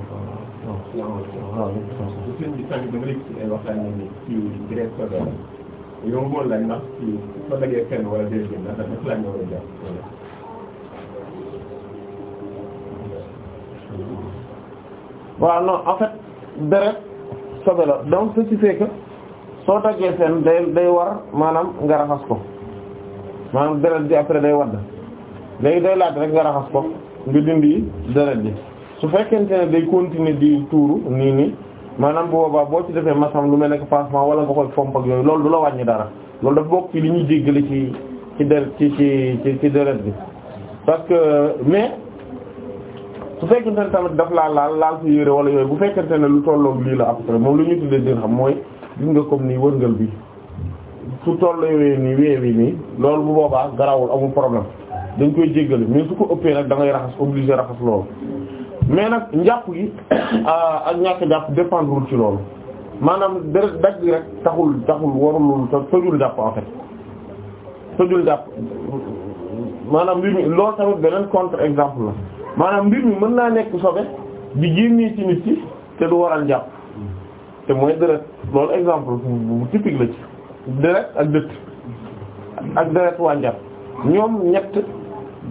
waxtaan a non en fait sobe la donc ce qui fait que soo daggee seen day day war maanaam nga raxas ko maanaam deret ji après day wadd léegi day laaj rek nga raxas ko nga dindi deret bi su fekkente ne day continuer di tuuru nii nii maanaam bu boobaa boo ci defee masam lu mel ne que pansement wala nga koy pompe ak yooyu loolu du la wàññi dara loolu dafa bokk ci li ñuy jéggale ci ci deret ci ci ci deret bi parce que mais. su fekkente tamit daf laa laal laal sa yére wala yooyu bu fekkente ne lu tolloog lii la après moom lu ñu tuddee din xam mooy gis nga comme nii wërngal bi su tolloowee nii weewi nii loolu bu boobaa garawul amul problème dañ koy jéggali mais su ko ëppee nag da ngay raxas obligé raxas loolu mais nag njàpp gi ah, ak ñàkk njàpp dépendrewul ci loolu maanaam deret dagg rek taxul taxul warul tojul jàpp en fait tojul jàpp maanaam mbir mi loolu tamit beneen contre la maanaam mbir mi mën naa nekk sobe bi génnee ci nit ci te du waral jàpp te mooy deret loolu exemple bu typique la ci deret ak dëtt ak deret wànjar ñoom ñett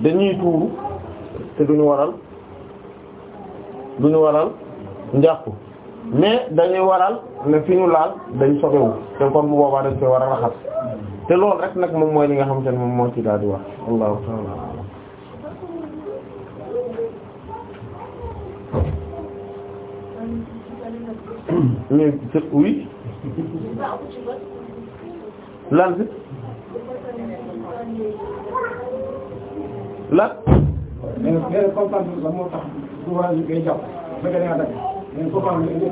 dañuy tuuru te duñu waral duñu waral njàpp mais dañuy waral ne fi ñu laal dañ sobewu te kon bu boobaa dañ koy war a raxas te loolu rek nag moom mooy li nga xamante ne moom moo ci daal di wax allahu mais c'est oui lan si lan. mais la moo tax souvent ñu koy jàpp ba nga daan dagg mais comprendre la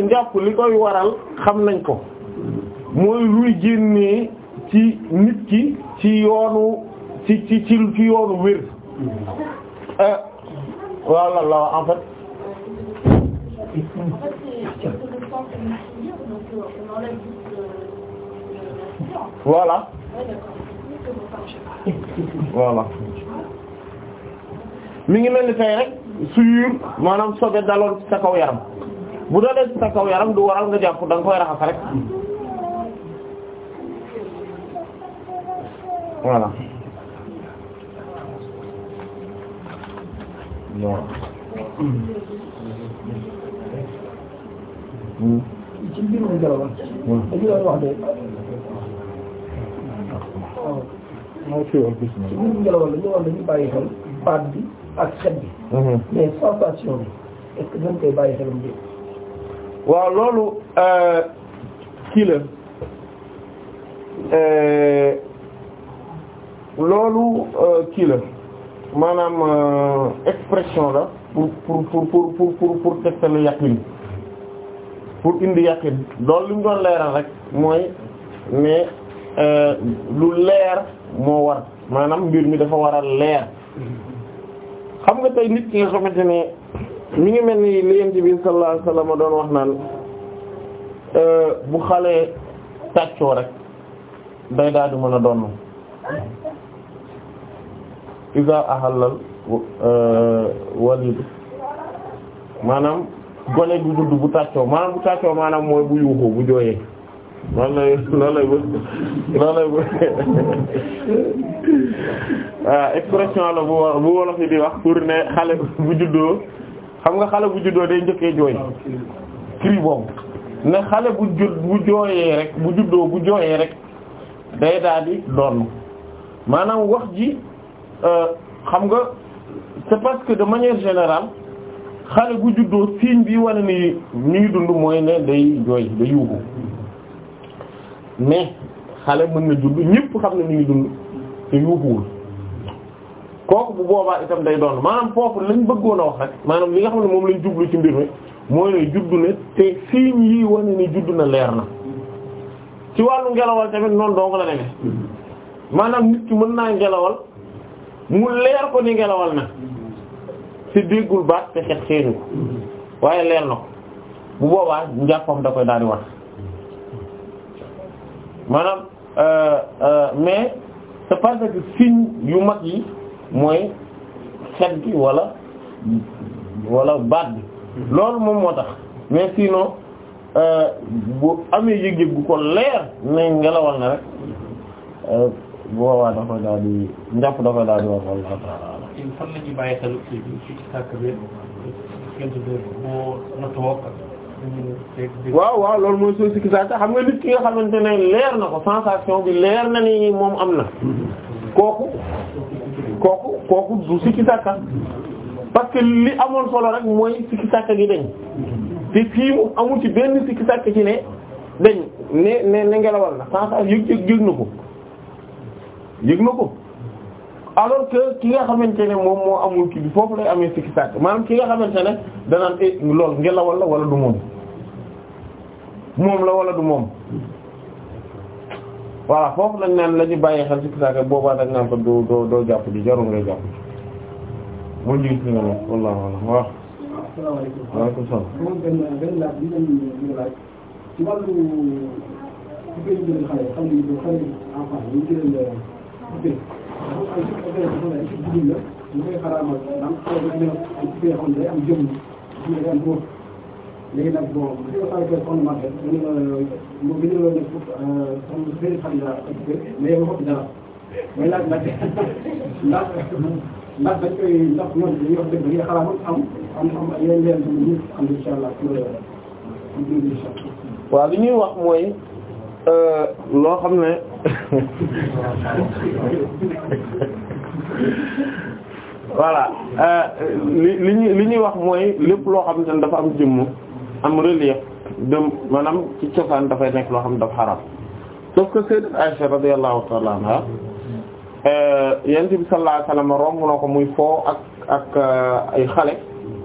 ñëpp ñu war xam nañ ko ci nit ki ci yoonu ci ci ci yoonu wér euh, walla la en fait voilà mi ngi mel ni tey rek suyur maanaam sobe daloon ci sa kaw yaram bu dalee ci sa kaw yaram du waral nga jàpp da nga koy raxas rek voilà non ci mbirum Diallo dañu doon wax de moo ci wax gis ci mbirum Diallo dañu wax dañu bàyyi xel baat bi ak xet bi hmm. mais sensation bi est-ce que dañ koy bàyyi xelam bi waaw loolu euh, kii la euh, loolu euh, kii la maanaam euh, expression la pour pour pour pour pour pour tegtalu yaqin pour indi yaqin loolu li mu doon leeral rek mooy ne euh, lu leer moo war maanaam mbir mi dafa war a leer xam nga tey nit ki nga xamante ne mi ngi mel ni li Yonent bi sallallahu alayhi wasallam doon wax naan bu xale tàccoo rek day daal di mën a doon. iza ahallal euh, walidu maanaam gone bu gudd bu tàccoo maanaam bu tàccoo maanaam mooy bu yuuxu bu jooyee loolu lay loolu lay loolu lay ah, expression la bu bu wolof yi di wax pour ne xale bu juddoo xam nga xale bu juddoo day njëkkee jooy cri ne xale bu ju bu jooyee rek bu juddoo bu jooyee rek day daal di doon maanaam wax ji Euh, xam nga c'est parce que de manière général xale bu juddoo signe bi wane ni ñu ngi dund mooy ne day jooy day yuuxu mais xale mën na judd ñëpp xam ne ñu ngi dund te yuuxuwul kooku bu boobaa itam day doon maanaam foofu lañ bëggoon a wax rek maanaam li nga xam ne moom lañ jublu ci mbir mi mooy ne judd ne te signe yi wane ni judd na leer na ci wàllu ngelawal tamit noonu dong la demee maanaam nit ki mën naa ngelawal mu leer ko ni ngelawal na si déggul baat te xeeñu ko waaye leer na ko bu boobaa njàppam da koy daal di wax maanaam euh, euh, mais c'est parce que signe yu mag yi mooy xet bi wala wala baat bi loolu moom moo tax mais sinon euh, bu amee yëg-yëg bu ko leer ne ngelawal na rek boobaa dafa daal di njàpp dafa waaw waaw loolu mooy soo sikki xam nga nit ki nga xamante ne leer na ko sensation bi leer na ni moom am na kooku kooku kooku du sikki sàkka que li amoon solo rek mooy sikki sàkka gi dañ te fii mu amul ci benn sikki sàkk ci ne dañ ne ne ne na sensation yëg yëg yëg na ko yëg ma ko alors que ki nga xamante ne moom moo amul kii bi foofu lay amee sikki sàkk maanaam ki nga xamante ne danaan e eh, lool ngelawal la wala du moom moom la wala du moom voilà foofu lañ naan la ñu bàyyi xel sikki sàkk boobaa dañ naan ko doo doo doo jàpp ji jarul ngay jàpp ji moo njigi nga no wallah moom benn benn laaj léegi nag bon bu ñu la xaymaa fond marché bi ñu ne bu ñu la def xam nga benn xam dara ak kër mais yow waxu dara mooy laaj laaj ndax ndax dañ koy ndax ñoom dañuy wax dëgg dañuy xalaat am am am yeneen yeneen yu ñu am incha allah pour pour ñu incha allah. waaw li ñuy wax mooy. Euh, loo xam ne voilà euh, li li ñuy li ñuy wax mooy lépp loo xam ne dafa am jëmm am relief dem maanaam ci cosaan dafay nekk loo xam ne dafa xaraam sauf que sayyidat Aisha radiyallahu ta'ala anha euh, yonent bi sallallahu alayhi wasallam romb na ko muy foo ak ak ay xale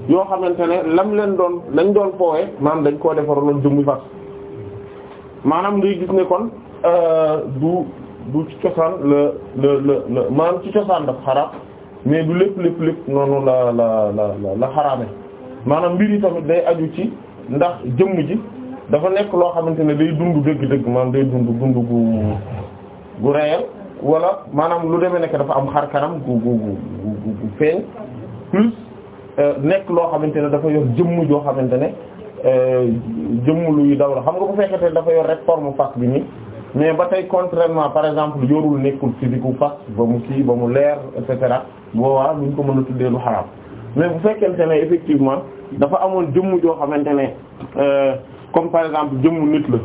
yoo xamante ne lam leen doon lañ doon foowee maanaam dañ koo defaroon jëmmi fas maanaam ngay gis ne kon euh, du du ci cosaan la la la maanaam ci cosaan daf xaraam mais du lépp lépp lépp noonu la la la la maanaam mbir yi tamit day aju ci ndax jëmm ji dafa nekk loo xamante ne day dund dëgg-dëgg maanaam day dund dund gu gu réel maanaam lu demee nekk dafa am xar kanam gu gu gu gu feeñ plus euh, nekk loo xamante ne dafa yor jëmm joo xamante ne. jëmm luy daw la xam nga bu fekkente dafa yor rek forme fas bi nii mais ba tey contrairement par exemple yorul nekkul physique u fas ba mu kii ba mu leer et cetera boobaa ñu ko mën a tuddee lu xaraam mais bu fekkente ne effectivement dafa amoon jëmm joo xamante ne euh, comme par exemple jëmmu nit la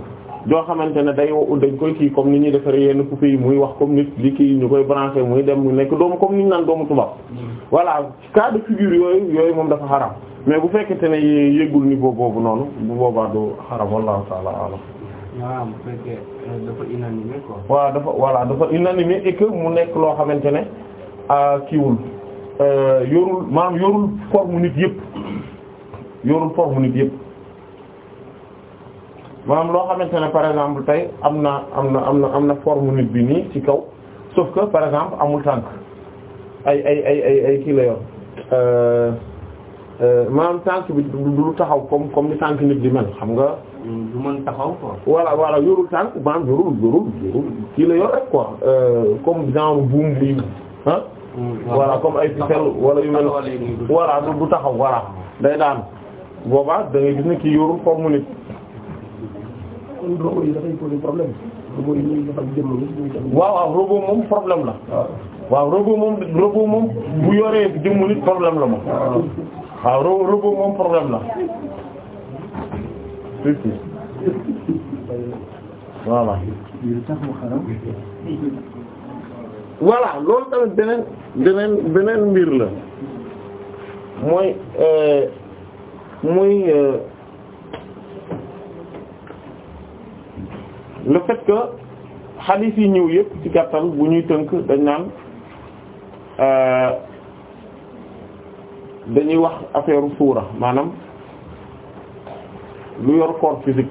joo xamante ne day dañ koy kii comme ni ñuy defaree yenn coupé yi muy wax comme nit li kii ñu koy branché muy dem mu nekk doomu comme ni ñu naan doomu tubaab mm. voilà cas de yooyu yooyu moom dafa xaraam mais bu fekkente ne yéegul niveau boobu noonu bu boobaa du xaram wallahu ta'ala a'lam euh, dafa inanimé quoi. mu nekk loo xamante ne euh, kiiwul euh, yorul maam yorul forme nit yëpp yorul forme nit yëpp maam loo xamante ne par exemple tey am na am na am na am na forme nit bi nii ci kaw sauf que par exemple amul tànk ay ay ay ay ay kii Euh, maanaam tànk bi du taxaw kom comme ni tànk nit di mel xam nga. du mën taxaw quoi. voilà voilà yorul tànk maanaam yorul yorul yorul kii la yor rek quoi euh, comme genre buum bi ah. voilà comme ay ficelle wala yu mel. voilà taxaw voilà day daan boobaa da ngay gis ne kii nit. kon robot yi dafay poser problème robot yi la. waaw robot moom robot moom bu yoree jëmm nit problème la moom. waaw rëbb rëbb moom problème la fifty voilà loolu tamit beneen beneen beneen mbir la mooy euh, muy euh, le fait que yi ñëw yëpp ci gàttal bu ñuy tënk dañ naan euh, dañuy wax affaire suura maanaam lu yor corps physique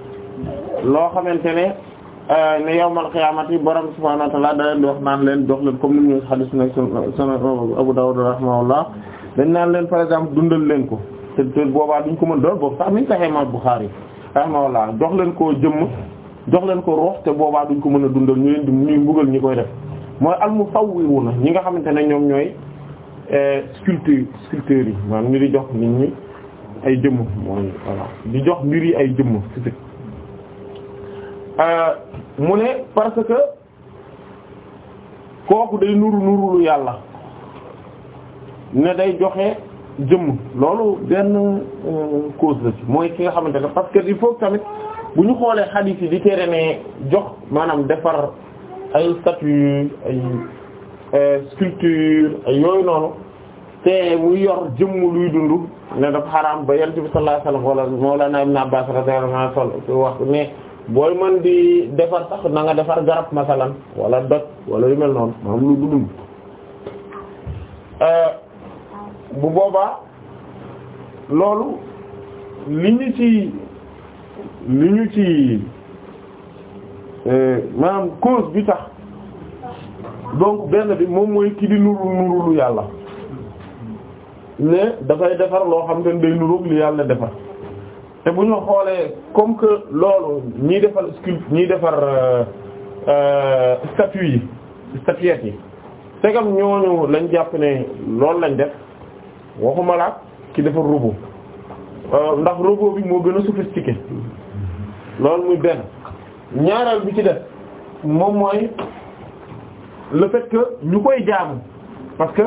loo xamante ne euh, ne yawmal qiyaamati yi subhaanahu wa ta'aala laa leen di wax naan leen jox leen comme ni mu ñu xadis nag sunan Abu Dawud rahimahullah dañ naan leen par exemple dundal leen ko te te boobaa duñ ko mën doon boobu sax mi ngi taxee Imaam Buxaari rahimahullah jox leen koo jëmm jox leen ko roox te boobaa duñ ko mën a dundal ñu leen di ñuy mbugal ñi koy def mooy al musawwiruna ñi nga xamante ne ñoom ñooy. Euh, sculpteur sculpteurs yi maanaam ñu di jox nit ñi ay jëmm mooy voilà di jox mbir yi ay jëmm physique euh, mu ne parce que kooku day nuru nuru lu yàlla ne day joxe jëmm loolu benn euh, cause la ci mooy ki nga xamante ne parce que il faut tamit bu ñu xoolee xadiis yi di tere ne jox maanaam defar ay statue ay Euh, sculpture yooyu noonu te mu yor jëmm luy dund ne dafa xaraam ba yonent bi sallallahu alayhi wa sallam Mawlana Ibn Abbas radiyallahu anhu wax ne booy mën di defar sax na nga defar garab masalan wala doj wala yu mel noonu maanaam lu dund euh, bu boobaa loolu li ñu ci li ñu ci euh, maanaam cause bi tax donc benn bi moom mooy ki di nuru nuru lu yàlla ne dafay defar loo xam te ne day nuru lu yàlla defar te bu ñu xoolee comme que loolu ñiy defar sculpture ñiy defar euh, euh, statue yi statuettes yi segam ñooñu lañ jàpp ne loolu lañ def waxuma la ki defar robot euh, ndax robot bi moo gën a sophistiqué loolu muy benn ñaareel bi ci def moom mooy le fait que ñu koy jaamu parce que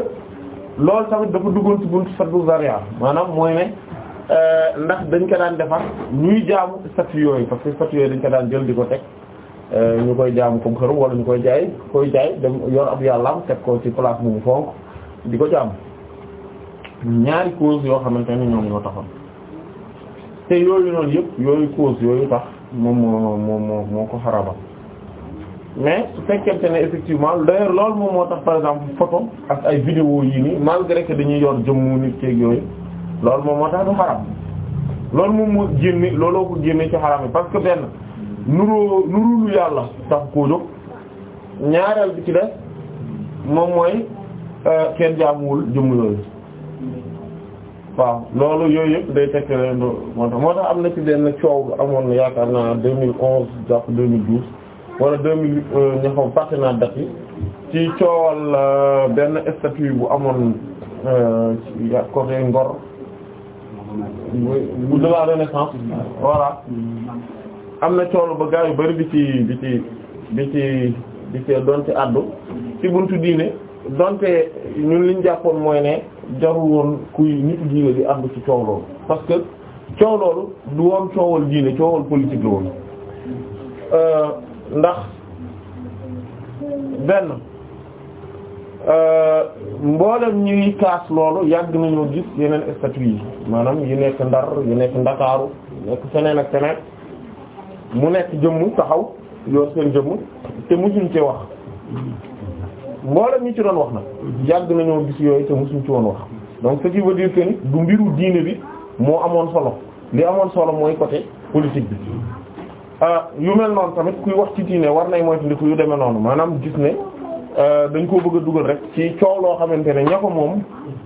loolu tamit dafa duggoon ci buntu saddu zaria maanaam mooy ne euh, ndax dañ ko daan defar ñuy jaamu statue yooyu parce que statue yooyu dañ ko daan jël di ko teg euh, ñu koy jaamu comme xërëm wala ñu koy jaay koy jaay dem yor ab yàllaam teg ko ci place bu mu fonk di ko jaamu ñaari cause yoo xamante ne ñoom ñoo taxoon te yooyu noonu yëpp yooyu cause yooyu tax moom moo moo moo moo ko xaraba mais su fekkente ne effectivement d'ailleurs loolu moom moo tax par exemple photo ak ay vidéo yii nii malgré que dañuy yor jëmmu nit keeg yooyu loolu moom moo tax du xaram loolu moom moo génne looloo ko génne ci xaram yi parce que benn nuroo nuru lu yàlla tax koo ñaareel bi ci def moom mooy euh, kenn jaamuwul jëmm yooyu waaw loolu yooyu yëpp day tekk leen moo tax moo tax am na ci benn coow amoon yaakaar naa 2011 jàpp 2012 wala 2008 mil euh, xam fàtte naa date ci coowal euh, benn statue bu amoon euh, ci Ngor. bu de na coow ba gaa yu bari di ci di ci di ci di ci doon ci àddu ci buntu diine mooy ne jarul woon ci coow loolu parce du woon coowal diine coowal politique la woon. ndax benn euh, mboolem ñuy kaas loolu yàgg nañoo gis yeneen statut yi maanaam yu nekk Ndar yu nekk Ndakaaru yu nekk feneen ak feneen mu nekk jëmm taxaw yoon seen jëmm te musuñ ci wax mboolem ñu ci doon wax nag yàgg nañoo gis yooyu te musuñ ci woon wax donc ce qui veut dire que ni du mbiru diine bi moo amoon solo li amoon solo mooy côté politique bi Euh, yu mel noonu tamit kuy wax ci diine war nay moytandiku yu demee noonu maanaam gis ne euh, dañ koo bëgg dugal rek ci coow loo xamante ne ña ko moom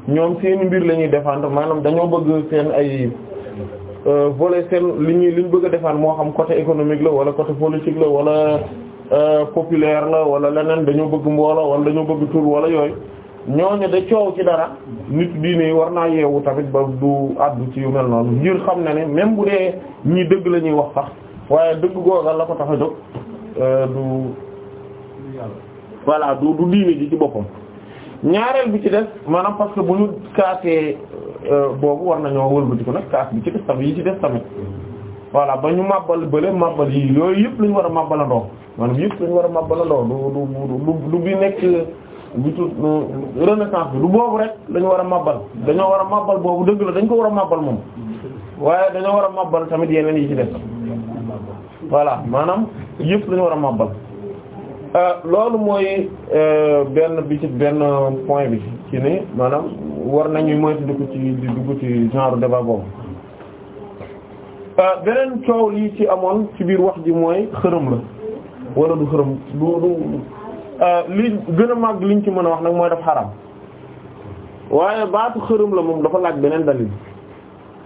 ñoom seeni mbir la ñuy défendre maanaam dañoo bëgg seen ay euh, volet seen li ñuy li ñu bëgg defaan moo xam côté économique la wala côté politique la wala populaire la wala leneen dañoo bëgg mbooloo wala dañoo bëgg tur wala yooyu ñoo da coow ci dara nit diine war naa yeewu tamit ba du àddu ci yu mel ngir xam na ne même bu dee ñi dëgg la ñuy wax sax waaye dëgg googa la ko tax a jóg euh, du voilà du du diine ji ci boppam ñaareel bi ci des maanaam parce bu ñu kaasee euh, boobu war nañoo wëlbati ko nag kaas bi ci des tamit yi ci des tamit voilà ba ñu màbbal bële màbbal yi yooyu yëpp lañu war a màbbalandoo maanaam yëpp lañu war a màbbalandoo du du du bi nekk bi tout renaissance bi du boobu rek lañu war a màbbal dañoo war a màbbal boobu dëgg la dañ ko war a màbbal moom waaye dañoo war a màbbal tamit yeneen yi ci des voilà maanaam yëpp lañu war a màbbal euh, loolu mooy euh, benn bi ci benn point bi ci ni maanaam war nañu moytu dugg ci di dugg ci genre débat boobu euh, beneen coow lii ci amoon ci biir wax ji mooy xërëm la wala du xërëm du li gën a màgg liñ ci mën a wax nag mooy daf xaram waaye baatu xërëm la moom dafa laaj beneen dalil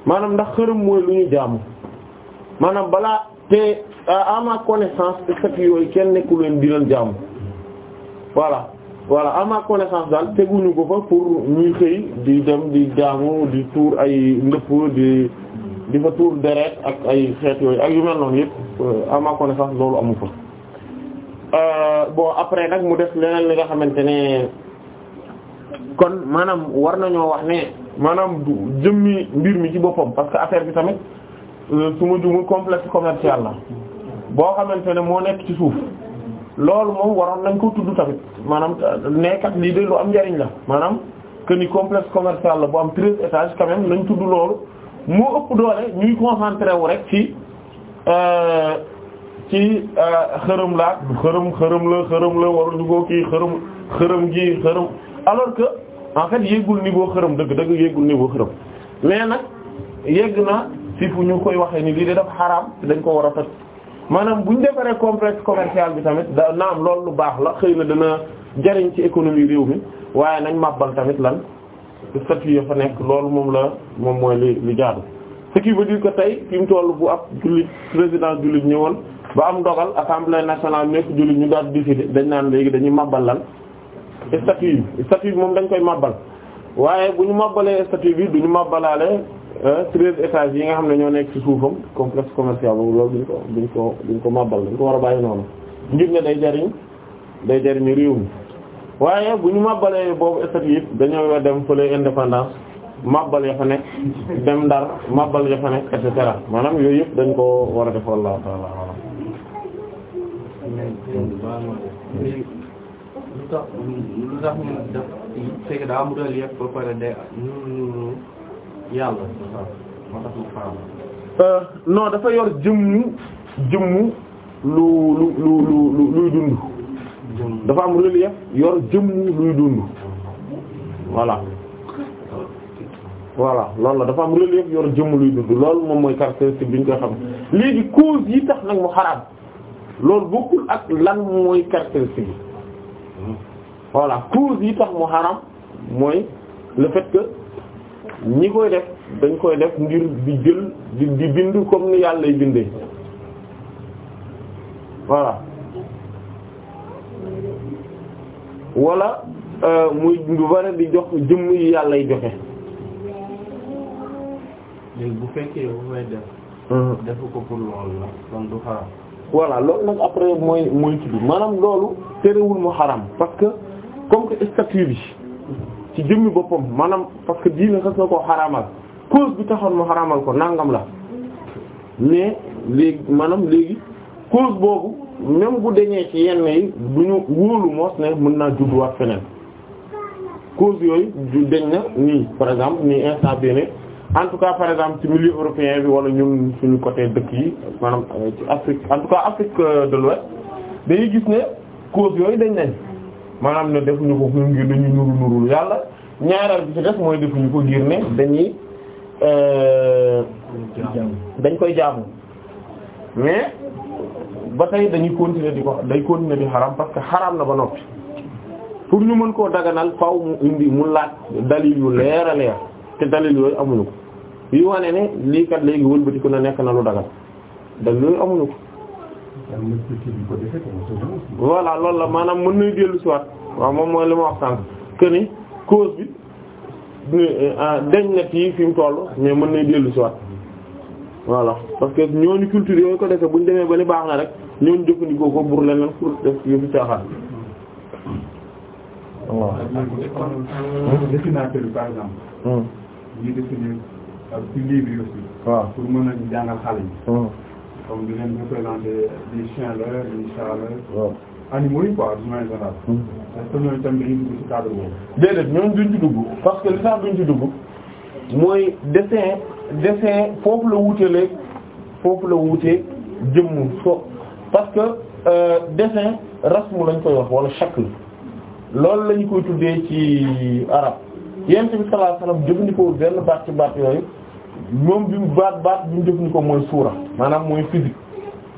maanaam ndax xërëm mooy lu ñu jaamu maanaam balaa te Euh, à ma connaissance xeet yooyu kenn nekkul leen jàmm leen jaamu voilà voilà à connaissance daal teguñu ko fa pour ñuy xëy di dem di jaamu di tuur ay ndëpp di di fa tuur deret ak ay xeet yooyu ak yu mel noonu yëpp euh, à connaissance loolu amu fa euh, boo après nag mu def leneen li nga xamante ne kon maanaam war nañoo wax ne maanaam du jëmmi mbir mi ci boppam parce que affaire bi tamit su ma jumul complex commercial la boo xamante ne moo nekk ci suuf loolu moom waroon nañ koo tudd tamit maanaam nekkat lii de lu am njariñ la maanaam que ni complexe commercial la bu am treize étages quand même nañ tudd loolu moo ëpp doole ñuy concentré wu rek ci euh, ci euh, xërëm laak du xërëm xërëm la xërëm la waruñu koo kii xërëm xërëm gi xërëm alors que en fait yéegul niveau xërëm dëgg dëgg yéegul niveau xërëm mais nag yegg na si fu ñu koy waxee ni lii de dafa xaraam dañ ko war a toj maanaam bu ñu defaree complexe commercial bi tamit da naam lool lu baax la xëy na dana jariñ ci économie réew mi waaye nañ màbbal tamit lan statut ya fa nekk loolu moom la moom mooy li li jaadu ce qui veut dire que tey fi mu toll bu ab jullit président jullit ñëwoon ba am dogal assemblée nationale nekk jullit ñu daal décidé dañ naan léegi dañuy màbbal lan statut yi statut bi moom dañ koy màbbal waaye bu ñu màbbalee statut bi du ñu màbbalaale treize euh, étages yi nga xam ne ñoo nekk ci suufam complexe commercial boobu loolu duñ ko duñ ko duñ ko màbbal dañ ko war a bàyyi noonu ngir ne day jariñ day jariñ réew mi waaye bu ñu màbbalee boobu étages yi dañoo dem fële indépendance màbbal ya fa nekk dem ndar màbbal ya fa nekk et maanaam yooyu yëpp dañ ko war a def wallahu ta'ala lu yàlla euh, dafa yor jëmmu jëmmu lu lu lu luy dund dafa am relief yor jëmmu luy dund voilà voilà loolu la dafa am relief yor jëmm luy dund loolu moom mooy caractéristique bi ñu koy xam léegi cause yi tax nag mu xaraam loolu bokkul ak lan mooy caractéristique bi hmm. voilà cause yi tax mu xaraam mooy le fait que ñi koy def dañ koy def ngir di jël di bind comme ni yàlla lay bindee voilà wala euh, muy du bare di jox jëmm yi yàlla lay joxe. léegi bu fekkee bu may def. Hmm. def ko pour loolu nag après mooy mooy tudd maanaam loolu terewul mu xaram parce que comme que statut ci jëmmi boppam maanaam parce que diine xas na koo xaraamal cause bi taxoon mu xaraamal ko nàngam la mais léegi maanaam léegi cause boobu même bu deñee ci yenn yi du ñu wóolu moos ne mën naa judduwaat feneen cause yooyu du na nii par exemple nii instant bii ne en tout cas par exemple ci milieu européen bi wala ñun suñu côté dëkk yi maanaam ci Afrique en tout cas Afrique de l'Ouest dañuy gis ne cause yooyu dañ nañ maanaam ne defuñu ko fu ngir dañu nuru nurul yàlla ñaareel bi ci def mooy defuñu ko ngir ne dañuy euh, dañ koy jaamu mais ba tey dañuy continuer di ko day continuer di xaram parce que xaram na ba noppi pour ñu mën koo daganal faw mu indi mu laaj dalil yu leer a leer te dalil yooyu amuñu ko yi wane ne lii kat léegi wëlbatiku na nekk na lu dagal dalil yooyu amuñu ko voilà loolu la maanaam mën nañu dellu si waat waaw moom mooy li ma wax sànq bi euh, ah, dañ na yi fi mu toll mais mën nañu dellu si waat voilà parce que ñooñu culture yooyu ko bu ñu demee ba ni baax na rek ñooñu jëfandikoo ko pour leneen pour def yëfu caaxaan. waaw. dessinateur bi par hmm. ñu dessiné euh, ak comme di leen représenter di chien la di chat la. déedéet ñoom duñ ci dugg parce que li tax duñ di dugg mooy dessin dessin foofu la wutelee foofu la wutee jëmm so parce que euh, dessin rasmu lañ koy wax wala shakl loolu lañu koy tuddee ci arab yonent bi sallallahu alayhi wasallam jëfandikoo benn baat ci baat yooyu. moom bi mu baat baat bi mu ko mooy suura maanaam mooy physique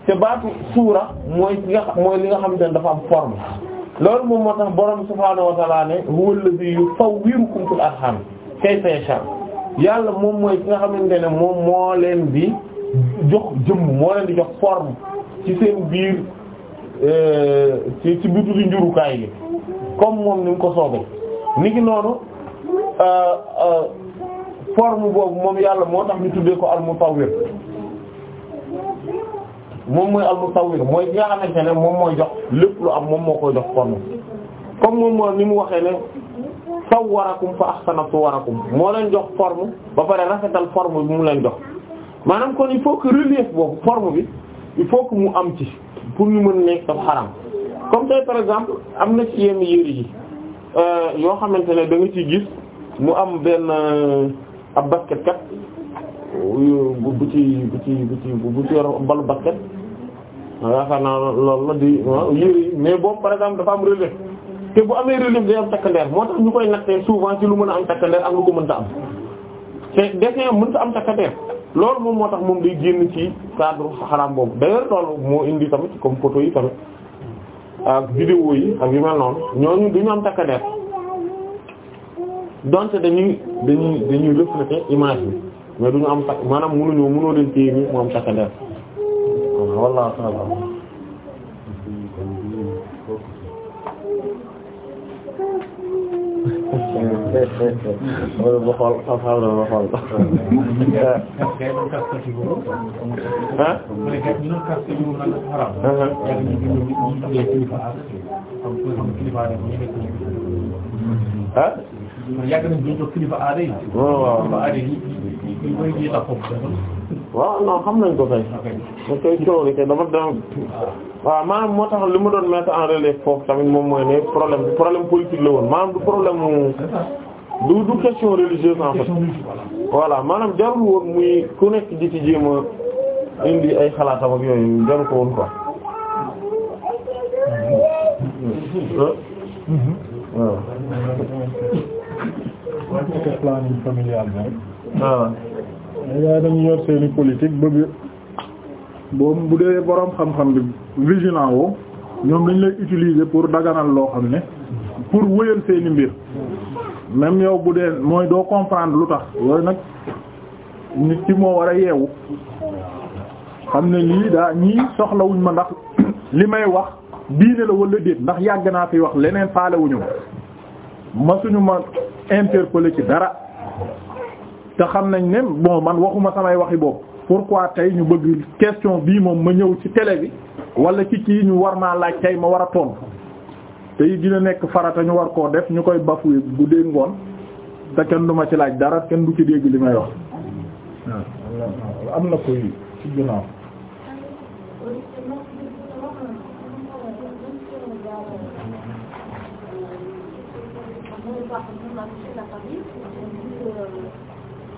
te baatu suura mooy li nga xam mooy li nga xamante ni dafa am forme loolu moom moo tax borom subhaanahu wa ta'aala ne huwa alladhi yusawwirukum fil arham kayfa yasha yàlla moom mooy ki nga xamante ne moom moo leen di jox jëmm moo leen di jox forme ci seen biir euh, ci ci njurukaay yi comme moom ni mu ko soobee niki noonu. Euh, euh, forme boobu moom yàlla moo tax ñu tuddee ko al-Mutawwir moom mooy al-Mutawwir mooy ki nga xamante ne moom mooy jox lépp lu am moom moo koy jox forme comme moom moo ni mu waxee ne sawwarakum fa ahsana suwarakum moo leen jox forme ba pare rafetal forme bi mu leen jox maanaam kon il faut que relief boobu forme bi il faut que mu am ci pour ñu mën nekk tam xaram comme tey par exemple am na ci yenn yëri yi euh, yoo xamante ne danga ci ciy gis mu am benn ab basket kat bu ci bu ci bu ci bu ci yor balu basket yaakaar naa loolu la di yéri mais boobu par exemple dafa am relève te bu amee relève day am takkandeer moo tax ñu koy nattee souvent ci lu mën a am takkandeer ak lu ko mënta am te dessin mën ta am takkandeer loolu moom moo tax moom day génn ci cadre xaraam boobu d'ailleurs loolu moo indi tamit comme photo yi tamit ak vidéo yi ak yu mel noonu ñooñu duñu am takkandeer donte dañuy dañuy dañuy refléter image bi mais duñu am takk maanaam mu am takk der walla taala wala ba xool xam-xam na ba yàgg nañ ñu jox kilifa aada yi. waaw waaw kilifa aada yi ñu koy ji taxaw. waaw non xam nañ ko kay. da koy coow li kay dafa dem. waaw maanaam moo tax li mu doon mettre en relève foofu tamit moom mooy ne problème problème politique la woon maanaam du problème mu. du du question religieuse en fait. voilà maanaam jarul woon muy ku nekk di ci jéem a indi ay xalaatam ak yooyu jarul ko woon quoi. Mm-hmm. nekkee planning familial bi rek. waaw. Ah. mais dañu yor seeni politique bëgg boobu bu dee borom xam-xam bi vigilant ñoom dañ lay utiliser pour daganal loo xam ne pour wëyal seeni mbir même yow bu dee mooy doo comprendre lu tax yooyu nag nit ki moo war a yeewu xam ne lii daa ñii soxlawuñ ma ndax li may wax diine la wala déet ndax yàgg naa fi wax leneen faale wuñu ma masuñu ma interpellé ci dara te xam nañ ne bon man waxuma samay waxi pour koi tey ñu bëgg question bii moom ma ñëw ci télé bi wala ci kii ñu war maa laaj tey ma war a tontu te it dina nekk farata ñu war koo def ñu koy bafuy bu dee ngoon te kenn du ci laaj dara kenn du ci dégg li may wax ah, am na koy ci ginnaaw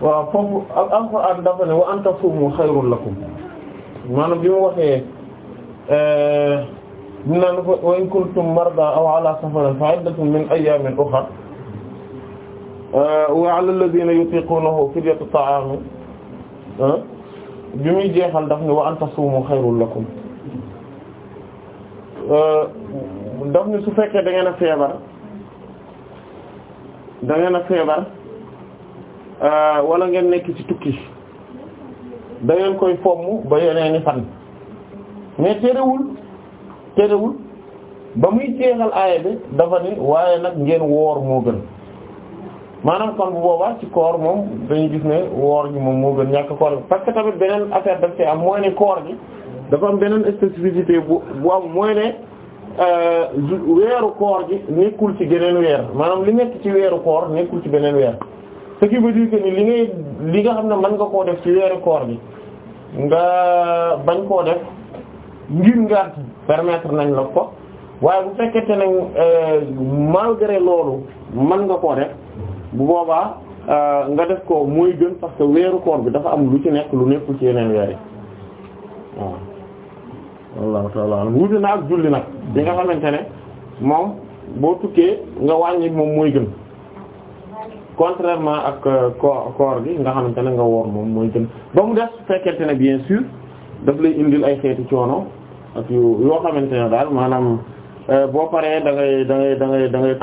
waaw foofu alxuraan dafa ne wa an tasuumu xayrun lakum maanaam bi mu waxee euh, ñu naan wa in kuntum mardaa aw alaa safarin fa iddatun min ayyaamin uxar euh, wa alaa allaziina yutiiquunahu fidyatu ta'aam euh, bi muy jeexal daf ne wa an tasuumu xayrun lakum daf ne su fekkee da a feebar da a feebar. Euh, wala ngeen nekk ci tukki da ngeen koy fomm ba yeneeni fan mais terewul terewul ba muy jeexal aaya bi dafa ni waaye nag ngeen woor moo gën maanaam kon bu boobaa ci koor moom dañuy gis ne woor gi moom moo gën ñàkk koor gi parce que tamit beneen affaire daf ci am mooy ne koor gi dafa am beneen spécificité bu bu am mooy ne euh, weeru koor gi nekkul ci geneen weer maanaam li nekk ci weeru koor nekkul ci beneen weer ce qui veut dire ni li ngay li nga xam ne mën nga koo def ci weeru koor bi nga bañ koo def ngir nga permettre nañ la ko waaye bu fekkente ne euh, malgré loolu mën nga koo def bu boobaa euh, nga def ko muy gën parce que weeru koor bi dafa am lu ci nekk lu nekkul ci yeneen weer yi waaw wallahu ta'ala wuute na ak julli nag bi nga xamante ne moom boo tukkee nga wàññi moom mooy gën contrairement ak euh, koor koor gi nga xamante ne nga woor moom mooy gën ba mu des fekkente ne bien sûr daf lay indil ay xeeti coono ak yu xamante ne daal maanaam euh, boo paree da ngay da da ngay da ngay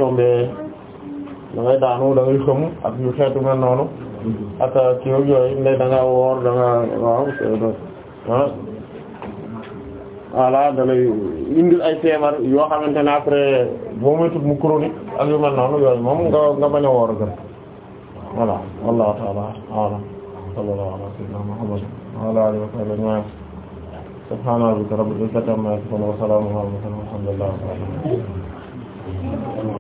da ngay daanu da ngay xëm mm-hmm. euh, yooyu ne da nga woor da nga waaw ah voilà indil ay feebar yoo xamante ne après boo moytuwul mu chronique ak yu mel noonu yooyu moom nga nga bañ a woor gën. voilà wallahu ta'ala a'lam sallallahu ala sayyidina Muhammad wa ala alihi wa sahbihi ajma'in subhana rabbika rabbil izzati amma yasifun wa salamun ala al mursalin walhamdulillahi rabbil alamin